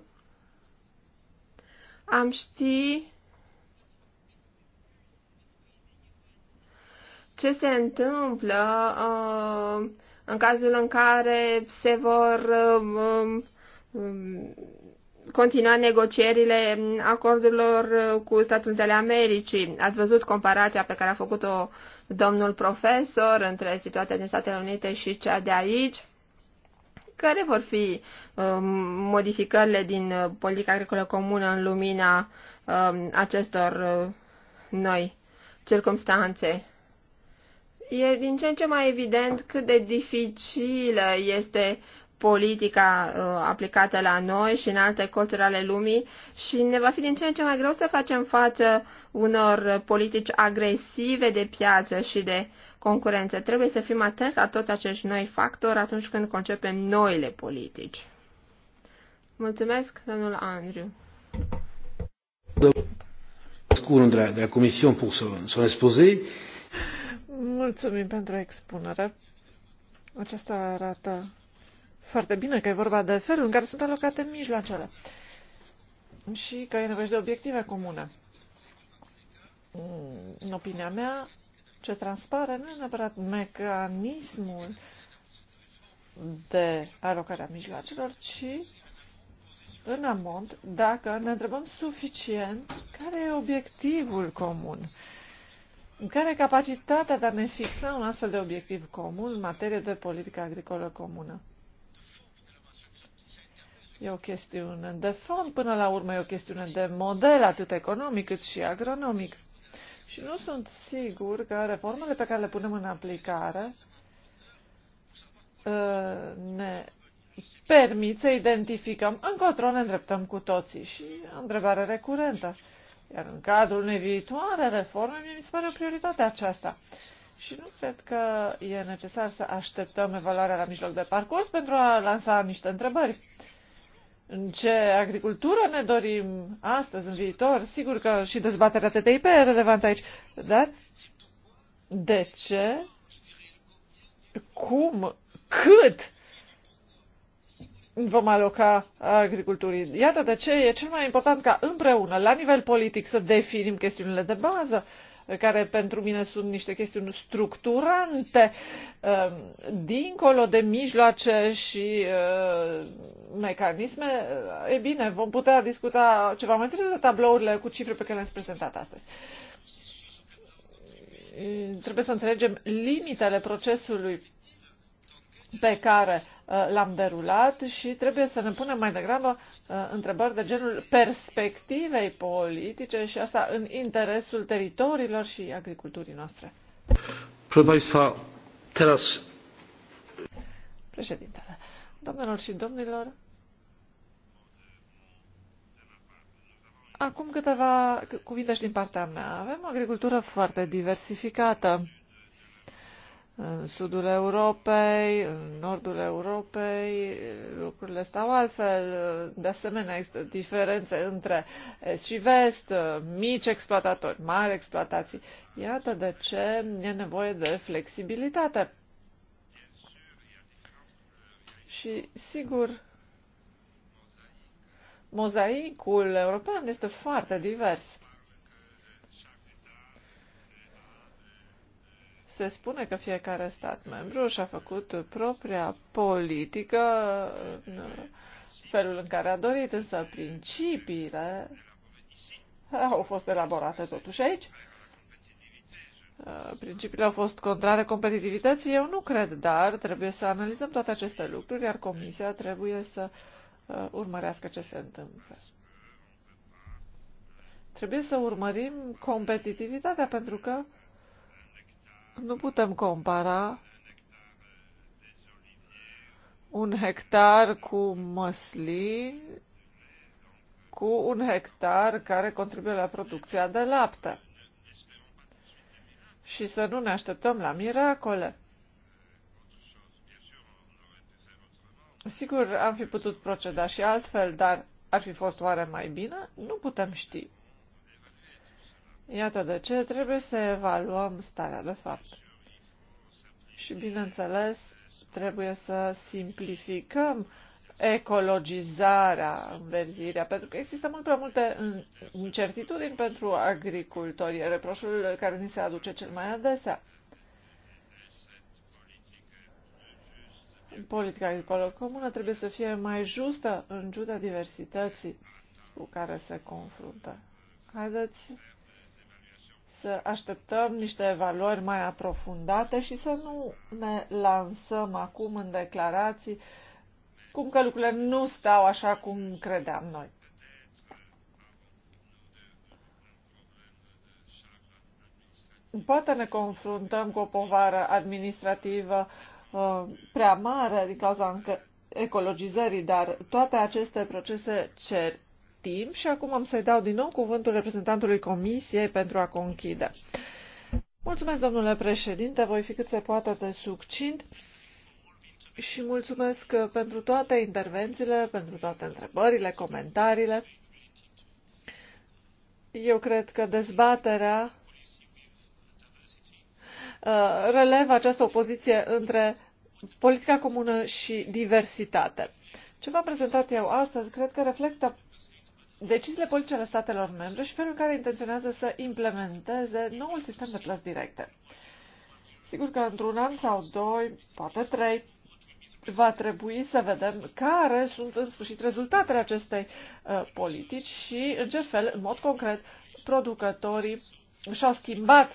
am ști ce se întâmplă uh, în cazul în care se vor uh, um, continua negocierile acordurilor uh, cu Statele Unite ale Americii. Ați văzut comparația pe care a făcut-o domnul profesor între situația din Statele Unite și cea de aici. Care vor fi uh, modificările din uh, politica agricolă comună în lumina uh, acestor uh, noi circumstanțe? e din ce în ce mai evident cât de dificilă este politica uh, aplicată la noi și în alte culturi ale lumii și ne va fi din ce în ce mai greu să facem față unor politici agresive de piață și de concurență. Trebuie să fim atenți la toți acești noi factori atunci când concepem noile politici. Mulțumesc, domnul Andriu. Cours de la, de la Commission pour son, son exposé. Mulțumim pentru expunere. Aceasta arată foarte bine că e vorba de felul în care sunt alocate mijloacele și că e nevoie de obiective comune. În opinia mea, ce transpare nu e neapărat mecanismul de alocare a mijloacelor, ci în amont dacă ne întrebăm suficient care e obiectivul comun în care capacitatea de a ne fixa un astfel de obiectiv comun în materie de politică agricolă comună. E o chestiune de fond, până la urmă e o chestiune de model, atât economic cât și agronomic. Și nu sunt sigur că reformele pe care le punem în aplicare ă, ne permit să identificăm încotro ne îndreptăm cu toții. Și o întrebare recurentă. Iar în cazul unei viitoare reforme, mie mi se pare o prioritate aceasta. Și nu cred că e necesar să așteptăm evaluarea la mijloc de parcurs pentru a lansa niște întrebări. În ce agricultură ne dorim astăzi, în viitor? Sigur că și dezbaterea TTIP e relevantă aici. Dar de ce? Cum? Cât? vom aloca agriculturii. Iată de ce e cel mai important ca împreună, la nivel politic, să definim chestiunile de bază, care pentru mine sunt niște chestiuni structurante, um, dincolo de mijloace și uh, mecanisme, e bine, vom putea discuta ceva mai târziu de tablourile cu cifre pe care le am prezentat astăzi. Trebuie să înțelegem limitele procesului pe care uh, l-am derulat și trebuie să ne punem mai degrabă uh, întrebări de genul perspectivei politice și asta în interesul teritoriilor și agriculturii noastre. Teraz... Președintele, domnilor și domnilor, acum câteva cuvinte și din partea mea. Avem o agricultură foarte diversificată în sudul Europei, în nordul Europei, lucrurile stau altfel. De asemenea, există diferențe între est și vest, mici exploatatori, mari exploatații. Iată de ce e nevoie de flexibilitate. Și, sigur, mozaicul european este foarte divers. se spune că fiecare stat membru și-a făcut propria politică în felul în care a dorit, însă principiile au fost elaborate totuși aici. Principiile au fost contrare competitivității, eu nu cred, dar trebuie să analizăm toate aceste lucruri, iar Comisia trebuie să uh, urmărească ce se întâmplă. Trebuie să urmărim competitivitatea, pentru că uh, nu putem compara un hectar cu măslin cu un hectar care contribuie la producția de lapte. Și să nu ne așteptăm la miracole. Sigur, am fi putut proceda și altfel, dar ar fi fost oare mai bine? Nu putem ști. Iată de ce trebuie să evaluăm starea de fapt. Și, bineînțeles, trebuie să simplificăm ecologizarea, înverzirea, pentru că există mult prea multe incertitudini pentru agricultori, reproșul care ni se aduce cel mai adesea. Politica agricolă comună trebuie să fie mai justă în ciuda diversității cu care se confruntă. Haideți să așteptăm niște evaluări mai aprofundate și să nu ne lansăm acum în declarații cum că lucrurile nu stau așa cum credeam noi. Poate ne confruntăm cu o povară administrativă uh, prea mare din cauza încă ecologizării, dar toate aceste procese cer timp și acum am să-i dau din nou cuvântul reprezentantului Comisiei pentru a conchide. Mulțumesc, domnule președinte, voi fi cât se poate de succint și mulțumesc pentru toate intervențiile, pentru toate întrebările, comentariile. Eu cred că dezbaterea uh, relevă această opoziție între politica comună și diversitate. Ce v-am prezentat eu astăzi cred că reflectă deciziile politice ale statelor membre și felul în care intenționează să implementeze noul sistem de plăți directe. Sigur că într-un an sau doi, poate trei, va trebui să vedem care sunt în sfârșit rezultatele acestei uh, politici și în ce fel, în mod concret, producătorii și-au schimbat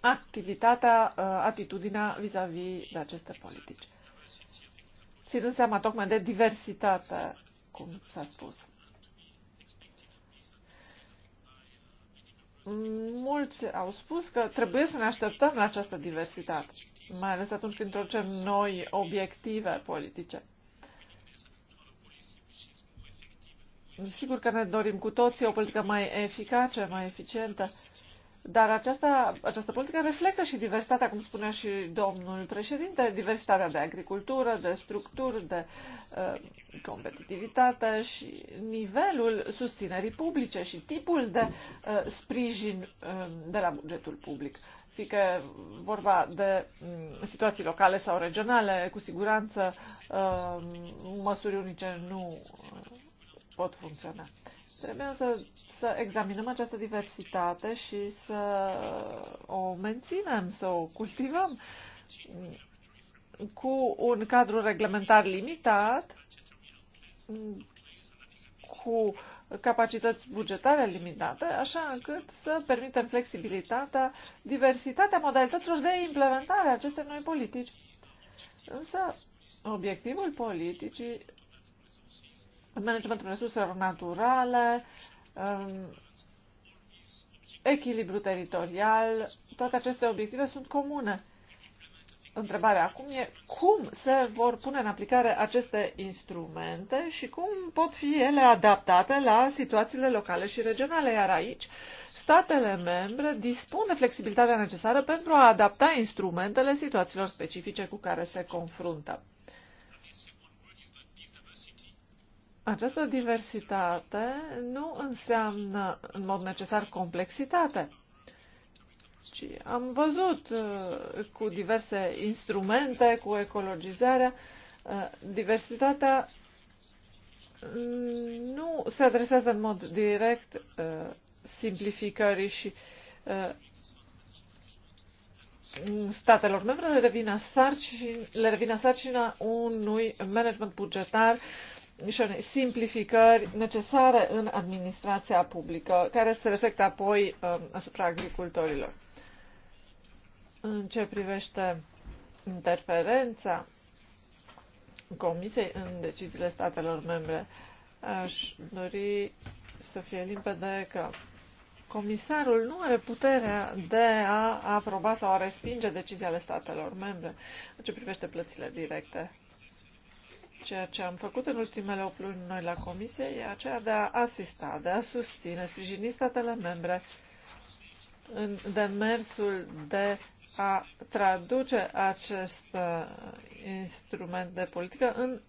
activitatea, uh, atitudinea vis-a-vis -vis de aceste politici. Ținând seama tocmai de diversitate, cum s-a spus. Mulți au spus că trebuie să ne așteptăm la această diversitate, mai ales atunci când introducem noi obiective politice. Sigur că ne dorim cu toții o politică mai eficace, mai eficientă dar aceasta, această politică reflectă și diversitatea, cum spunea și domnul președinte, diversitatea de agricultură, de structuri, de uh, competitivitate și nivelul susținerii publice și tipul de uh, sprijin uh, de la bugetul public. Fie că vorba de mm, situații locale sau regionale, cu siguranță uh, măsuri unice nu uh, pot funcționa. Trebuie să, să examinăm această diversitate și să o menținem, să o cultivăm cu un cadru reglementar limitat, cu capacități bugetare limitate, așa încât să permitem flexibilitatea, diversitatea modalităților de implementare a acestei noi politici. Însă, obiectivul politicii managementul resurselor naturale, echilibru teritorial, toate aceste obiective sunt comune. Întrebarea acum e cum se vor pune în aplicare aceste instrumente și cum pot fi ele adaptate la situațiile locale și regionale, iar aici statele membre dispun de flexibilitatea necesară pentru a adapta instrumentele situațiilor specifice cu care se confruntă. Această diversitate nu înseamnă în mod necesar complexitate, ci am văzut uh, cu diverse instrumente, cu ecologizarea, uh, diversitatea mm, nu se adresează în mod direct uh, simplificării și statelor membre le revine sarcina, le sarcina unui management bugetar uh, și simplificări necesare în administrația publică, care se reflectă apoi um, asupra agricultorilor. În ce privește interferența Comisiei în deciziile statelor membre, aș dori să fie limpede că comisarul nu are puterea de a aproba sau a respinge decizia ale statelor membre în ce privește plățile directe Ceea ce am făcut în ultimele 8 luni noi la Comisie e aceea de a asista, de a susține, sprijini statele membre în demersul de a traduce acest uh, instrument de politică în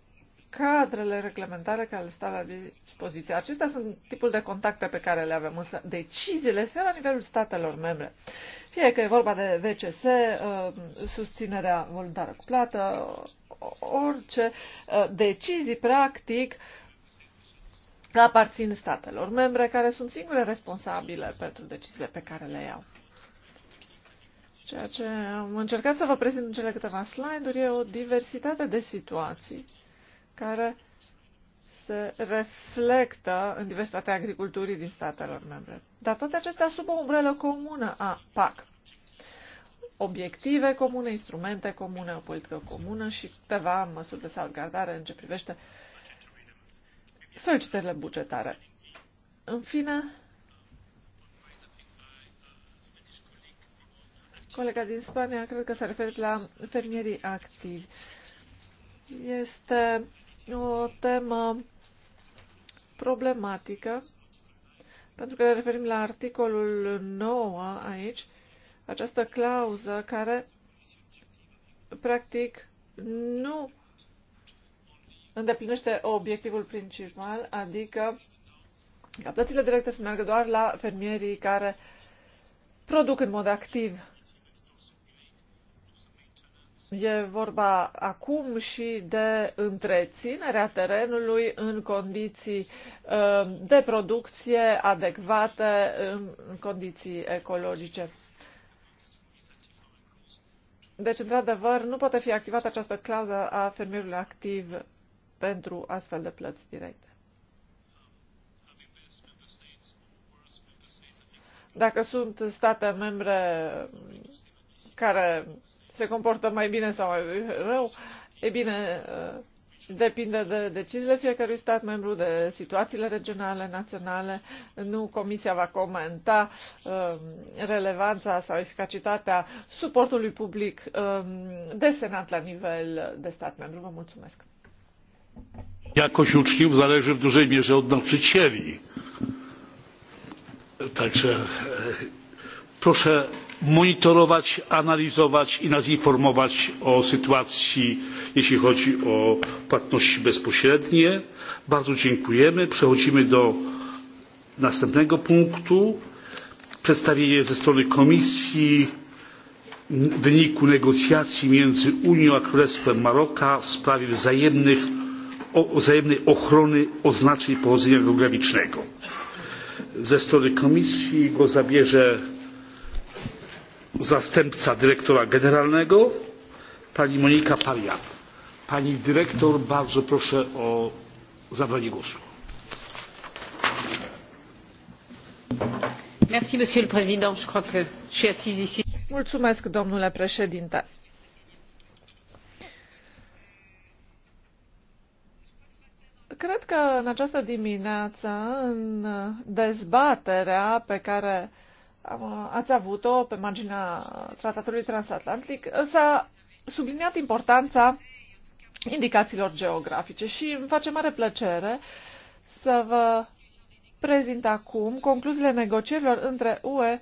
cadrele reglementare care le stau la dispoziție. Acestea sunt tipul de contacte pe care le avem, însă deciziile sunt la nivelul statelor membre. Fie că e vorba de VCS, uh, susținerea voluntară cu plată, orice uh, decizii, practic, aparțin statelor membre, care sunt singure responsabile pentru deciziile pe care le iau. Ceea ce am încercat să vă prezint în cele câteva slide-uri e o diversitate de situații care se reflectă în diversitatea agriculturii din statelor membre. Dar toate acestea sub o umbrelă comună a PAC obiective comune, instrumente comune, o politică comună și câteva măsuri de salvgardare în ce privește solicitările bugetare. În fine, colega din Spania cred că s-a referit la fermierii activi. Este o temă problematică pentru că ne referim la articolul 9 aici această clauză care, practic, nu îndeplinește obiectivul principal, adică ca plățile directe să meargă doar la fermierii care produc în mod activ. E vorba acum și de întreținerea terenului în condiții uh, de producție adecvate, în condiții ecologice. Deci, într-adevăr, nu poate fi activată această clauză a fermierului activ pentru astfel de plăți directe. Dacă sunt state membre care se comportă mai bine sau mai rău, e bine, depinde de deciziile fiecărui stat membru, de situațiile regionale, naționale. Nu Comisia va comenta um, relevanța sau eficacitatea suportului public um, desenat la nivel de stat membru. Vă mulțumesc. Jakość uczniów zależy w dużej mierze od nauczycieli. Także proszę monitorować analizować i nas informować o sytuacji jeśli chodzi o płatności bezpośrednie. bardzo dziękujemy. przechodzimy do następnego punktu przedstawienie ze strony komisji wyniku negocjacji między unią a królestwem maroka w sprawie wzajemnej ochrony oznaczeń pochodzenia geograficznego. ze strony komisji głos zabierze zastępca dyrektora generalnego pani monika pariat. pani dyrektor bardzo proszę o zabranie głosu. Mulțumesc, domnule președinte. Cred că în această dimineață, în dezbaterea pe care Uh, ați avut-o pe marginea tratatului transatlantic, s-a subliniat importanța indicațiilor geografice și îmi face mare plăcere să vă prezint acum concluziile negocierilor între UE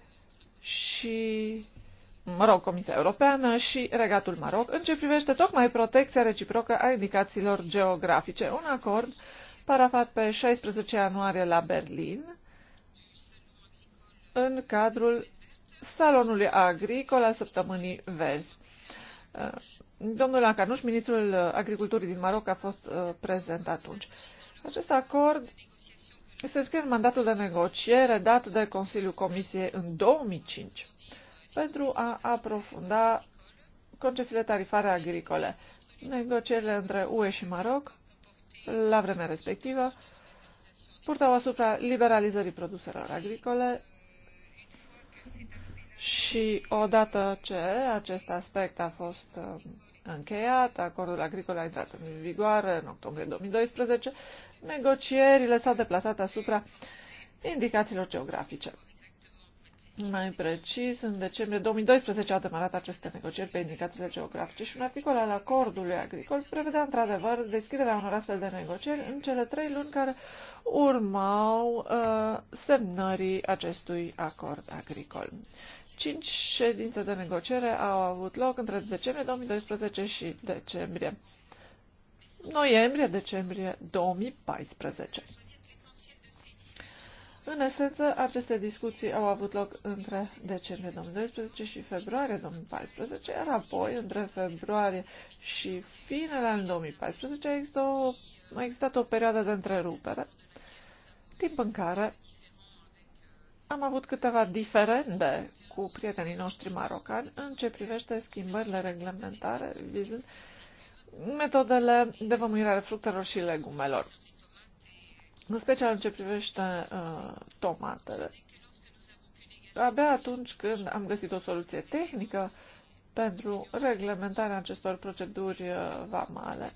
și, mă rog, Comisia Europeană și Regatul Maroc în ce privește tocmai protecția reciprocă a indicațiilor geografice. Un acord parafat pe 16 ianuarie la Berlin în cadrul Salonului Agricol al Săptămânii Verzi. Uh, domnul Ancarnuș, ministrul uh, agriculturii din Maroc, a fost uh, prezent atunci. Acest acord se scrie în mandatul de negociere dat de Consiliul Comisiei în 2005 pentru a aprofunda concesiile tarifare agricole. Negocierile între UE și Maroc, la vremea respectivă, purtau asupra liberalizării produselor agricole, și odată ce acest aspect a fost uh, încheiat, acordul agricol a intrat în vigoare în octombrie 2012, negocierile s-au deplasat asupra indicațiilor geografice. Mai precis, în decembrie 2012 au demarat aceste negocieri pe indicațiile geografice și un articol al acordului agricol prevedea într-adevăr deschiderea unor astfel de negocieri în cele trei luni care urmau uh, semnării acestui acord agricol. Cinci ședințe de negociere au avut loc între decembrie 2012 și decembrie noiembrie-decembrie 2014. În esență, aceste discuții au avut loc între decembrie 2012 și februarie 2014, iar apoi, între februarie și finele anului 2014, a existat o, a existat o perioadă de întrerupere, timp în care am avut câteva diferende cu prietenii noștri marocani în ce privește schimbările reglementare vizând metodele de vămâire ale fructelor și legumelor, în special în ce privește uh, tomatele. Abia atunci când am găsit o soluție tehnică pentru reglementarea acestor proceduri uh, vamale,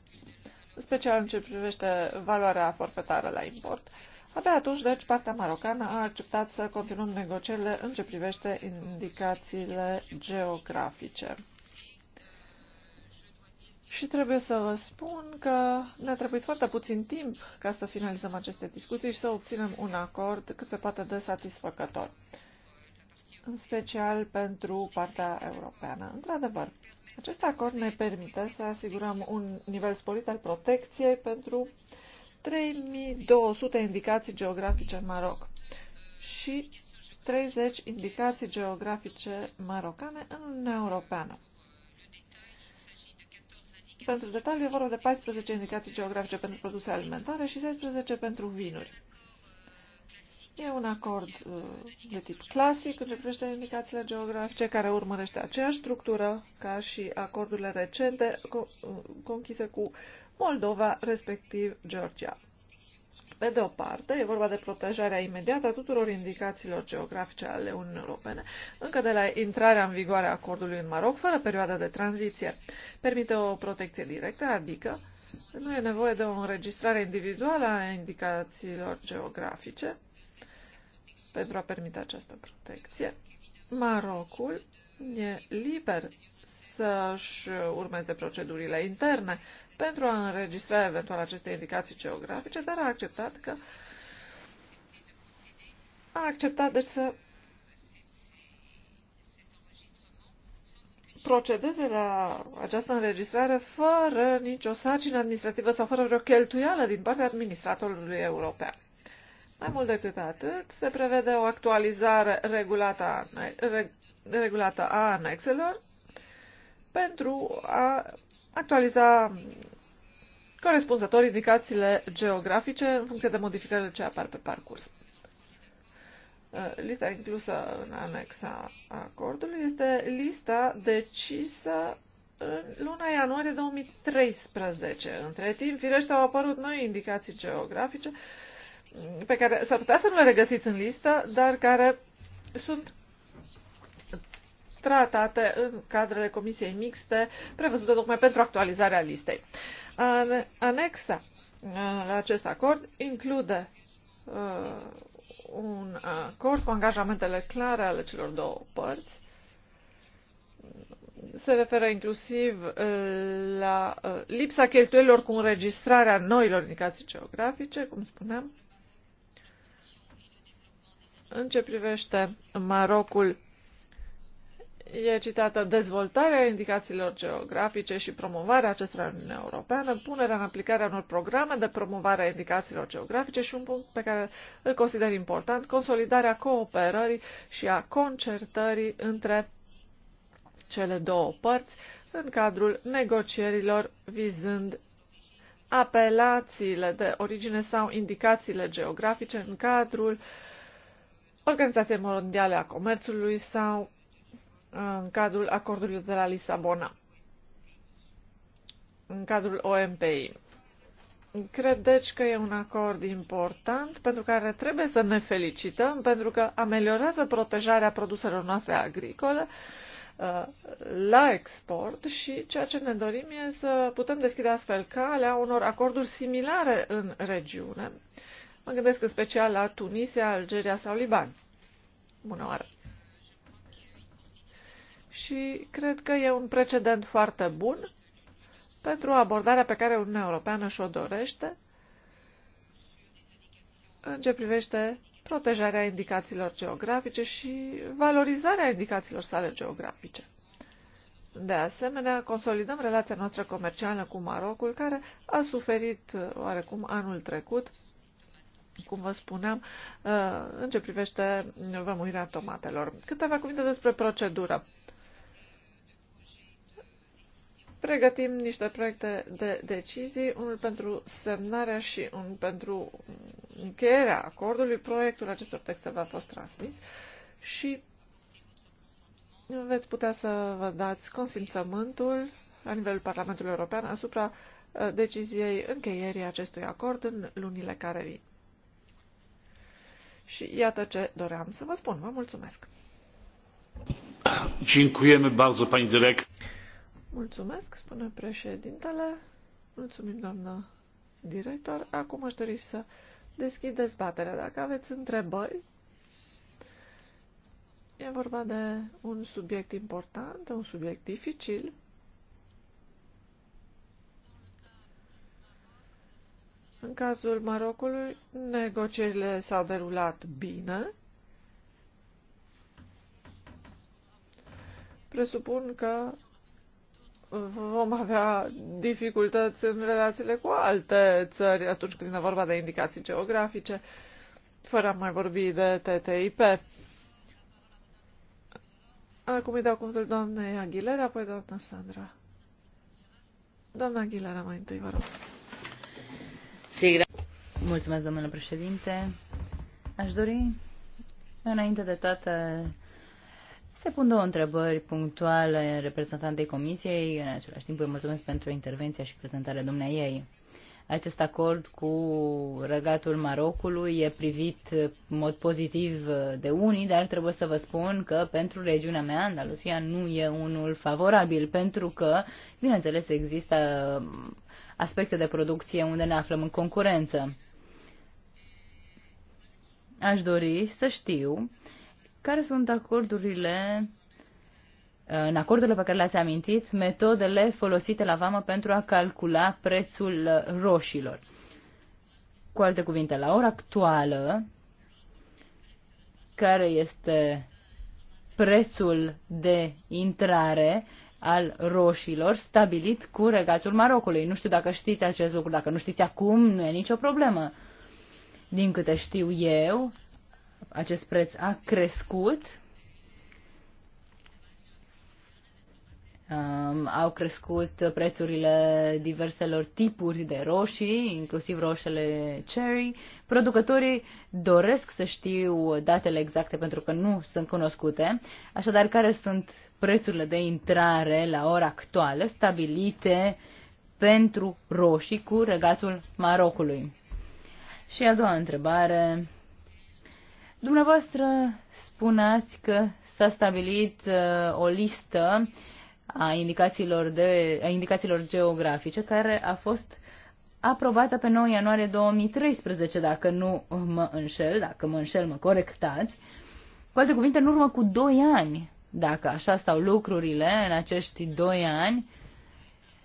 în special în ce privește valoarea forfetară la import, uh, Abia atunci, deci, partea marocană a acceptat să continuăm negocierile în ce privește indicațiile geografice. Și trebuie să vă spun că ne-a trebuit foarte puțin timp ca să finalizăm aceste discuții și să obținem un acord cât se poate de satisfăcător, în special pentru partea europeană. Într-adevăr, acest acord ne permite să asigurăm un nivel sporit al protecției pentru uh, 3200 indicații geografice în Maroc și 30 indicații geografice marocane în Uniunea Europeană. Pentru detaliu e vorba de 14 indicații geografice pentru produse alimentare și 16 pentru vinuri. E un acord uh, de tip clasic în privește indicațiile geografice, care urmărește aceeași structură ca și acordurile recente uh, conchise cu Moldova, respectiv Georgia. Pe de o parte, e vorba de protejarea imediată a tuturor indicațiilor geografice ale Uniunii Europene, încă de la intrarea în vigoare a acordului în Maroc, fără perioada de tranziție. Permite o protecție directă, adică nu e nevoie de o înregistrare individuală a indicațiilor geografice, pentru a permite această protecție. Marocul e liber să-și urmeze procedurile interne pentru a înregistra eventual aceste indicații geografice, dar a acceptat că a acceptat deci să procedeze la această înregistrare fără nicio sarcină administrativă sau fără vreo cheltuială din partea administratorului european. Mai mult decât atât, se prevede o actualizare regulată a, reg, regulată a anexelor pentru a actualiza corespunzător indicațiile geografice în funcție de modificările ce apar pe parcurs. Uh, lista inclusă în anexa acordului este lista decisă în luna ianuarie 2013. Între timp, firește, au apărut noi indicații geografice pe care s-ar putea să nu le regăsiți în listă, dar care sunt tratate în cadrele comisiei mixte prevăzute tocmai pentru actualizarea listei. Anexa la acest acord include uh, un acord cu angajamentele clare ale celor două părți. Se referă inclusiv la lipsa cheltuielor cu înregistrarea noilor indicații geografice, cum spuneam, în ce privește Marocul, e citată dezvoltarea indicațiilor geografice și promovarea acestora în Uniunea Europeană, punerea în aplicare a unor programe de promovare a indicațiilor geografice și un punct pe care îl consider important, consolidarea cooperării și a concertării între cele două părți în cadrul negocierilor vizând apelațiile de origine sau indicațiile geografice în cadrul uh, Organizația Mondiale a Comerțului sau uh, în cadrul acordului de la Lisabona, în cadrul OMPI. Cred deci că e un acord important pentru care trebuie să ne felicităm pentru că ameliorează protejarea produselor noastre agricole uh, la export și ceea ce ne dorim e să putem deschide astfel calea unor acorduri similare în regiune Mă gândesc în special la Tunisia, Algeria sau Liban. Bună oară! Și cred că e un precedent foarte bun pentru abordarea pe care Uniunea Europeană și-o dorește în ce privește protejarea indicațiilor geografice și valorizarea indicațiilor sale geografice. De asemenea, consolidăm relația noastră comercială cu Marocul, care a suferit oarecum anul trecut cum vă spuneam, uh, în ce privește vămuirea tomatelor. Câteva cuvinte despre procedură. Pregătim niște proiecte de decizii, unul pentru semnarea și unul pentru încheierea acordului. Proiectul acestor texte v-a fost transmis și veți putea să vă dați consimțământul la nivelul Parlamentului European asupra uh, deciziei încheierii acestui acord în lunile care vin. Și iată ce doream să vă spun. Vă mulțumesc! Dziękujemy bardzo, pani direct. Mulțumesc, spune președintele. Mulțumim, doamnă director. Acum aș dori să deschid dezbaterea. Dacă aveți întrebări, e vorba de un subiect important, un subiect dificil, În cazul Marocului, negocierile s-au derulat bine. Presupun că vom avea dificultăți în relațiile cu alte țări atunci când e vorba de indicații geografice, fără a mai vorbi de TTIP. Acum îi dau cuvântul doamnei Aguilera, apoi doamna Sandra. Doamna Aguilera, mai întâi, vă rog. Mulțumesc, domnule președinte. Aș dori, înainte de toate, se pun două întrebări punctuale reprezentantei comisiei. În același timp îi mulțumesc pentru intervenția și prezentarea dumneai ei. Acest acord cu regatul Marocului e privit în mod pozitiv de unii, dar trebuie să vă spun că pentru regiunea mea, Andalusia, nu e unul favorabil, pentru că, bineînțeles, există aspecte de producție unde ne aflăm în concurență. Aș dori să știu care sunt acordurile în acordurile pe care le-ați amintit, metodele folosite la vamă pentru a calcula prețul roșilor. Cu alte cuvinte, la ora actuală, care este prețul de intrare al roșilor stabilit cu regatul Marocului. Nu știu dacă știți acest lucru, dacă nu știți acum, nu e nicio problemă. Din câte știu eu, acest preț a crescut Um, au crescut prețurile diverselor tipuri de roșii, inclusiv roșele cherry. Producătorii doresc să știu datele exacte pentru că nu sunt cunoscute, așadar care sunt prețurile de intrare la ora actuală stabilite pentru roșii cu regatul Marocului. Și a doua întrebare. Dumneavoastră spuneați că s-a stabilit uh, o listă uh, a indicațiilor, de, a indicațiilor geografice, care a fost aprobată pe 9 ianuarie 2013, dacă nu mă înșel, dacă mă înșel, mă corectați. Cu alte cuvinte, în urmă cu 2 ani, dacă așa stau lucrurile, în acești 2 ani,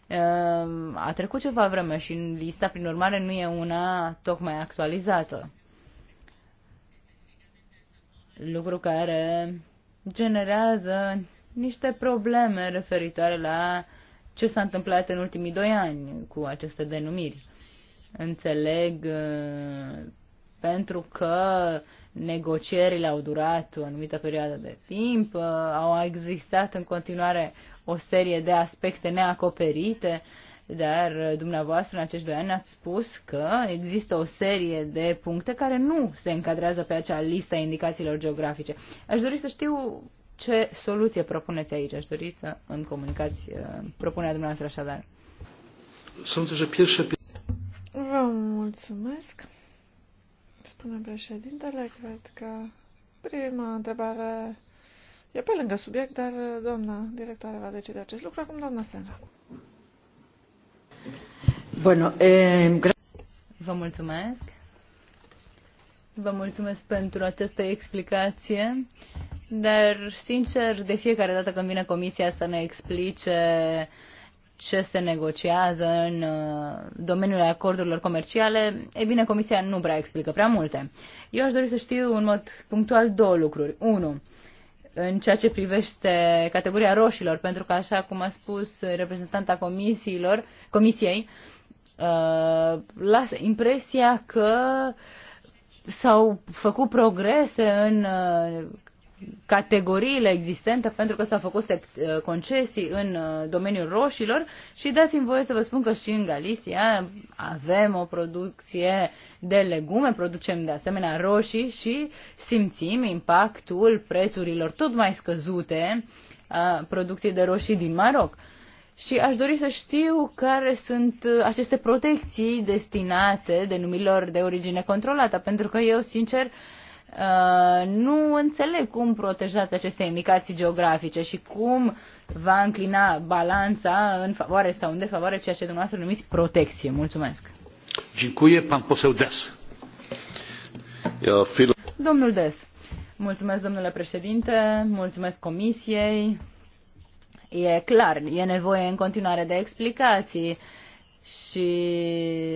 uh, a trecut ceva vreme și lista, prin urmare, nu e una tocmai actualizată. Lucru care generează niște probleme referitoare la ce s-a întâmplat în ultimii doi ani cu aceste denumiri. Înțeleg uh, pentru că negocierile au durat o anumită perioadă de timp, uh, au existat în continuare o serie de aspecte neacoperite, dar uh, dumneavoastră în acești doi ani ați spus că există o serie de puncte care nu se încadrează pe acea listă a indicațiilor geografice. Aș dori să știu ce soluție propuneți aici? Aș dori să îmi comunicați uh, propunerea dumneavoastră așadar. Vă mulțumesc, spune președintele. Cred că prima întrebare e pe lângă subiect, dar doamna directoare va decide acest lucru. Acum doamna Sena. Bueno, eh, Vă mulțumesc. Vă mulțumesc pentru această explicație. Dar, sincer, de fiecare dată când vine comisia să ne explice ce se negociază în uh, domeniul acordurilor comerciale, e bine, comisia nu prea explică prea multe. Eu aș dori să știu în mod punctual două lucruri. Unu, în ceea ce privește categoria roșilor, pentru că, așa cum a spus reprezentanta comisiilor, comisiei, uh, lasă impresia că s-au făcut progrese în uh, categoriile existente pentru că s-au făcut uh, concesii în uh, domeniul roșilor și dați-mi voie să vă spun că și în Galicia avem o producție de legume, producem de asemenea roșii și simțim impactul prețurilor tot mai scăzute a uh, producției de roșii din Maroc. Și aș dori să știu care sunt aceste protecții destinate denumirilor de origine controlată, pentru că eu, sincer, uh, Uh, nu înțeleg cum protejați aceste indicații geografice și cum va înclina balanța în favoare sau în defavoare ceea ce dumneavoastră numiți protecție. Mulțumesc. Dziękuję, pan poseł Des. Domnul Des, mulțumesc domnule președinte, mulțumesc comisiei. E clar, e nevoie în continuare de explicații. Uh, și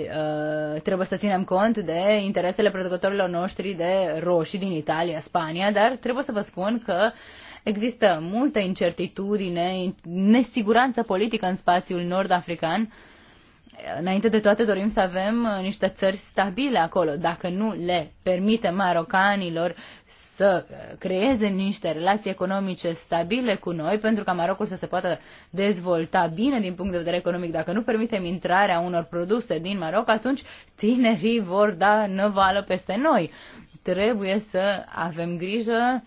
uh, trebuie să ținem cont de interesele producătorilor noștri de roșii din Italia, Spania, dar trebuie să vă spun că există multă incertitudine, nesiguranță politică în spațiul nord-african. Înainte de toate dorim să avem uh, niște țări stabile acolo. Dacă nu le permite marocanilor să creeze niște relații economice stabile cu noi pentru ca Marocul să se poată dezvolta bine din punct de vedere economic. Dacă nu permitem intrarea unor produse din Maroc, atunci tinerii vor da năvală peste noi. Trebuie să avem grijă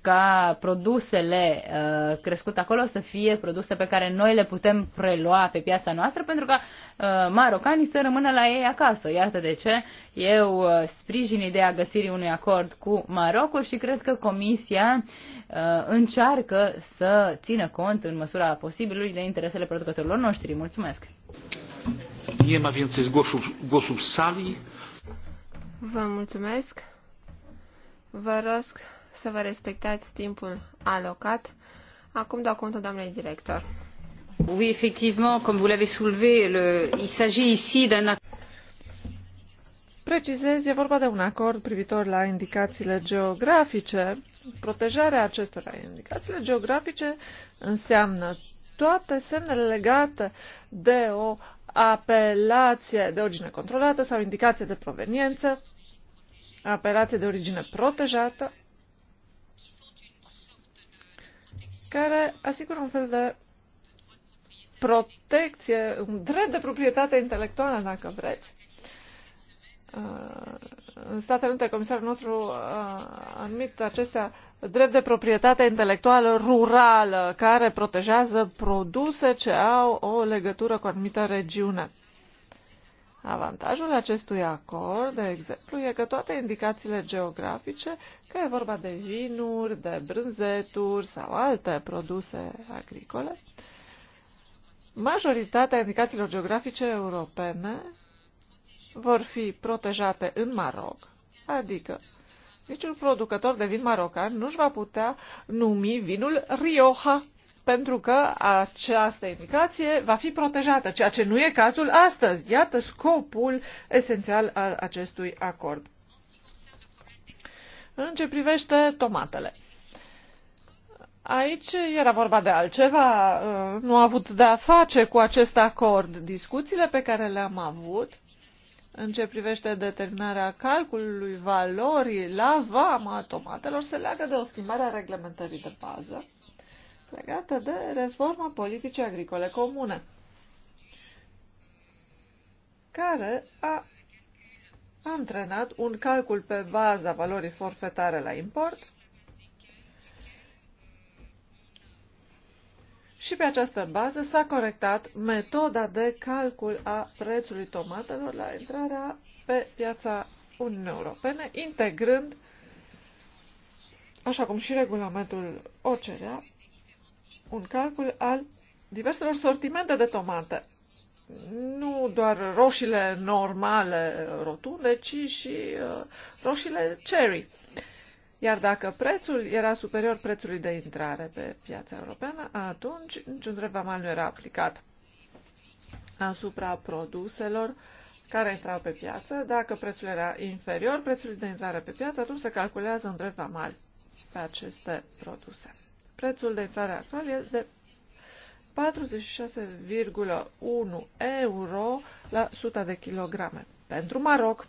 ca produsele uh, crescute acolo să fie produse pe care noi le putem prelua pe piața noastră, pentru uh, Uh, marocanii să rămână la ei acasă. Iată de ce eu uh, sprijin ideea găsirii unui acord cu Marocul și cred că Comisia uh, încearcă să țină cont în măsura posibilului de interesele producătorilor noștri. Mulțumesc! Nie ma więcej głosów sali. Vă mulțumesc. Vă rog să vă respectați timpul alocat. Acum dau contul doamnei director. Oui, effectivement, comme vous l'avez soulevé, le... il s'agit ici d'un Precizez, e vorba de un acord privitor la indicațiile geografice. Protejarea acestora indicațiile geografice înseamnă toate semnele legate de o apelație de origine controlată sau indicație de proveniență, apelație de origine protejată, care asigură un fel de protecție, un drept de proprietate intelectuală, dacă vreți. Uh, în Statele Unite, comisarul nostru uh, a anumit acestea drept de proprietate intelectuală rurală, care protejează produse ce au o legătură cu anumită regiune. Avantajul acestui acord, de exemplu, e că toate indicațiile geografice, că e vorba de vinuri, de brânzeturi sau alte produse agricole, uh, Majoritatea indicațiilor geografice europene vor fi protejate în Maroc, adică niciun producător de vin marocan nu-și va putea numi vinul Rioja, pentru că această indicație va fi protejată, ceea ce nu e cazul astăzi. Iată scopul esențial al acestui acord. În ce privește tomatele. Aici era vorba de altceva, uh, nu a avut de-a face cu acest acord. Discuțiile pe care le-am avut în ce privește determinarea calculului valorii la vama tomatelor se leagă de o schimbare a reglementării de bază legată de reforma politicii agricole comune, care a antrenat un calcul pe baza valorii forfetare la import și pe această bază s-a corectat metoda de calcul a prețului tomatelor la intrarea pe piața Uniunii Europene, integrând, așa cum și regulamentul OCRA, un calcul al diverselor sortimente de tomate. Nu doar roșiile normale rotunde, ci și uh, roșiile cherry. Iar dacă prețul era superior prețului de intrare pe piața europeană, atunci niciun drept vamal nu era aplicat asupra produselor care intrau pe piață. Dacă prețul era inferior prețului de intrare pe piață, atunci se calculează un drept vamal pe aceste produse. Prețul de intrare actual este de 46,1 euro la 100 de kilograme pentru Maroc.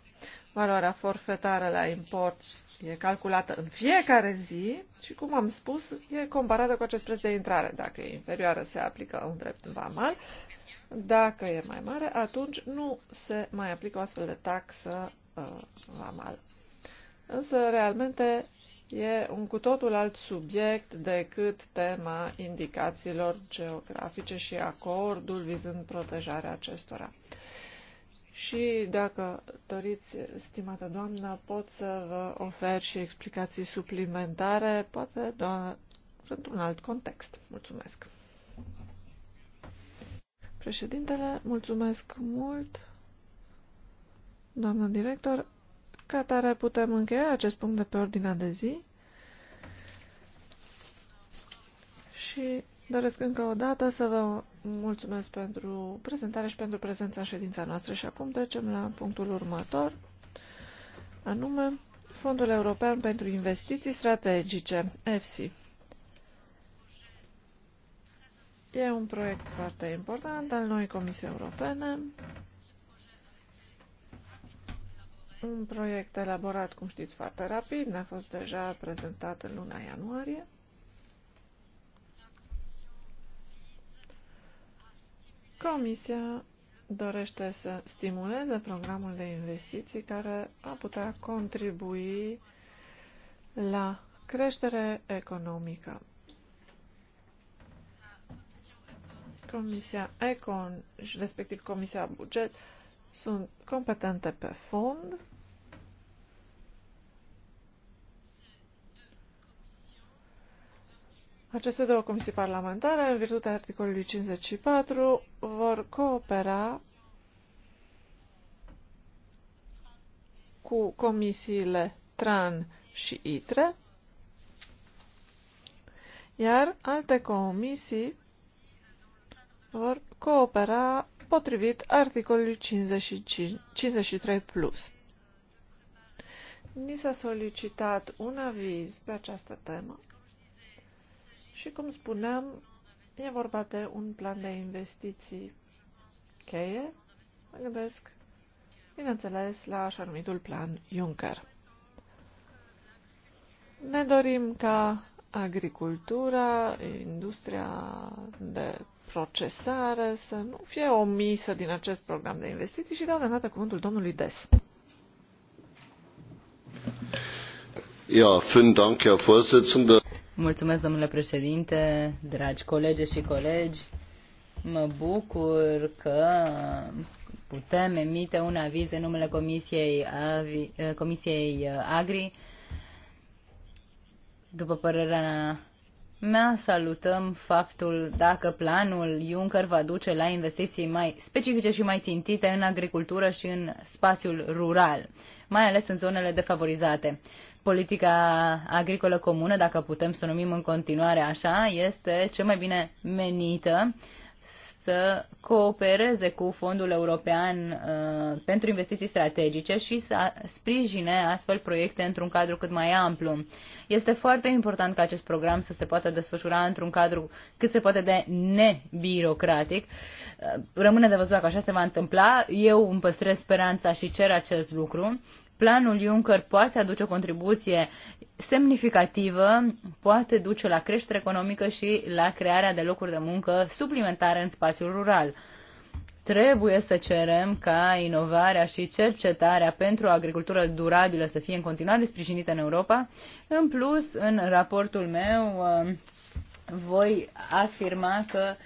Valoarea forfetară la import e calculată în fiecare zi și, cum am spus, e comparată cu acest preț de intrare. Dacă e inferioară, se aplică un drept vamal. Dacă e mai mare, atunci nu se mai aplică o astfel de taxă uh, vamal. Însă, realmente, e un cu totul alt subiect decât tema indicațiilor geografice și acordul vizând protejarea acestora și dacă doriți, stimată doamnă, pot să vă ofer și explicații suplimentare, poate doar într-un alt context. Mulțumesc. Președintele, mulțumesc mult, doamnă director. Ca tare putem încheia acest punct de pe ordinea de zi și Doresc încă o dată să vă mulțumesc pentru prezentare și pentru prezența în ședința noastră și acum trecem la punctul următor, anume Fondul European pentru Investiții Strategice, EFSI. E un proiect foarte important al noi Comisiei Europene, un proiect elaborat, cum știți, foarte rapid, ne-a fost deja prezentat în luna ianuarie, Comisia dorește să stimuleze programul de investiții care a putea contribui la creștere economică. Comisia Econ și respectiv Comisia Buget sunt competente pe fond Aceste două comisii parlamentare, în virtutea articolului 54, vor coopera cu comisiile TRAN și ITRE, iar alte comisii vor coopera potrivit articolului 55, 53+. Plus. Ni s-a solicitat un aviz pe această temă și cum spuneam, e vorba de un plan de investiții cheie. Mă gândesc, bineînțeles, la așa numitul plan Juncker. Ne dorim ca agricultura, industria de procesare să nu fie omisă din acest program de investiții și dau de dată cuvântul domnului Des. Ja, vielen Dank, Herr Vorsitzender. Mulțumesc, domnule președinte, dragi colegi și colegi. Mă bucur că putem emite un aviz în numele Comisiei, Avi, Comisiei Agri. După părerea mea salutăm faptul dacă planul Juncker va duce la investiții mai specifice și mai țintite în agricultură și în spațiul rural, mai ales în zonele defavorizate. Politica agricolă comună, dacă putem să o numim în continuare așa, este cel mai bine menită să coopereze cu Fondul European uh, pentru Investiții Strategice și să sprijine astfel proiecte într-un cadru cât mai amplu. Este foarte important ca acest program să se poată desfășura într-un cadru cât se poate de nebirocratic. Uh, rămâne de văzut dacă așa se va întâmpla. Eu îmi păstrez speranța și cer acest lucru planul Juncker poate aduce o contribuție semnificativă, poate duce la creștere economică și la crearea de locuri de muncă suplimentare în spațiul rural. Trebuie să cerem ca inovarea și cercetarea pentru o agricultură durabilă să fie în continuare sprijinită în Europa. În plus, în raportul meu uh, voi afirma că uh,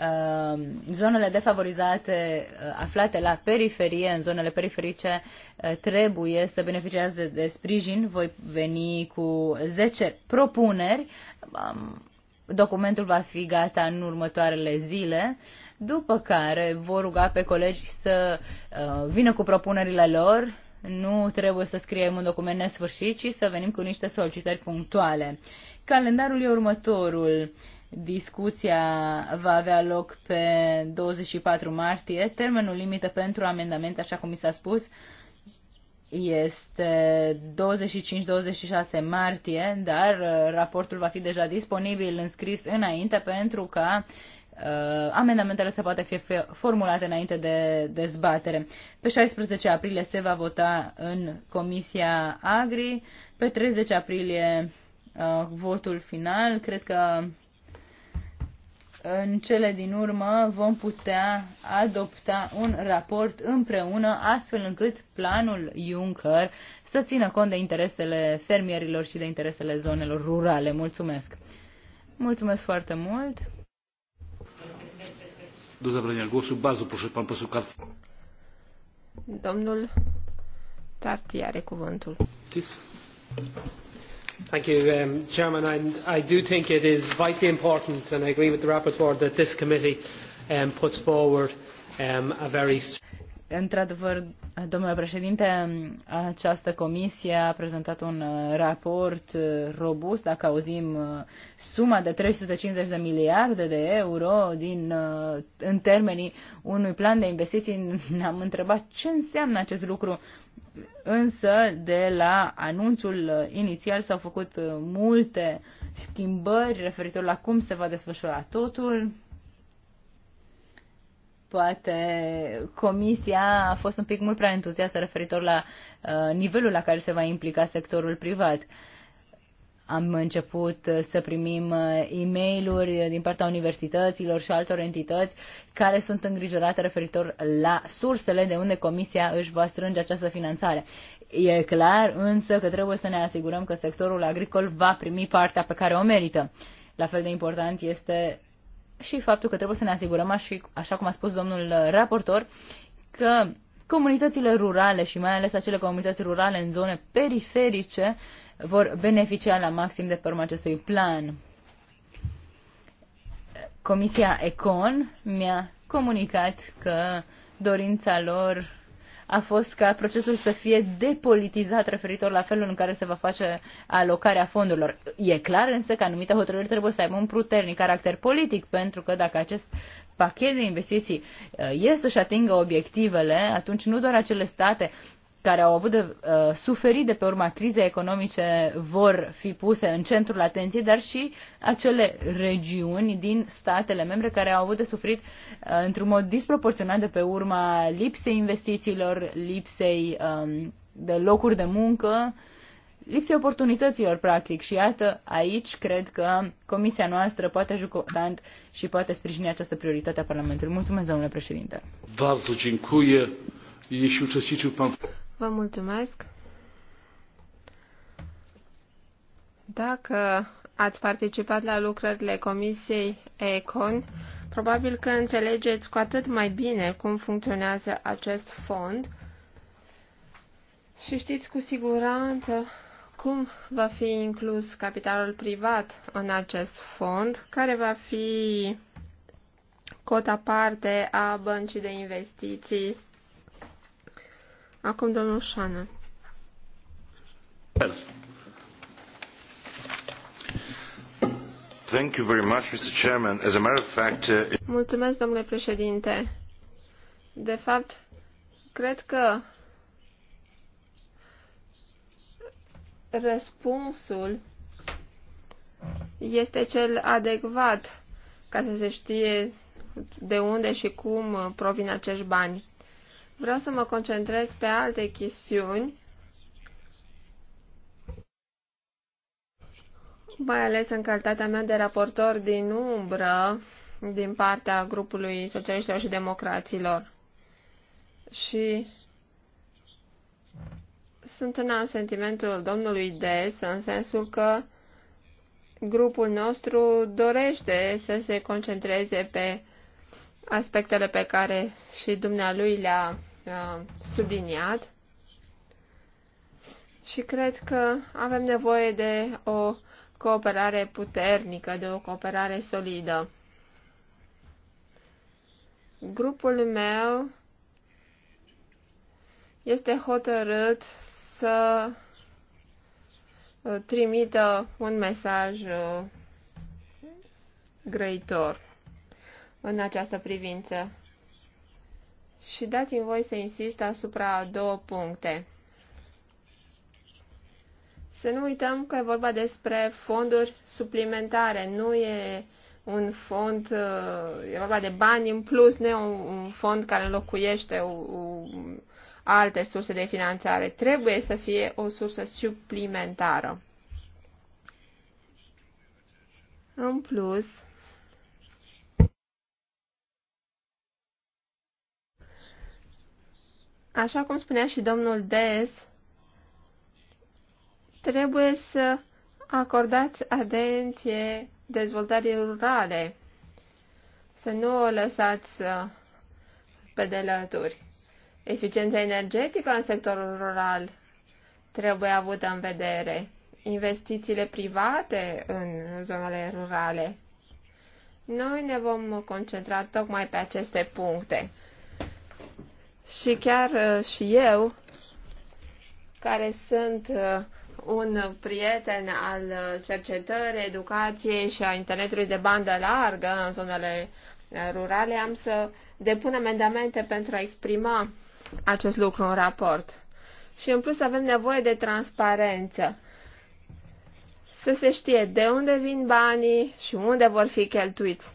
Um, zonele defavorizate uh, aflate la periferie, în zonele periferice, uh, trebuie să beneficieze de sprijin. Voi veni cu 10 propuneri. Um, documentul va fi gata în următoarele zile, după care vor ruga pe colegi să uh, vină cu propunerile lor. Nu trebuie să scriem un document nesfârșit, ci să venim cu niște solicitări punctuale. Calendarul e următorul. Uh, Discuția va avea loc pe 24 martie. Termenul limită pentru amendamente, așa cum mi s-a spus, este 25-26 martie, dar uh, raportul va fi deja disponibil înscris înainte pentru ca uh, amendamentele să poată fi formulate înainte de dezbatere. Pe 16 aprilie se va vota în Comisia Agri, pe 30 aprilie uh, votul final. Cred că în cele din urmă vom putea adopta un raport împreună, astfel încât planul Juncker să țină cont de interesele fermierilor și de interesele zonelor rurale. Mulțumesc! Mulțumesc foarte mult! Domnul Tarti are cuvântul. Tis. Mr um, president I do think it is vitally important and I agree with the rapporteur that this committee um, puts forward um, a very Într-adevăr, domnule președinte, această comisie a prezentat un uh, raport uh, robust, dacă auzim uh, suma de trei sute cincizeci de miliarde de euro din, în termenii unui plan de investiții, ne-am întrebat ce înseamnă acest lucru Însă, de la anunțul inițial s-au făcut uh, multe schimbări referitor la cum se va desfășura totul. Poate comisia a fost un pic mult prea entuziastă referitor la uh, nivelul la care se va implica sectorul privat. Uh, am început uh, să primim uh, e mail uh, din partea universităților și altor entități care sunt îngrijorate referitor la sursele de unde Comisia își va strânge această finanțare. E clar însă că trebuie să ne asigurăm că sectorul agricol va primi partea pe care o merită. La fel de important este și faptul că trebuie să ne asigurăm, așa cum a spus domnul raportor, că comunitățile rurale și mai ales acele comunități rurale în zone periferice vor beneficia la maxim de pe acestui plan. Comisia Econ mi-a comunicat că dorința lor a fost ca procesul să fie depolitizat referitor la felul în care se va face alocarea fondurilor. E clar însă că anumite hotărâri trebuie să aibă un puternic caracter politic, pentru că dacă acest pachet de investiții uh, este să-și atingă obiectivele, atunci nu doar acele state care au avut de uh, suferit de pe urma crizei economice vor fi puse în centrul atenției, dar și acele regiuni din statele membre care au avut de suferit uh, într-un mod disproporționat de pe urma lipsei investițiilor, lipsei um, de locuri de muncă, lipsei oportunităților, practic. Și iată, aici cred că comisia noastră poate juca și poate sprijini această prioritate a Parlamentului. Mulțumesc, domnule președinte. Vă mulțumesc! Jeśli uczestniczył pan... Vă mulțumesc. Dacă ați participat la lucrările Comisiei ECON, probabil că înțelegeți cu atât mai bine cum funcționează acest fond și știți cu siguranță cum va fi inclus capitalul privat în acest fond, care va fi cota parte a băncii de investiții Acum domnul Șană. Thank you very much, Mr. Chairman. As a matter of fact, uh... Mulțumesc, domnule președinte. De fapt, cred că răspunsul este cel adecvat ca să se știe de unde și cum provin acești bani. Vreau să mă concentrez pe alte chestiuni, mai ales în calitatea mea de raportor din umbră din partea grupului socialiștilor și democraților. Și sunt în sentimentul domnului Des, în sensul că grupul nostru dorește să se concentreze pe aspectele pe care și dumnealui le-a subliniat și cred că avem nevoie de o cooperare puternică, de o cooperare solidă. Grupul meu este hotărât să uh, trimită un mesaj uh, grăitor în această privință. Și dați-mi voi să insist asupra două puncte. Să nu uităm că e vorba despre fonduri suplimentare, nu e un fond, uh, e vorba de bani în plus, nu e un fond care înlocuiește o, o, alte surse de finanțare. Trebuie să fie o sursă suplimentară. În plus, Așa cum spunea și domnul Des, trebuie să acordați atenție dezvoltării rurale, să nu o lăsați uh, pe delături. Eficiența energetică în sectorul rural trebuie avută în vedere. Investițiile private în zonele rurale. Noi ne vom concentra tocmai pe aceste puncte și chiar uh, și eu, care sunt uh, un prieten al uh, cercetării, educației și a internetului de bandă largă în zonele rurale, am să depun amendamente pentru a exprima acest lucru în raport. Și în plus avem nevoie de transparență. Să se știe de unde vin banii și unde vor fi cheltuiți.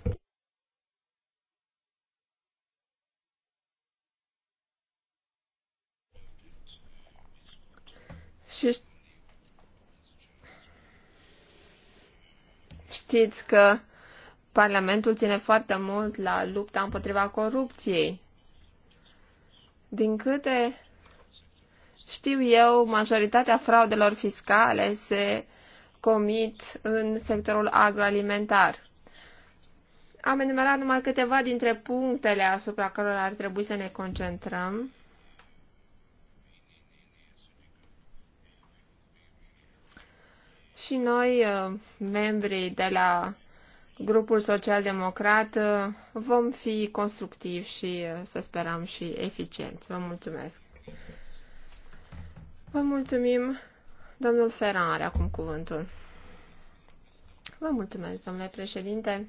Și știți că Parlamentul ține foarte mult la lupta împotriva corupției. Din câte știu eu, majoritatea fraudelor fiscale se comit în sectorul agroalimentar. Am enumerat numai câteva dintre punctele asupra cărora ar trebui să ne concentrăm. Și noi, uh, membrii de la grupul social-democrat, uh, vom fi constructivi și, uh, să sperăm, și eficienți. Vă mulțumesc! Vă mulțumim! Domnul Ferran are acum cuvântul. Vă mulțumesc, domnule președinte!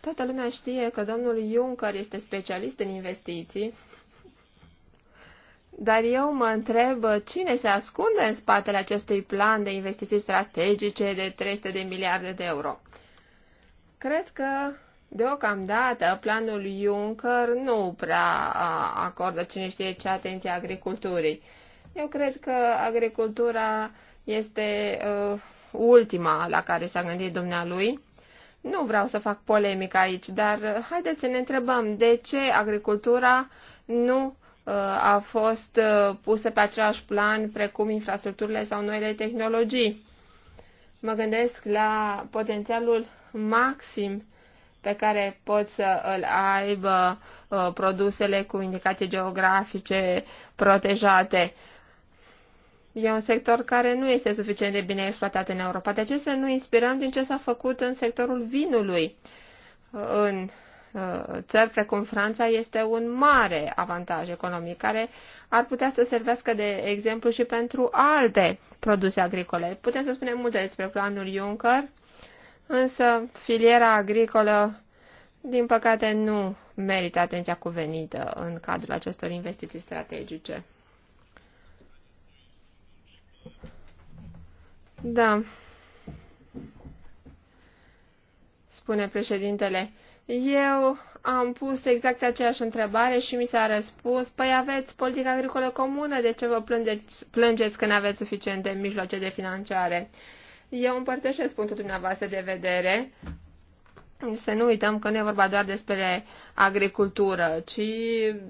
Toată lumea știe că domnul Juncker este specialist în investiții dar eu mă întreb cine se ascunde în spatele acestui plan de investiții strategice de 300 de miliarde de euro. Cred că deocamdată planul Juncker nu prea acordă cine știe ce atenție agriculturii. Eu cred că agricultura este uh, ultima la care s-a gândit dumnealui. Nu vreau să fac polemică aici, dar haideți să ne întrebăm de ce agricultura nu uh, a fost uh, pusă pe același plan precum infrastructurile sau noile tehnologii. Mă gândesc la potențialul maxim pe care pot să îl aibă uh, produsele cu indicații geografice protejate. E un sector care nu este suficient de bine exploatat în Europa. De ce să nu inspirăm din ce s-a făcut în sectorul vinului uh, în Uh, țări precum Franța este un mare avantaj economic care ar putea să servească de exemplu și pentru alte produse agricole. Putem să spunem multe despre planul Juncker, însă filiera agricolă, din păcate, nu merită atenția cuvenită în cadrul acestor investiții strategice. Da. Spune președintele, eu am pus exact aceeași întrebare și mi s-a răspuns, păi aveți politica agricolă comună, de ce vă plângeți, plângeți că nu aveți suficiente mijloace de finanțare? Eu împărtășesc punctul dumneavoastră de vedere. Să nu uităm că nu e vorba doar despre agricultură, ci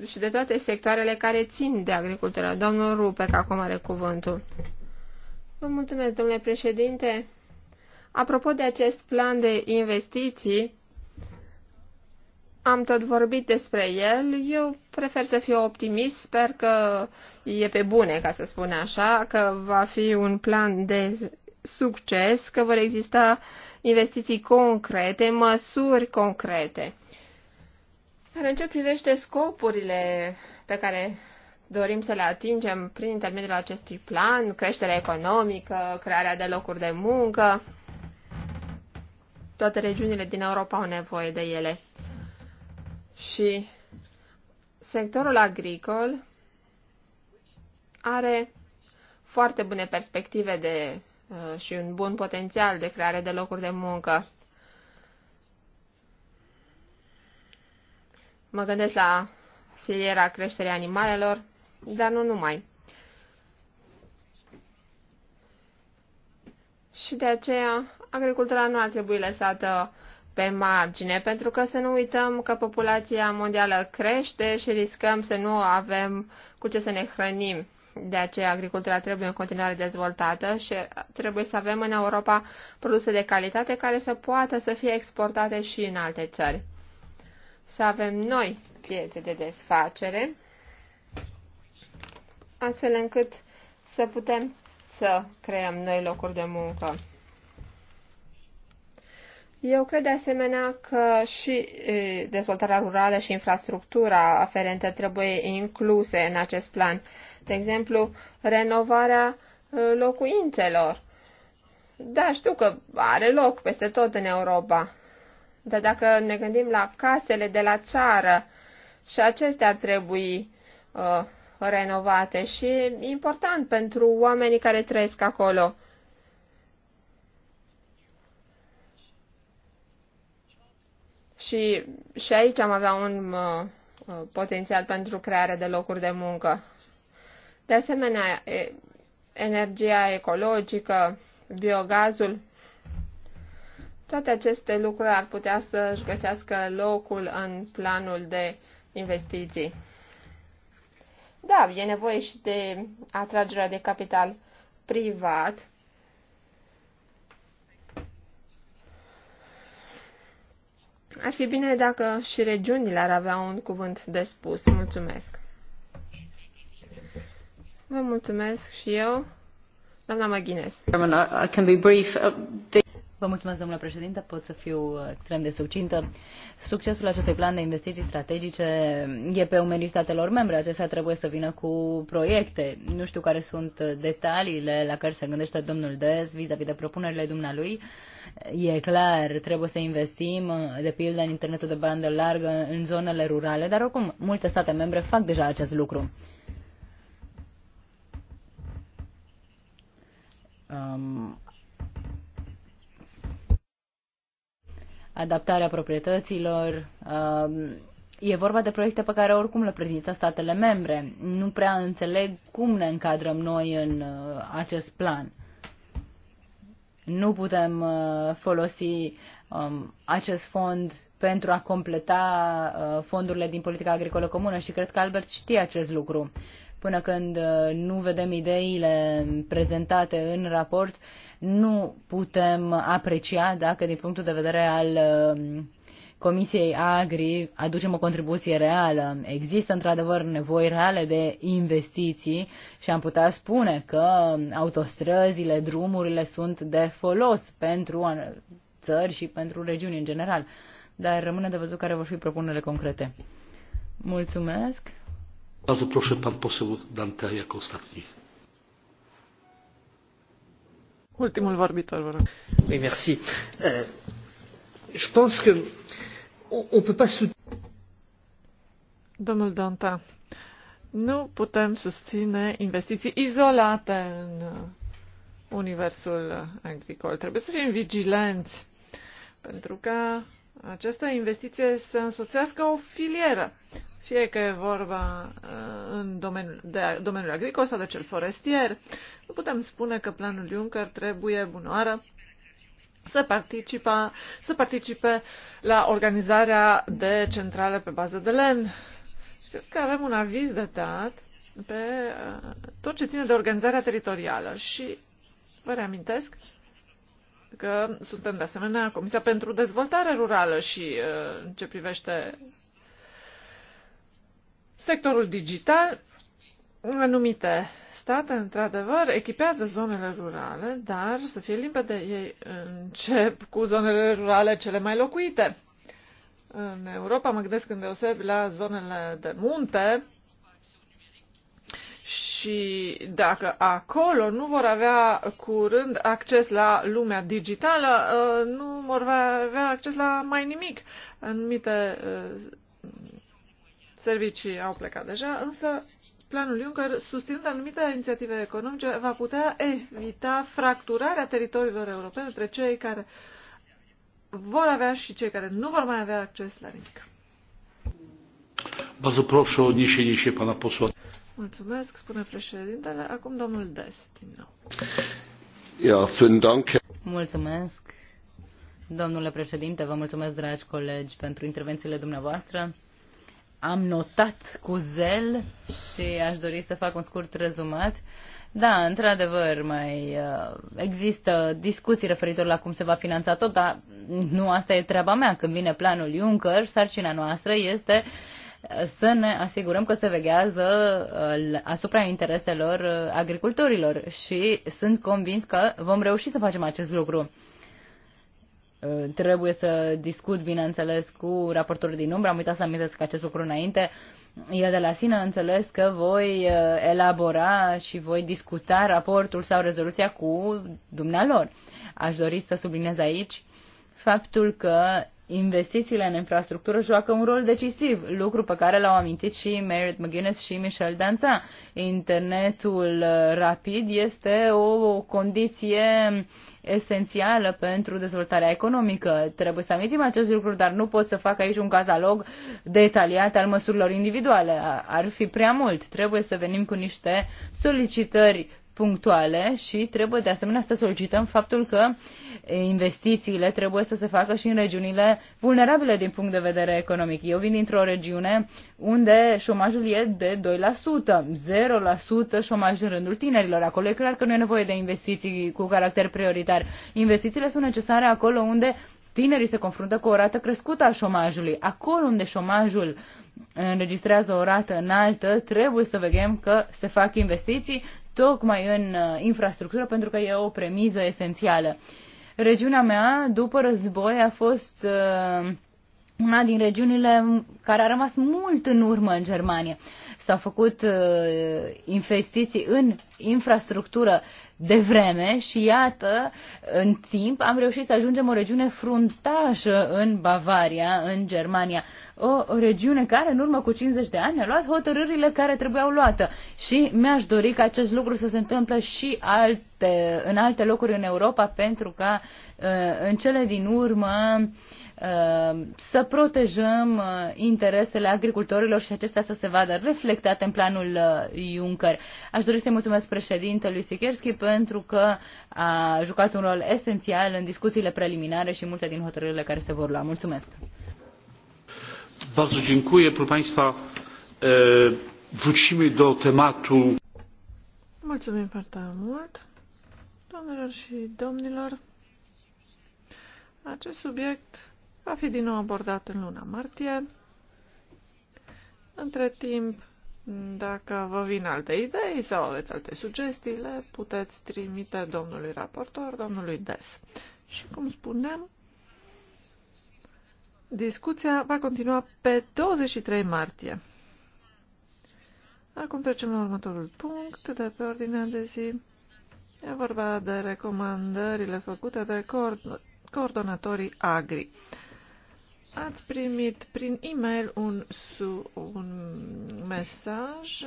și de toate sectoarele care țin de agricultură. Domnul Rupec acum are cuvântul. Vă mulțumesc, domnule președinte. Apropo de acest plan de investiții, am tot vorbit despre el. Eu prefer să fiu optimist. Sper că e pe bune, ca să spun așa, că va fi un plan de succes, că vor exista investiții concrete, măsuri concrete. Dar în ce privește scopurile pe care dorim să le atingem prin intermediul acestui plan, creșterea economică, crearea de locuri de muncă, toate regiunile din Europa au nevoie de ele. Și sectorul agricol are foarte bune perspective de, uh, și un bun potențial de creare de locuri de muncă. Mă gândesc la filiera creșterii animalelor, dar nu numai. Și de aceea, agricultura nu ar trebui lăsată pe margine, pentru că să nu uităm că populația mondială crește și riscăm să nu avem cu ce să ne hrănim. De aceea agricultura trebuie în continuare dezvoltată și trebuie să avem în Europa produse de calitate care să poată să fie exportate și în alte țări. Să avem noi piețe de desfacere, astfel încât să putem să creăm noi locuri de muncă. Eu cred de asemenea că și dezvoltarea rurală și infrastructura aferentă trebuie incluse în acest plan. De exemplu, renovarea locuințelor. Da, știu că are loc peste tot în Europa, dar dacă ne gândim la casele de la țară și acestea ar trebui uh, renovate și important pentru oamenii care trăiesc acolo. Și, și aici am avea un uh, uh, potențial pentru crearea de locuri de muncă. De asemenea, e, energia ecologică, biogazul, toate aceste lucruri ar putea să își găsească locul în planul de investiții. Da, e nevoie și de atragerea de capital privat Ar fi bine dacă și regiunile ar avea un cuvânt de spus. Mulțumesc! Vă mulțumesc și eu. Doamna Maghines. Uh, Vă mulțumesc, domnule președinte. Pot să fiu extrem de succintă. Succesul acestui plan de investiții strategice e pe umerii statelor membre. Acestea trebuie să vină cu proiecte. Nu știu care sunt detaliile la care se gândește domnul Dez vis-a-vis -vis de propunerile dumnealui. E clar, trebuie să investim, de pildă, în internetul de bandă largă, în zonele rurale, dar oricum, multe state membre fac deja acest lucru. Um, adaptarea proprietăților. Um, e vorba de proiecte pe care oricum le prezintă statele membre. Nu prea înțeleg cum ne încadrăm noi în uh, acest plan. Nu putem uh, folosi um, acest fond pentru a completa uh, fondurile din politica agricolă comună și cred că Albert știe acest lucru. Până când uh, nu vedem ideile prezentate în raport, nu putem aprecia dacă din punctul de vedere al um, Comisiei Agri aducem o contribuție reală. Există într-adevăr nevoi reale de investiții și am putea spune că autostrăzile, drumurile sunt de folos pentru țări și pentru regiuni în general. Dar rămâne de văzut care vor fi propunerile concrete. Mulțumesc. Bardzo proszę pan poseł Dante jako ostatni. Ultimul vorbitor, vă rog. Oui, merci. Uh... Je pense que on peut pas Domnul Danta, nu putem susține investiții izolate în universul agricol. Trebuie să fim vigilenți pentru că această investiție să însoțească o filieră, fie că e vorba uh, în domeniul, de, domeniul agricol sau de cel forestier. Nu putem spune că planul Juncker trebuie bunoară să, participa, să participe la organizarea de centrale pe bază de lemn. Cred că avem un aviz de dat pe uh, tot ce ține de organizarea teritorială și vă reamintesc că suntem de asemenea Comisia pentru Dezvoltare Rurală și uh, în ce privește sectorul digital, anumite state, într-adevăr, echipează zonele rurale, dar, să fie limpede, ei încep cu zonele rurale cele mai locuite. În Europa mă gândesc îndeosebi la zonele de munte și dacă acolo nu vor avea curând acces la lumea digitală, uh, nu vor avea acces la mai nimic. Anumite uh, servicii au plecat deja, însă planul Juncker, susținând anumite inițiative economice, va putea evita fracturarea teritoriilor europene între cei care vor avea și cei care nu vor mai avea acces la nimic. Mulțumesc, spune președintele. Acum domnul Des, din nou. Dank. Mulțumesc, domnule președinte. Vă mulțumesc, dragi colegi, pentru intervențiile dumneavoastră am notat cu zel și aș dori să fac un scurt rezumat. Da, într-adevăr, mai uh, există discuții referitor la cum se va finanța tot, dar nu asta e treaba mea. Când vine planul Juncker, sarcina noastră este uh, să ne asigurăm că se veghează uh, asupra intereselor agricultorilor și sunt convins că vom reuși să facem acest lucru. Uh, trebuie să discut, bineînțeles, cu raportorul din umbră. Am uitat să amintesc că acest lucru înainte. Eu de la sine înțeles că voi uh, elabora și voi discuta raportul sau rezoluția cu dumnealor. Aș dori să subliniez aici faptul că investițiile în infrastructură joacă un rol decisiv, lucru pe care l-au amintit și Merit McGuinness și Michel Danța. Internetul uh, rapid este o condiție esențială pentru dezvoltarea economică. Trebuie să amintim acest lucru, dar nu pot să fac aici un catalog detaliat al măsurilor individuale. Ar fi prea mult. Trebuie să venim cu niște solicitări punctuale și trebuie de asemenea să solicităm faptul că investițiile trebuie să se facă și în regiunile vulnerabile din punct de vedere economic. Eu vin dintr-o regiune unde șomajul e de 2%, 0% șomaj în rândul tinerilor. Acolo e clar că nu e nevoie de investiții cu caracter prioritar. Investițiile sunt necesare acolo unde tinerii se confruntă cu o rată crescută a șomajului. Acolo unde șomajul înregistrează o rată înaltă, trebuie să vedem că se fac investiții tocmai în uh, infrastructură, pentru că e o premiză esențială. Regiunea mea, după război, a fost uh, una din regiunile care a rămas mult în urmă în Germania. S-au făcut uh, investiții în infrastructură de vreme și iată, în timp, am reușit să ajungem o regiune fruntașă în Bavaria, în Germania. O, o regiune care în urmă cu 50 de ani a luat hotărârile care trebuiau luată. Și mi-aș dori ca acest lucru să se întâmple și alte, în alte locuri în Europa pentru ca uh, în cele din urmă uh, Uh, să protejăm uh, interesele agricultorilor și acestea să se vadă reflectate în planul uh, Juncker. Aș dori să-i mulțumesc președintelui Sikerski pentru că a jucat un rol esențial în discuțiile preliminare și multe din hotărârile care se vor lua. Mulțumesc! Bardzo dziękuję. Proszę Państwa, wrócimy do tematu. Mulțumim foarte mult, doamnelor și domnilor. Acest subiect va fi din nou abordat în luna martie. Între timp, dacă vă vin alte idei sau aveți alte sugestii, le puteți trimite domnului raportor, domnului Des. Și cum spuneam, discuția va continua pe 23 martie. Acum trecem la următorul punct de pe ordinea de zi. E vorba de recomandările făcute de coordonatorii agri. Ați primit prin e-mail un, un mesaj.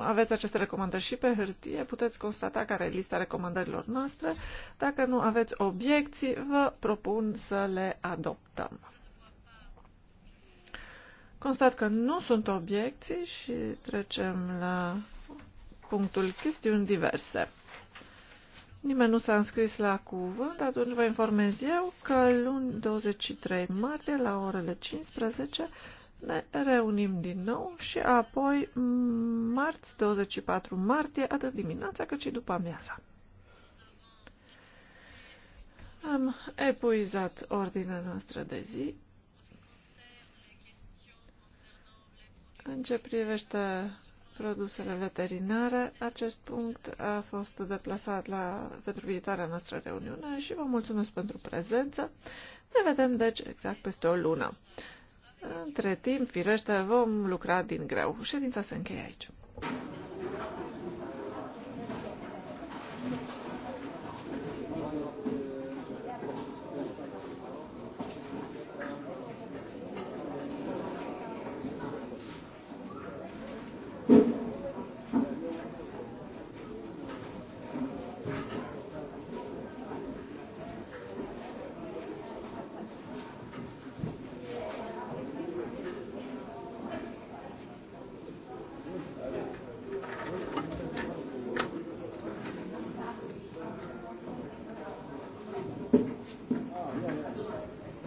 Aveți aceste recomandări și pe hârtie. Puteți constata care e lista recomandărilor noastre. Dacă nu aveți obiecții, vă propun să le adoptăm. Constat că nu sunt obiecții și trecem la punctul chestiuni diverse. Nimeni nu s-a înscris la cuvânt, atunci vă informez eu că luni 23 martie la orele 15 ne reunim din nou și apoi marți 24 martie, atât dimineața cât și după amiaza. Am epuizat ordinea noastră de zi. În ce privește produsele veterinare. Acest punct a fost deplasat la, pentru viitoarea noastră reuniune și vă mulțumesc pentru prezență. Ne vedem, deci, exact peste o lună. Între timp, firește, vom lucra din greu. Ședința se încheie aici.